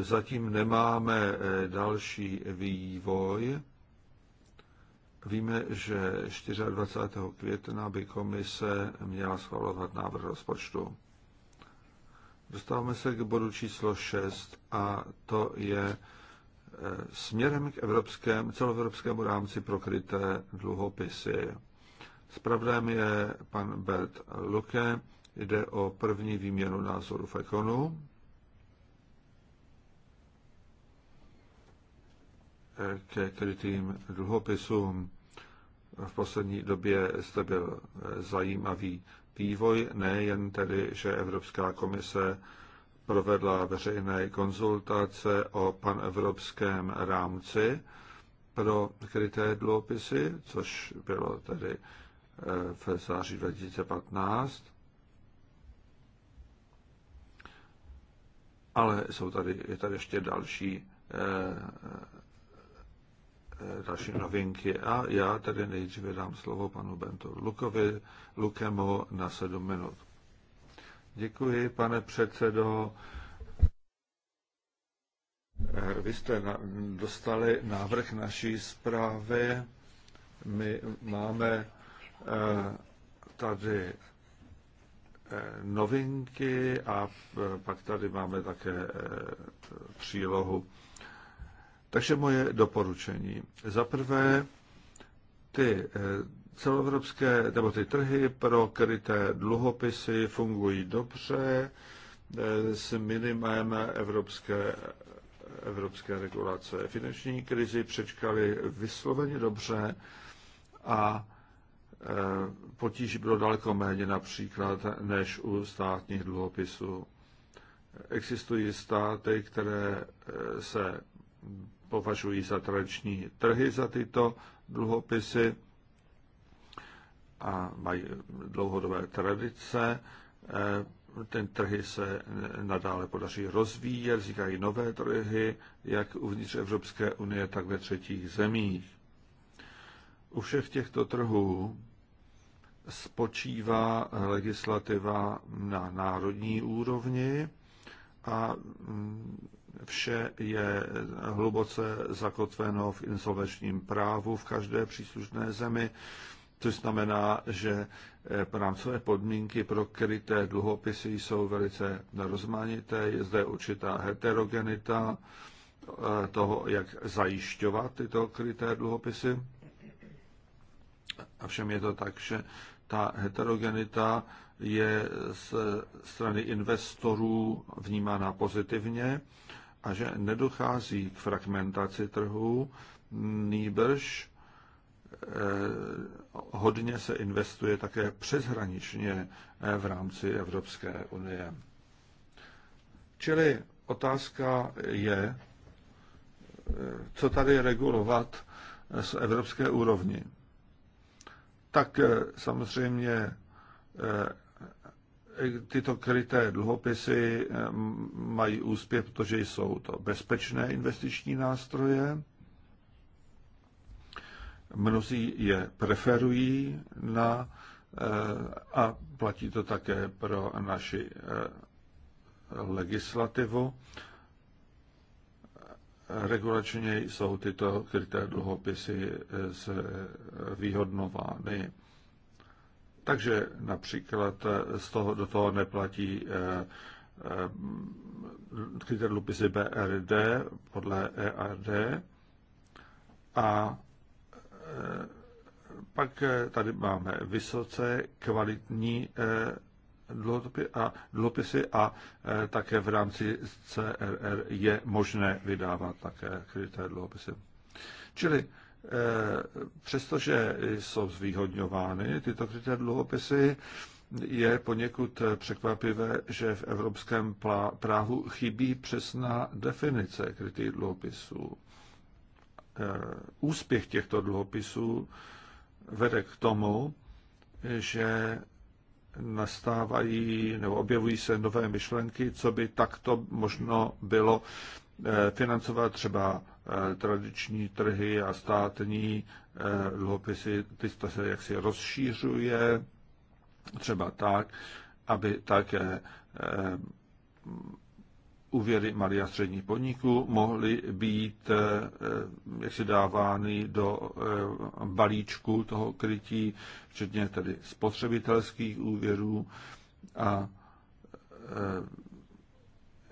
Zatím nemáme eh, další vývoj. Víme, že 24. května by komise měla schvalovat návrh rozpočtu. Dostáváme se k bodu číslo 6 a to je eh, směrem k evropském, celoevropskému rámci pro kryté dluhopisy. Spravdem je pan Bert Luke, jde o první výměnu názoru v Ekonu. ke krytým dluhopisům. V poslední době zde byl eh, zajímavý vývoj, nejen tedy, že Evropská komise provedla veřejné konzultace o panevropském rámci pro kryté dluhopisy, což bylo tedy eh, v září 2015. Ale jsou tady, je tady ještě další eh, Eh, další novinky. A já tady nejdříve dám slovo panu Bento Lukovi, Lukemu na sedm minut. Děkuji, pane předsedo. Eh, vy jste dostali návrh naší zprávy. My máme eh, tady novinky a pak tady máme také přílohu takže moje doporučení. Za prvé, ty eh, celoevropské, nebo ty trhy pro kryté dluhopisy fungují dobře eh, s minimem evropské, evropské regulace. Finanční krizi přečkali vysloveně dobře a eh, potíží bylo daleko méně například než u státních dluhopisů. Existují státy, které se považují za tradiční trhy za tyto dluhopisy a mají dlouhodobé tradice. Eh, ten trhy se nadále podaří rozvíjet, vznikají nové trhy, jak uvnitř Evropské unie, tak ve třetích zemích. U všech těchto trhů spočívá legislativa na národní úrovni a mm, Vše je hluboce zakotveno v insolvenčním právu v každé příslušné zemi, což znamená, že eh, rámcové podmínky pro kryté dluhopisy jsou velice rozmanité, je zde určitá heterogenita eh, toho, jak zajišťovat tyto kryté dluhopisy. A všem je to tak, že ta heterogenita je z strany investorů vnímána pozitivně, a že nedochází k fragmentaci trhu, nýbrž eh, hodně se investuje také přeshraničně eh, v rámci Evropské unie. Čili otázka je, eh, co tady regulovat z evropské úrovni. Tak samozřejmě tyto kryté dluhopisy mají úspěch, protože jsou to bezpečné investiční nástroje. Mnozí je preferují na, eh, a platí to také pro naši eh, legislativu. Regulačně jsou tyto kryté dluhopisy zvýhodnovány. Eh, takže například eh, z toho, do toho neplatí eh, eh, kryté lupisy BRD podle ERD a pak tady máme vysoce kvalitní a dluhopisy a také v rámci CRR je možné vydávat také kryté dluhopisy. Čili Eh, přestože jsou zvýhodňovány tyto kryté dluhopisy, je poněkud eh, překvapivé, že v evropském právu chybí přesná definice krytých dluhopisů. Eh, úspěch těchto dluhopisů vede k tomu, že nastávají nebo objevují se nové myšlenky, co by takto možno bylo financovat třeba Eh, tradiční trhy a státní eh, dluhopisy, ty se jaksi rozšířuje, třeba tak, aby také eh, úvěry malých a středních podniků mohly být jaksi dávány do balíčku toho krytí, včetně tedy spotřebitelských úvěrů a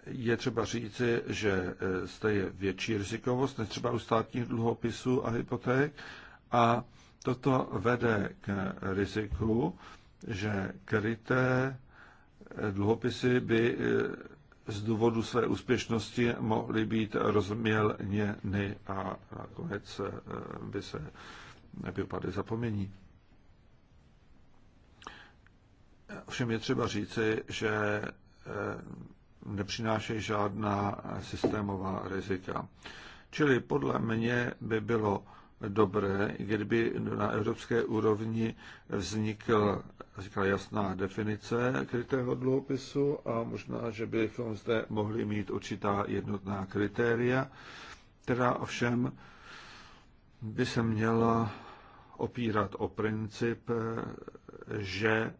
je třeba říci, že e, zde je větší rizikovost než třeba u státních dluhopisů a hypoték a toto vede k riziku, že kryté e, dluhopisy by e, z důvodu své úspěšnosti mohly být rozmělněny a nakonec by se nevypadly zapomnění. Všem je třeba říci, že nepřinášejí žádná systémová rizika. Čili podle mě by bylo dobré, kdyby na evropské úrovni vznikl, říkala, jasná definice krytého dluhopisu a možná, že bychom zde mohli mít určitá jednotná kritéria, která ovšem by se měla opírat o princip, že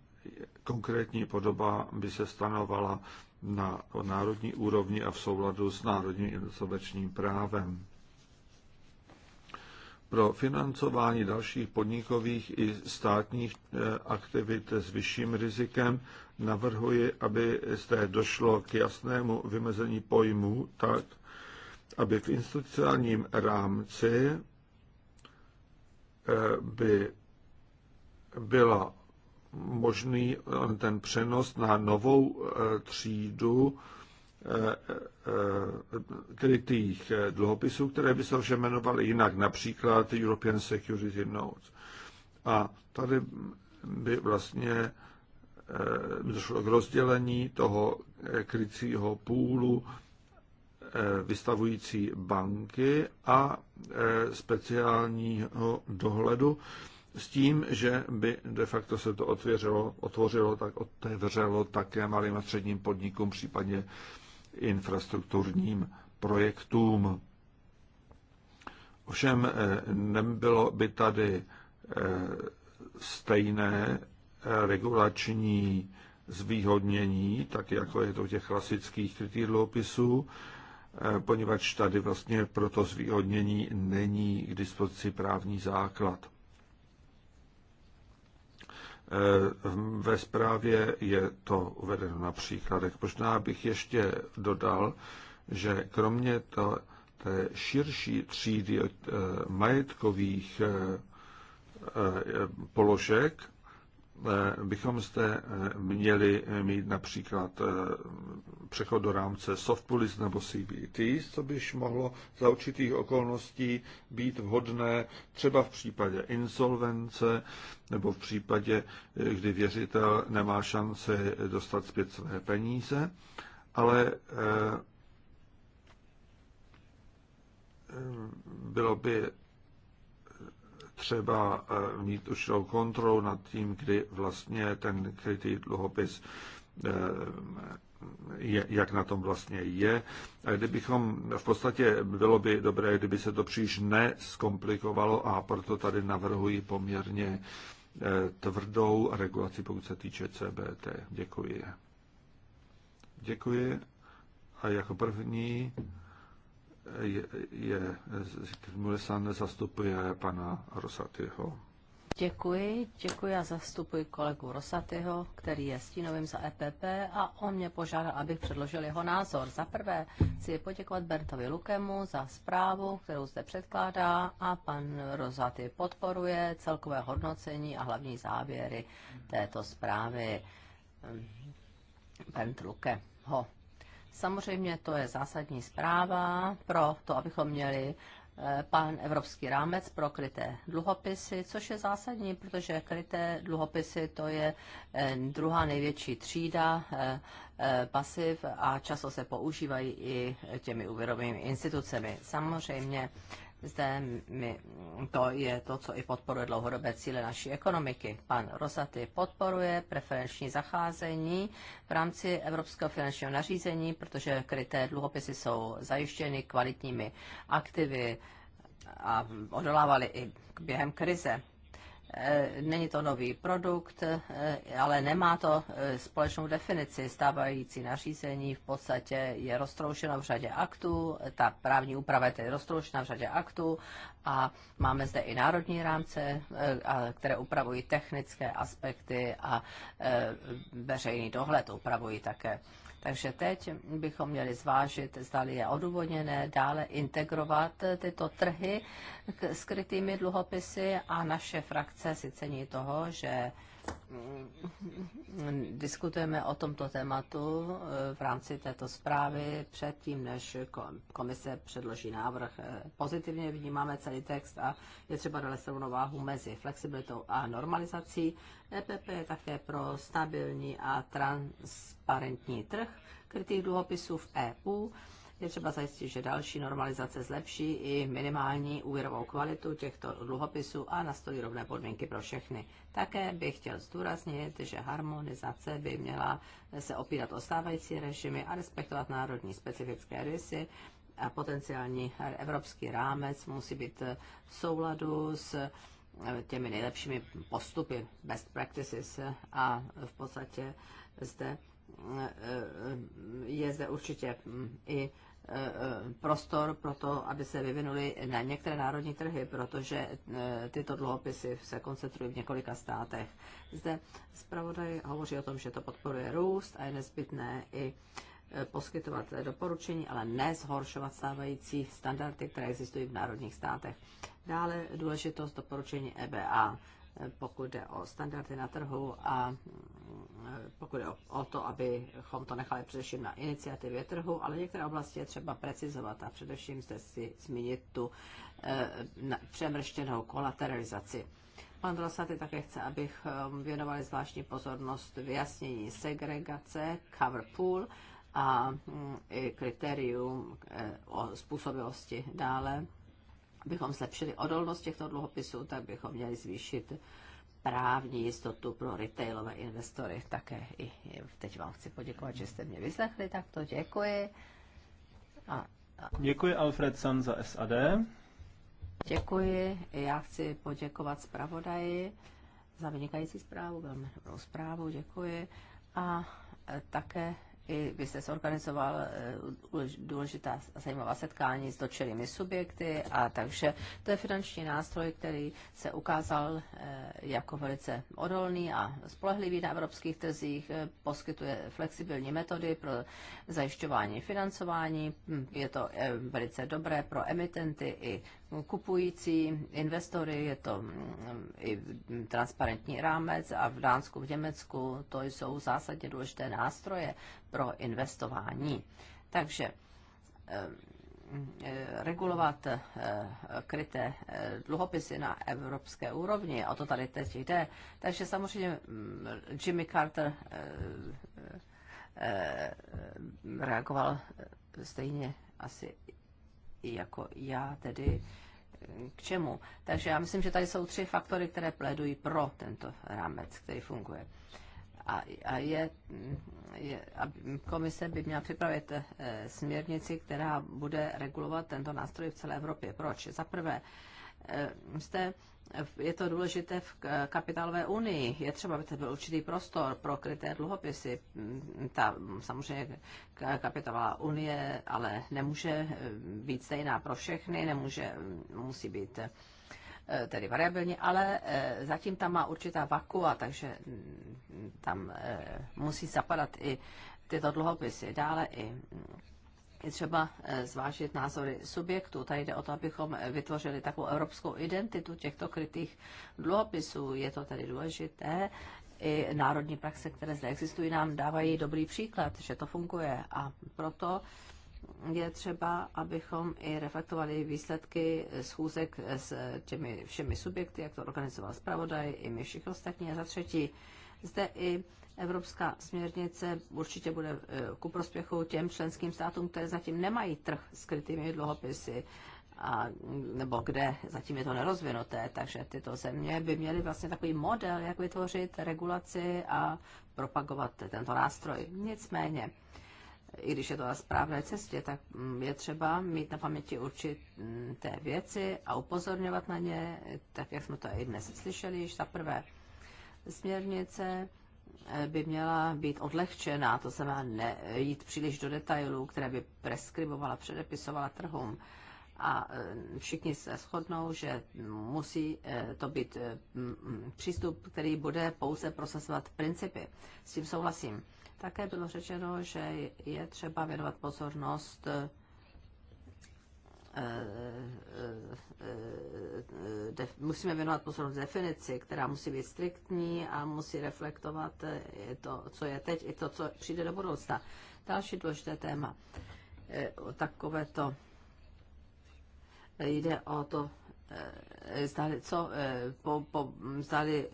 konkrétní podoba by se stanovala na národní úrovni a v souladu s národním insolvenčním právem. Pro financování dalších podnikových i státních eh, aktivit s vyšším rizikem navrhuji, aby zde došlo k jasnému vymezení pojmů tak, aby v institucionálním rámci eh, by byla možný eh, ten přenos na novou eh, třídu krytých eh, dluhopisů, které by se ovšem jmenovaly jinak, například European Security Notes. A tady by vlastně došlo k rozdělení toho krycího půlu vystavující banky a speciálního dohledu, s tím, že by de facto se to otvěřilo, otvořilo, tak otevřelo také malým a středním podnikům, případně infrastrukturním projektům. Ovšem eh, nebylo by tady eh, stejné eh, regulační zvýhodnění, tak jako je to u těch klasických krytýrlopisů, poněvadž tady vlastně pro to zvýhodnění není k dispozici právní základ. Eh, ve zprávě je to uvedeno na příkladech. Možná bych ještě dodal, že kromě to, té širší třídy eh, majetkových eh, položek, Eh, bychom zde eh, měli eh, mít například přechod do rámce soft police nebo CBT, co byž mohlo za určitých okolností být vhodné třeba v případě insolvence nebo v případě, kdy věřitel nemá šanci dostat zpět své peníze, ale bylo by třeba eh, mít určitou kontrolu nad tím, kdy vlastně ten krytý dluhopis eh, je, jak na tom vlastně je. A kdybychom, v podstatě bylo by dobré, kdyby se to příliš neskomplikovalo a proto tady navrhuji poměrně eh, tvrdou regulaci, pokud se týče CBT. Děkuji. Děkuji. A jako první je, je Mulesan zastupuje pana Rosatyho. Děkuji, děkuji a zastupuji kolegu Rosatyho, který je stínovým za EPP a on mě požádal, abych předložil jeho názor. Za prvé chci poděkovat Bertovi Lukemu za zprávu, kterou zde předkládá a pan Rosaty podporuje celkové hodnocení a hlavní závěry této zprávy. Ehm, Bernd Luke ho Samozřejmě to je zásadní zpráva pro to, abychom měli eh, pan evropský rámec pro kryté dluhopisy, což je zásadní, protože kryté dluhopisy to je eh, druhá největší třída eh, pasiv a často se používají i těmi úvěrovými institucemi. Samozřejmě zde my, to je to, co i podporuje dlouhodobé cíle naší ekonomiky. Pan Rosaty podporuje preferenční zacházení v rámci Evropského finančního nařízení, protože kryté dluhopisy jsou zajištěny kvalitními aktivy a odolávaly i během krize. Eh, není to nový produkt, eh, ale nemá to eh, společnou definici. Stávající nařízení v podstatě je roztroušeno v řadě aktů, ta právní úprava je tedy roztroušena v řadě aktů a máme zde i národní rámce, které upravují technické aspekty a veřejný dohled upravují také. Takže teď bychom měli zvážit, zda je odůvodněné dále integrovat tyto trhy s krytými dluhopisy a naše frakce si cení toho, že diskutujeme o tomto tématu eh, v rámci této zprávy předtím, než komise předloží návrh. Eh, pozitivně vnímáme celý text a je třeba nalézt rovnováhu mezi flexibilitou a normalizací. EPP je také pro stabilní a transparentní trh krytých dluhopisů v EU je třeba zajistit, že další normalizace zlepší i minimální úvěrovou kvalitu těchto dluhopisů a nastolí rovné podmínky pro všechny. Také bych chtěl zdůraznit, že harmonizace by měla se opírat o stávající režimy a respektovat národní specifické rysy, a potenciální evropský rámec musí být v souladu s těmi nejlepšími postupy, best practices a v podstatě zde eh, eh, je zde určitě mm, i Eh, eh, prostor pro to, aby se vyvinuli na některé národní trhy, protože eh, tyto dluhopisy se koncentrují v několika státech. Zde zpravodaj hovoří o tom, že to podporuje růst a je nezbytné i poskytovat doporučení, ale ne zhoršovat stávající standardy, které existují v národních státech. Dále důležitost doporučení EBA pokud jde o standardy na trhu a mm, pokud jde o to, abychom to nechali především na iniciativě trhu, ale některé oblasti je třeba precizovat a především zde si zmínit tu eh, přemrštěnou kolateralizaci. Pan Rosaty také chce, abych ehm, věnovali zvláštní pozornost vyjasnění segregace, cover pool a mm, i kritérium eh, o způsobilosti dále abychom zlepšili odolnost těchto dluhopisů, tak bychom měli zvýšit právní jistotu pro retailové investory. Také i teď vám chci poděkovat, že jste mě vyslechli, tak to děkuji. A, a... Děkuji Alfred San za SAD. Děkuji. Já chci poděkovat zpravodaji za vynikající zprávu, velmi dobrou zprávu, děkuji. A e, také i vy jste zorganizoval eh, důležitá a zajímavá setkání s dočelými subjekty a takže to je finanční nástroj, který se ukázal eh, jako velice odolný a spolehlivý na evropských trzích, eh, poskytuje flexibilní metody pro zajišťování financování, hm, je to velice dobré pro emitenty i kupující investory, je to mm, i transparentní rámec a v Dánsku, v Německu to jsou zásadně důležité nástroje pro investování. Takže eh, eh, regulovat eh, kryté dluhopisy na evropské úrovni, o to tady teď jde. Takže samozřejmě mm, Jimmy Carter reagoval stejně asi jako já tedy eh, k čemu. Takže já myslím, že tady jsou tři faktory, které plédují pro tento rámec, který funguje. A, a je, mm, je a komise by měla připravit e, směrnici, která bude regulovat tento nástroj v celé Evropě. Proč? Za prvé, e, jste je to důležité v kapitálové unii. Je třeba, aby to byl určitý prostor pro kryté dluhopisy. Mm, ta samozřejmě kapitálová unie ale nemůže eh, být stejná pro všechny, nemůže, mm, musí být eh, tedy variabilní, ale eh, zatím tam má určitá vakua, takže mm, tam musí zapadat i tyto dluhopisy. Dále i je třeba eh, zvážit názory subjektů. Tady jde o to, abychom vytvořili takovou evropskou identitu těchto krytých dluhopisů. Je to tedy důležité. I národní praxe, které zde existují, nám dávají dobrý příklad, že to funguje. A proto je třeba, abychom i reflektovali výsledky schůzek s těmi všemi subjekty, jak to organizoval zpravodaj, i my všichni ostatní. A za třetí, zde i Evropská směrnice určitě bude eh, ku prospěchu těm členským státům, které zatím nemají trh s krytými dluhopisy, a, nebo kde zatím je to nerozvinuté, takže tyto země by měly vlastně takový model, jak vytvořit regulaci a propagovat tento nástroj. Nicméně, i když je to na správné cestě, tak mm, je třeba mít na paměti určité věci a upozorňovat na ně, tak jak jsme to i dnes slyšeli již za prvé. Směrnice by měla být odlehčená, to znamená nejít jít příliš do detailů, které by preskribovala, předepisovala trhům. A e, všichni se shodnou, že musí e, to být e, přístup, který bude pouze procesovat principy. S tím souhlasím. Také bylo řečeno, že je třeba věnovat pozornost Eh, eh, eh, musíme věnovat pozornost definici, která musí být striktní a musí reflektovat to, co je teď, i to, co přijde do budoucna. Další důležité téma. Takové to jde o to, zdali, co, po, po, zdali,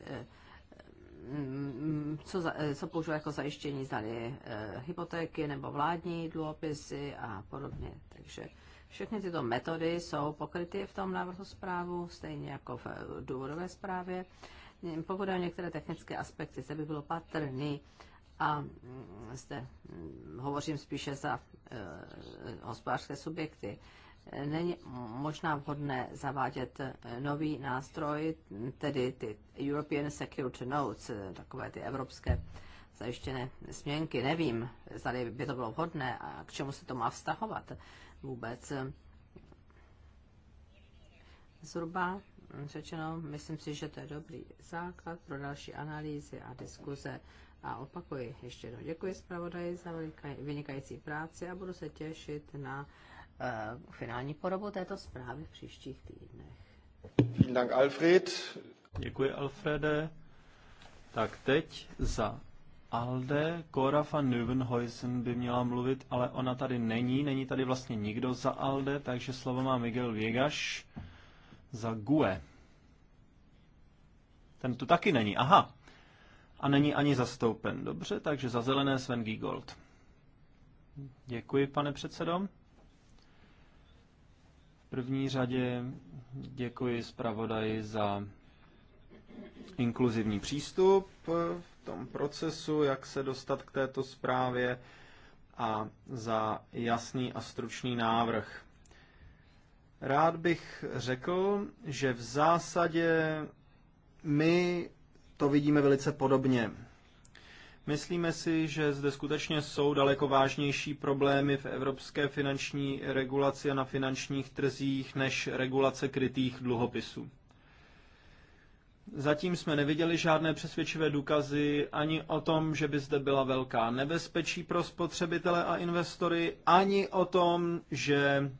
mm, co, co používá jako zajištění, zdali hypotéky nebo vládní dluhopisy a podobně. Takže všechny tyto metody jsou pokryty v tom návrhu zprávu, stejně jako v eh, důvodové zprávě. Pokud o některé technické aspekty, zde by bylo patrný a mm, zde mm, hovořím spíše za e, hospodářské subjekty. Není možná vhodné zavádět eh, nový nástroj, tedy ty European Security Notes, takové ty evropské zajištěné směnky. Nevím, zda by to bylo vhodné a k čemu se to má vztahovat vůbec. Zhruba řečeno, myslím si, že to je dobrý základ pro další analýzy a diskuze. A opakuji ještě jednou děkuji zpravodaji za vynikající práci a budu se těšit na uh, finální podobu této zprávy v příštích týdnech. Dank, Alfred. Děkuji, Alfrede. Tak teď za Alde, Cora van by měla mluvit, ale ona tady není, není tady vlastně nikdo za Alde, takže slovo má Miguel Viegas za GUE. Ten tu taky není, aha. A není ani zastoupen, dobře, takže za zelené Sven Gold. Děkuji, pane předsedo. V první řadě děkuji zpravodaji za inkluzivní přístup v tom procesu, jak se dostat k této zprávě a za jasný a stručný návrh. Rád bych řekl, že v zásadě my to vidíme velice podobně. Myslíme si, že zde skutečně jsou daleko vážnější problémy v evropské finanční regulaci a na finančních trzích než regulace krytých dluhopisů. Zatím jsme neviděli žádné přesvědčivé důkazy ani o tom, že by zde byla velká nebezpečí pro spotřebitele a investory, ani o tom, že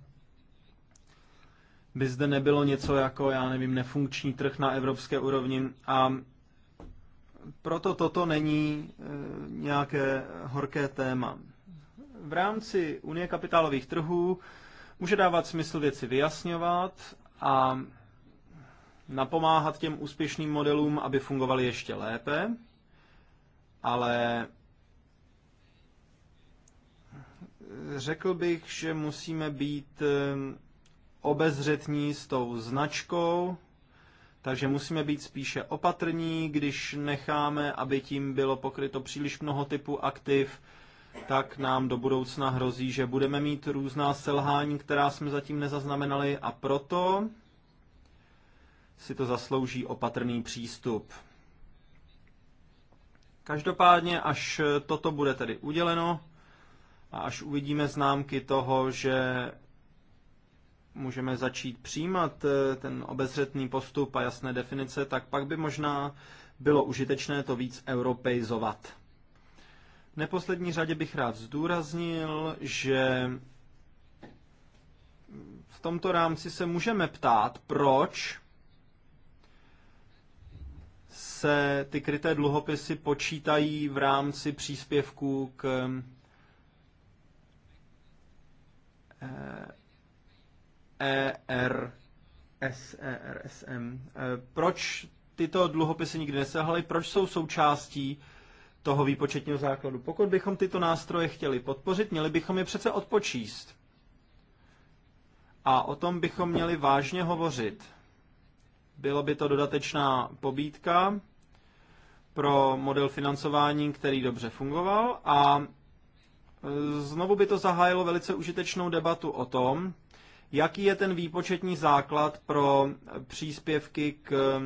by zde nebylo něco jako, já nevím, nefunkční trh na evropské úrovni a proto toto není e, nějaké horké téma. V rámci Unie kapitálových trhů může dávat smysl věci vyjasňovat a napomáhat těm úspěšným modelům, aby fungovaly ještě lépe, ale řekl bych, že musíme být eh, obezřetní s tou značkou, takže musíme být spíše opatrní, když necháme, aby tím bylo pokryto příliš mnoho typů aktiv, tak nám do budoucna hrozí, že budeme mít různá selhání, která jsme zatím nezaznamenali a proto si to zaslouží opatrný přístup. Každopádně, až toto bude tedy uděleno a až uvidíme známky toho, že můžeme začít přijímat eh, ten obezřetný postup a jasné definice, tak pak by možná bylo užitečné to víc europeizovat. V neposlední řadě bych rád zdůraznil, že v tomto rámci se můžeme ptát, proč se ty kryté dluhopisy počítají v rámci příspěvků k ERSM. Eh, e e eh, proč tyto dluhopisy nikdy nesahaly? Proč jsou součástí toho výpočetního základu? Pokud bychom tyto nástroje chtěli podpořit, měli bychom je přece odpočíst. A o tom bychom měli vážně hovořit. Byla by to dodatečná pobídka pro model financování, který dobře fungoval a e, znovu by to zahájilo velice užitečnou debatu o tom, jaký je ten výpočetní základ pro příspěvky k,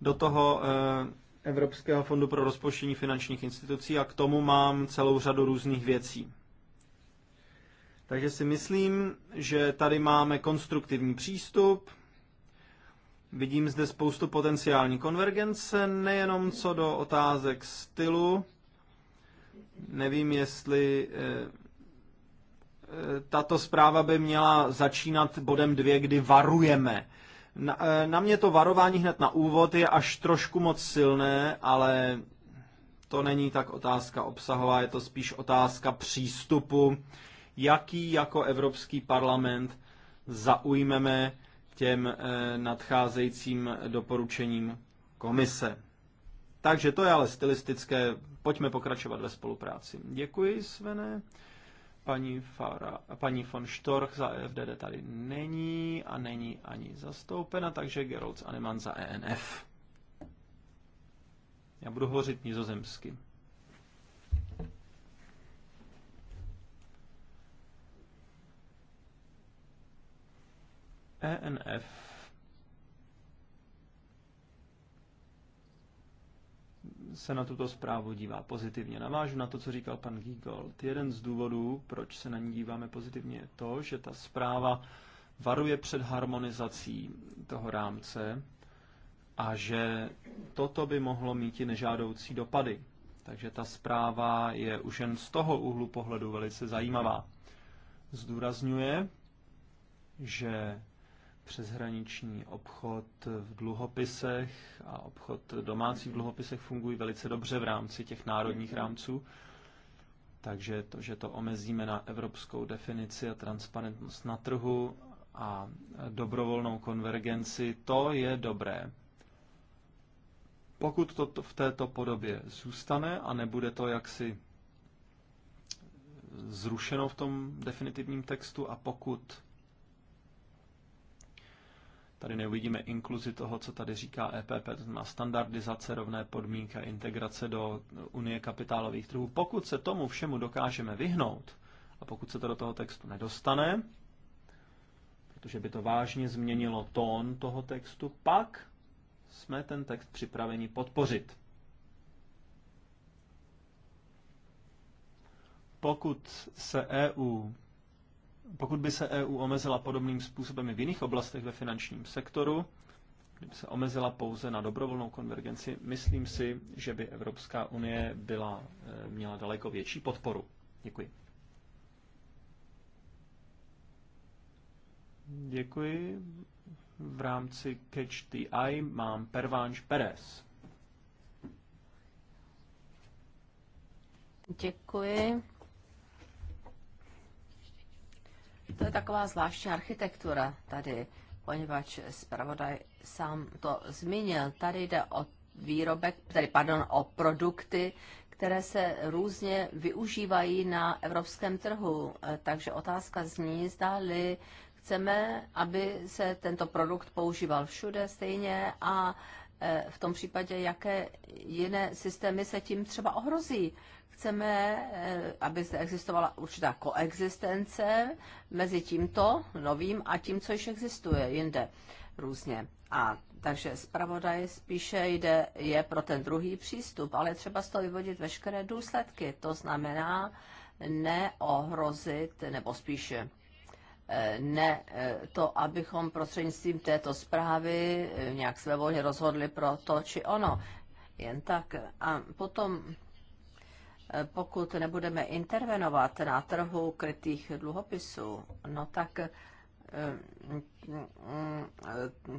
do toho e, Evropského fondu pro rozpoštění finančních institucí a k tomu mám celou řadu různých věcí. Takže si myslím, že tady máme konstruktivní přístup, Vidím zde spoustu potenciální konvergence, nejenom co do otázek stylu. Nevím, jestli eh, eh, tato zpráva by měla začínat bodem dvě, kdy varujeme. Na, eh, na mě to varování hned na úvod je až trošku moc silné, ale to není tak otázka obsahová, je to spíš otázka přístupu, jaký jako Evropský parlament zaujmeme těm eh, nadcházejícím doporučením komise. Takže to je ale stylistické. Pojďme pokračovat ve spolupráci. Děkuji, Svené. Paní, Fara, paní von Storch za EFDD tady není a není ani zastoupena, takže Gerolds Aneman za ENF. Já budu hovořit nizozemsky. ENF se na tuto zprávu dívá pozitivně. Navážu na to, co říkal pan Giegold. Jeden z důvodů, proč se na ní díváme pozitivně, je to, že ta zpráva varuje před harmonizací toho rámce a že toto by mohlo mít i nežádoucí dopady. Takže ta zpráva je už jen z toho úhlu pohledu velice zajímavá. Zdůrazňuje, že přeshraniční obchod v dluhopisech a obchod domácí v dluhopisech fungují velice dobře v rámci těch národních rámců. Takže to, že to omezíme na evropskou definici a transparentnost na trhu a dobrovolnou konvergenci, to je dobré. Pokud to v této podobě zůstane a nebude to jaksi zrušeno v tom definitivním textu a pokud Tady neuvidíme inkluzi toho, co tady říká EPP, to znamená standardizace, rovné podmínky, integrace do Unie kapitálových trhů. Pokud se tomu všemu dokážeme vyhnout, a pokud se to do toho textu nedostane, protože by to vážně změnilo tón toho textu, pak jsme ten text připraveni podpořit. Pokud se EU pokud by se EU omezila podobným způsobem i v jiných oblastech ve finančním sektoru, kdyby se omezila pouze na dobrovolnou konvergenci, myslím si, že by Evropská unie byla, e, měla daleko větší podporu. Děkuji. Děkuji. V rámci Catch the Eye mám Pervánž Perez. Děkuji. To je taková zvláštní architektura tady, poněvadž zpravodaj sám to zmínil. Tady jde o výrobek, tady pardon, o produkty, které se různě využívají na evropském trhu. Eh, takže otázka zní, zdáli chceme, aby se tento produkt používal všude stejně a Eh, v tom případě, jaké jiné systémy se tím třeba ohrozí. Chceme, eh, aby zde existovala určitá koexistence mezi tímto novým a tím, co již existuje jinde různě. A takže zpravodaj spíše jde, je pro ten druhý přístup, ale třeba z toho vyvodit veškeré důsledky. To znamená neohrozit, nebo spíše Eh, ne eh, to, abychom prostřednictvím této zprávy eh, nějak své volně rozhodli pro to či ono. Jen tak. A potom, pokud nebudeme intervenovat na trhu krytých dluhopisů, no tak mm,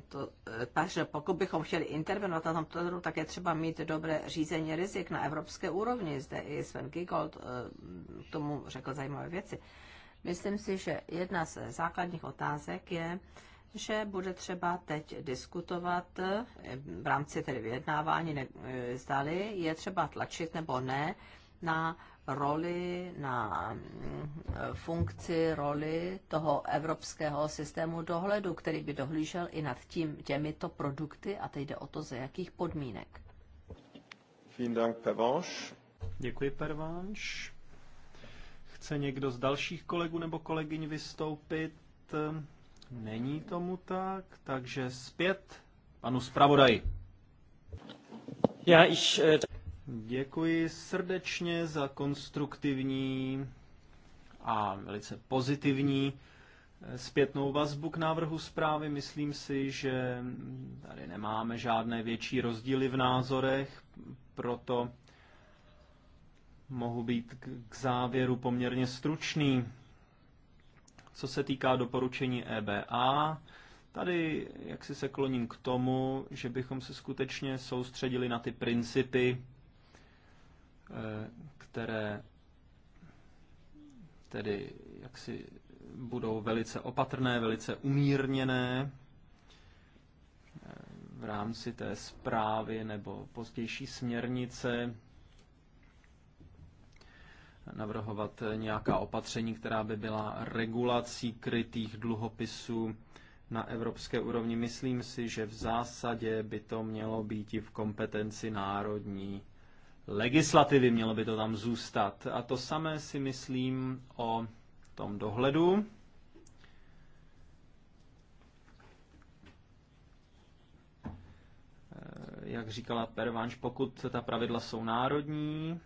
to, takže pokud bychom chtěli intervenovat na tomto trhu, tak je třeba mít dobré řízení rizik na evropské úrovni. Zde i Sven Giegold tomu řekl zajímavé věci. Myslím si, že jedna z základních otázek je, že bude třeba teď diskutovat eh, v rámci tedy vyjednávání, ne, eh, zdali je třeba tlačit nebo ne na roli, na mm, funkci, roli toho evropského systému dohledu, který by dohlížel i nad tím, těmito produkty a teď jde o to, ze jakých podmínek. Děkuji, Pervanš. Chce někdo z dalších kolegů nebo kolegyň vystoupit? Není tomu tak, takže zpět panu zpravodaji. Já již... Eh, Děkuji srdečně za konstruktivní a velice pozitivní eh, zpětnou vazbu k návrhu zprávy. Myslím si, že tady nemáme žádné větší rozdíly v názorech, proto mohu být k závěru poměrně stručný. Co se týká doporučení EBA, tady jak si se kloním k tomu, že bychom se skutečně soustředili na ty principy, eh, které tedy si budou velice opatrné, velice umírněné eh, v rámci té zprávy nebo pozdější směrnice navrhovat nějaká opatření, která by byla regulací krytých dluhopisů na evropské úrovni. Myslím si, že v zásadě by to mělo být i v kompetenci národní legislativy, mělo by to tam zůstat. A to samé si myslím o tom dohledu. Eh, jak říkala Pervanš, pokud ta pravidla jsou národní,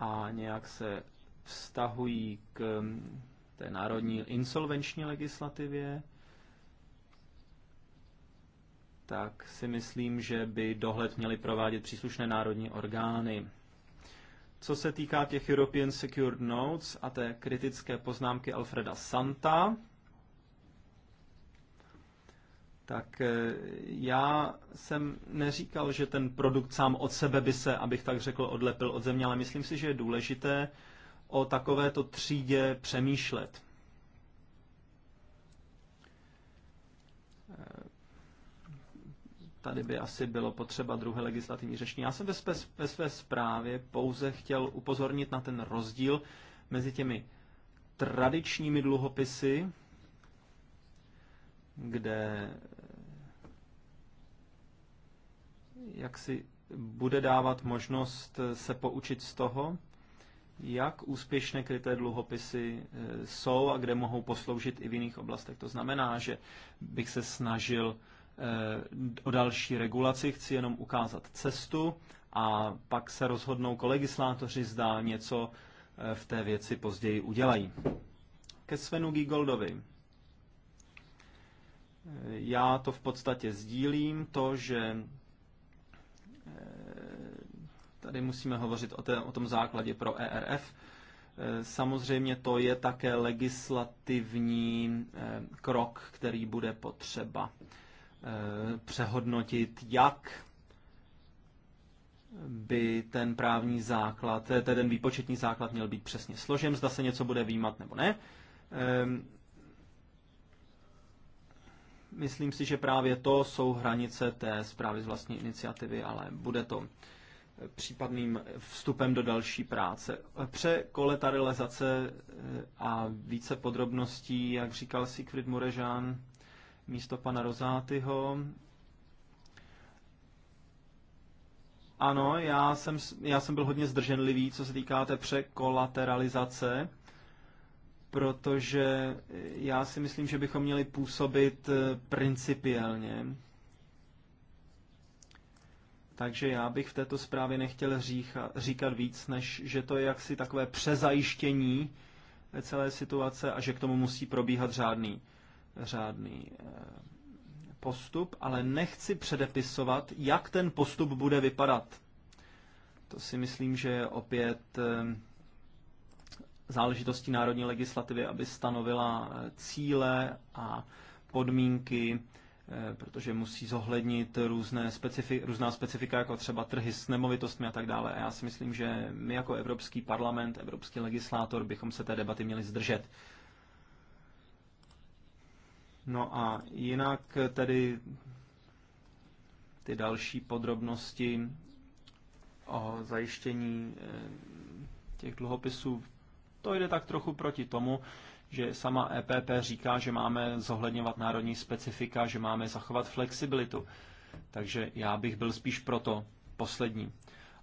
a nějak se vztahují k mm, té národní insolvenční legislativě, tak si myslím, že by dohled měly provádět příslušné národní orgány. Co se týká těch European Secured Notes a té kritické poznámky Alfreda Santa, tak eh, já jsem neříkal, že ten produkt sám od sebe by se, abych tak řekl, odlepil od země, ale myslím si, že je důležité o takovéto třídě přemýšlet. Eh, tady by asi bylo potřeba druhé legislativní řešení. Já jsem ve své, ve své zprávě pouze chtěl upozornit na ten rozdíl mezi těmi tradičními dluhopisy, kde jak si bude dávat možnost eh, se poučit z toho, jak úspěšné kryté dluhopisy eh, jsou a kde mohou posloužit i v jiných oblastech. To znamená, že bych se snažil eh, o další regulaci, chci jenom ukázat cestu a pak se rozhodnou kolegislátoři, zdá něco v té věci později udělají. Ke Svenu Gigoldovi. Já to v podstatě sdílím, to, že Tady musíme hovořit o, té, o tom základě pro ERF. E, samozřejmě to je také legislativní e, krok, který bude potřeba e, přehodnotit, jak by ten právní základ, tedy ten výpočetní základ měl být přesně složen, zda se něco bude výjímat nebo ne. Myslím si, že právě to jsou hranice té zprávy z vlastní iniciativy, ale bude to případným vstupem do další práce. koletarilizace eh, a více podrobností, jak říkal Siegfried Murežán, místo pana Rozátyho. Ano, já jsem, já jsem byl hodně zdrženlivý, co se týká té překolateralizace, protože já si myslím, že bychom měli působit eh, principiálně takže já bych v této zprávě nechtěl řícha, říkat víc, než že to je jaksi takové přezajištění eh, celé situace a že k tomu musí probíhat řádný, řádný eh, postup, ale nechci předepisovat, jak ten postup bude vypadat. To si myslím, že je opět eh, záležitostí národní legislativy, aby stanovila cíle a podmínky Eh, protože musí zohlednit různé specifi, různá specifika, jako třeba trhy s nemovitostmi a tak dále. A já si myslím, že my jako Evropský parlament, Evropský legislátor bychom se té debaty měli zdržet. No a jinak tedy ty další podrobnosti o zajištění eh, těch dluhopisů, to jde tak trochu proti tomu, že sama EPP říká, že máme zohledňovat národní specifika, že máme zachovat flexibilitu. Takže já bych byl spíš proto poslední.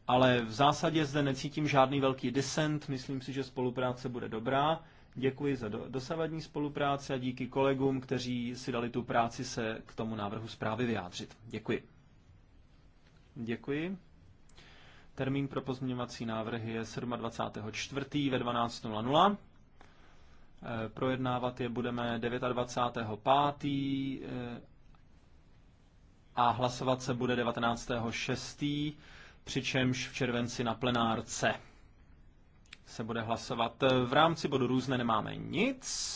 Ale v zásadě zde necítím žádný velký disent, myslím si, že spolupráce bude dobrá. Děkuji za do, dosavadní spolupráci a díky kolegům, kteří si dali tu práci se k tomu návrhu zprávy vyjádřit. Děkuji. Děkuji. Termín pro pozměňovací návrhy je 27.4. ve 12.00. Eh, projednávat je budeme 29.5. Eh, a hlasovat se bude 19.6., přičemž v červenci na plenárce se bude hlasovat. V rámci bodu různé nemáme nic.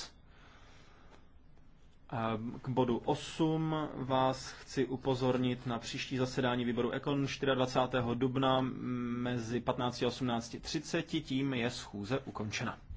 Eh, k bodu 8 vás chci upozornit na příští zasedání výboru Ekon 24. dubna mezi 15 a 18.30. Tím je schůze ukončena.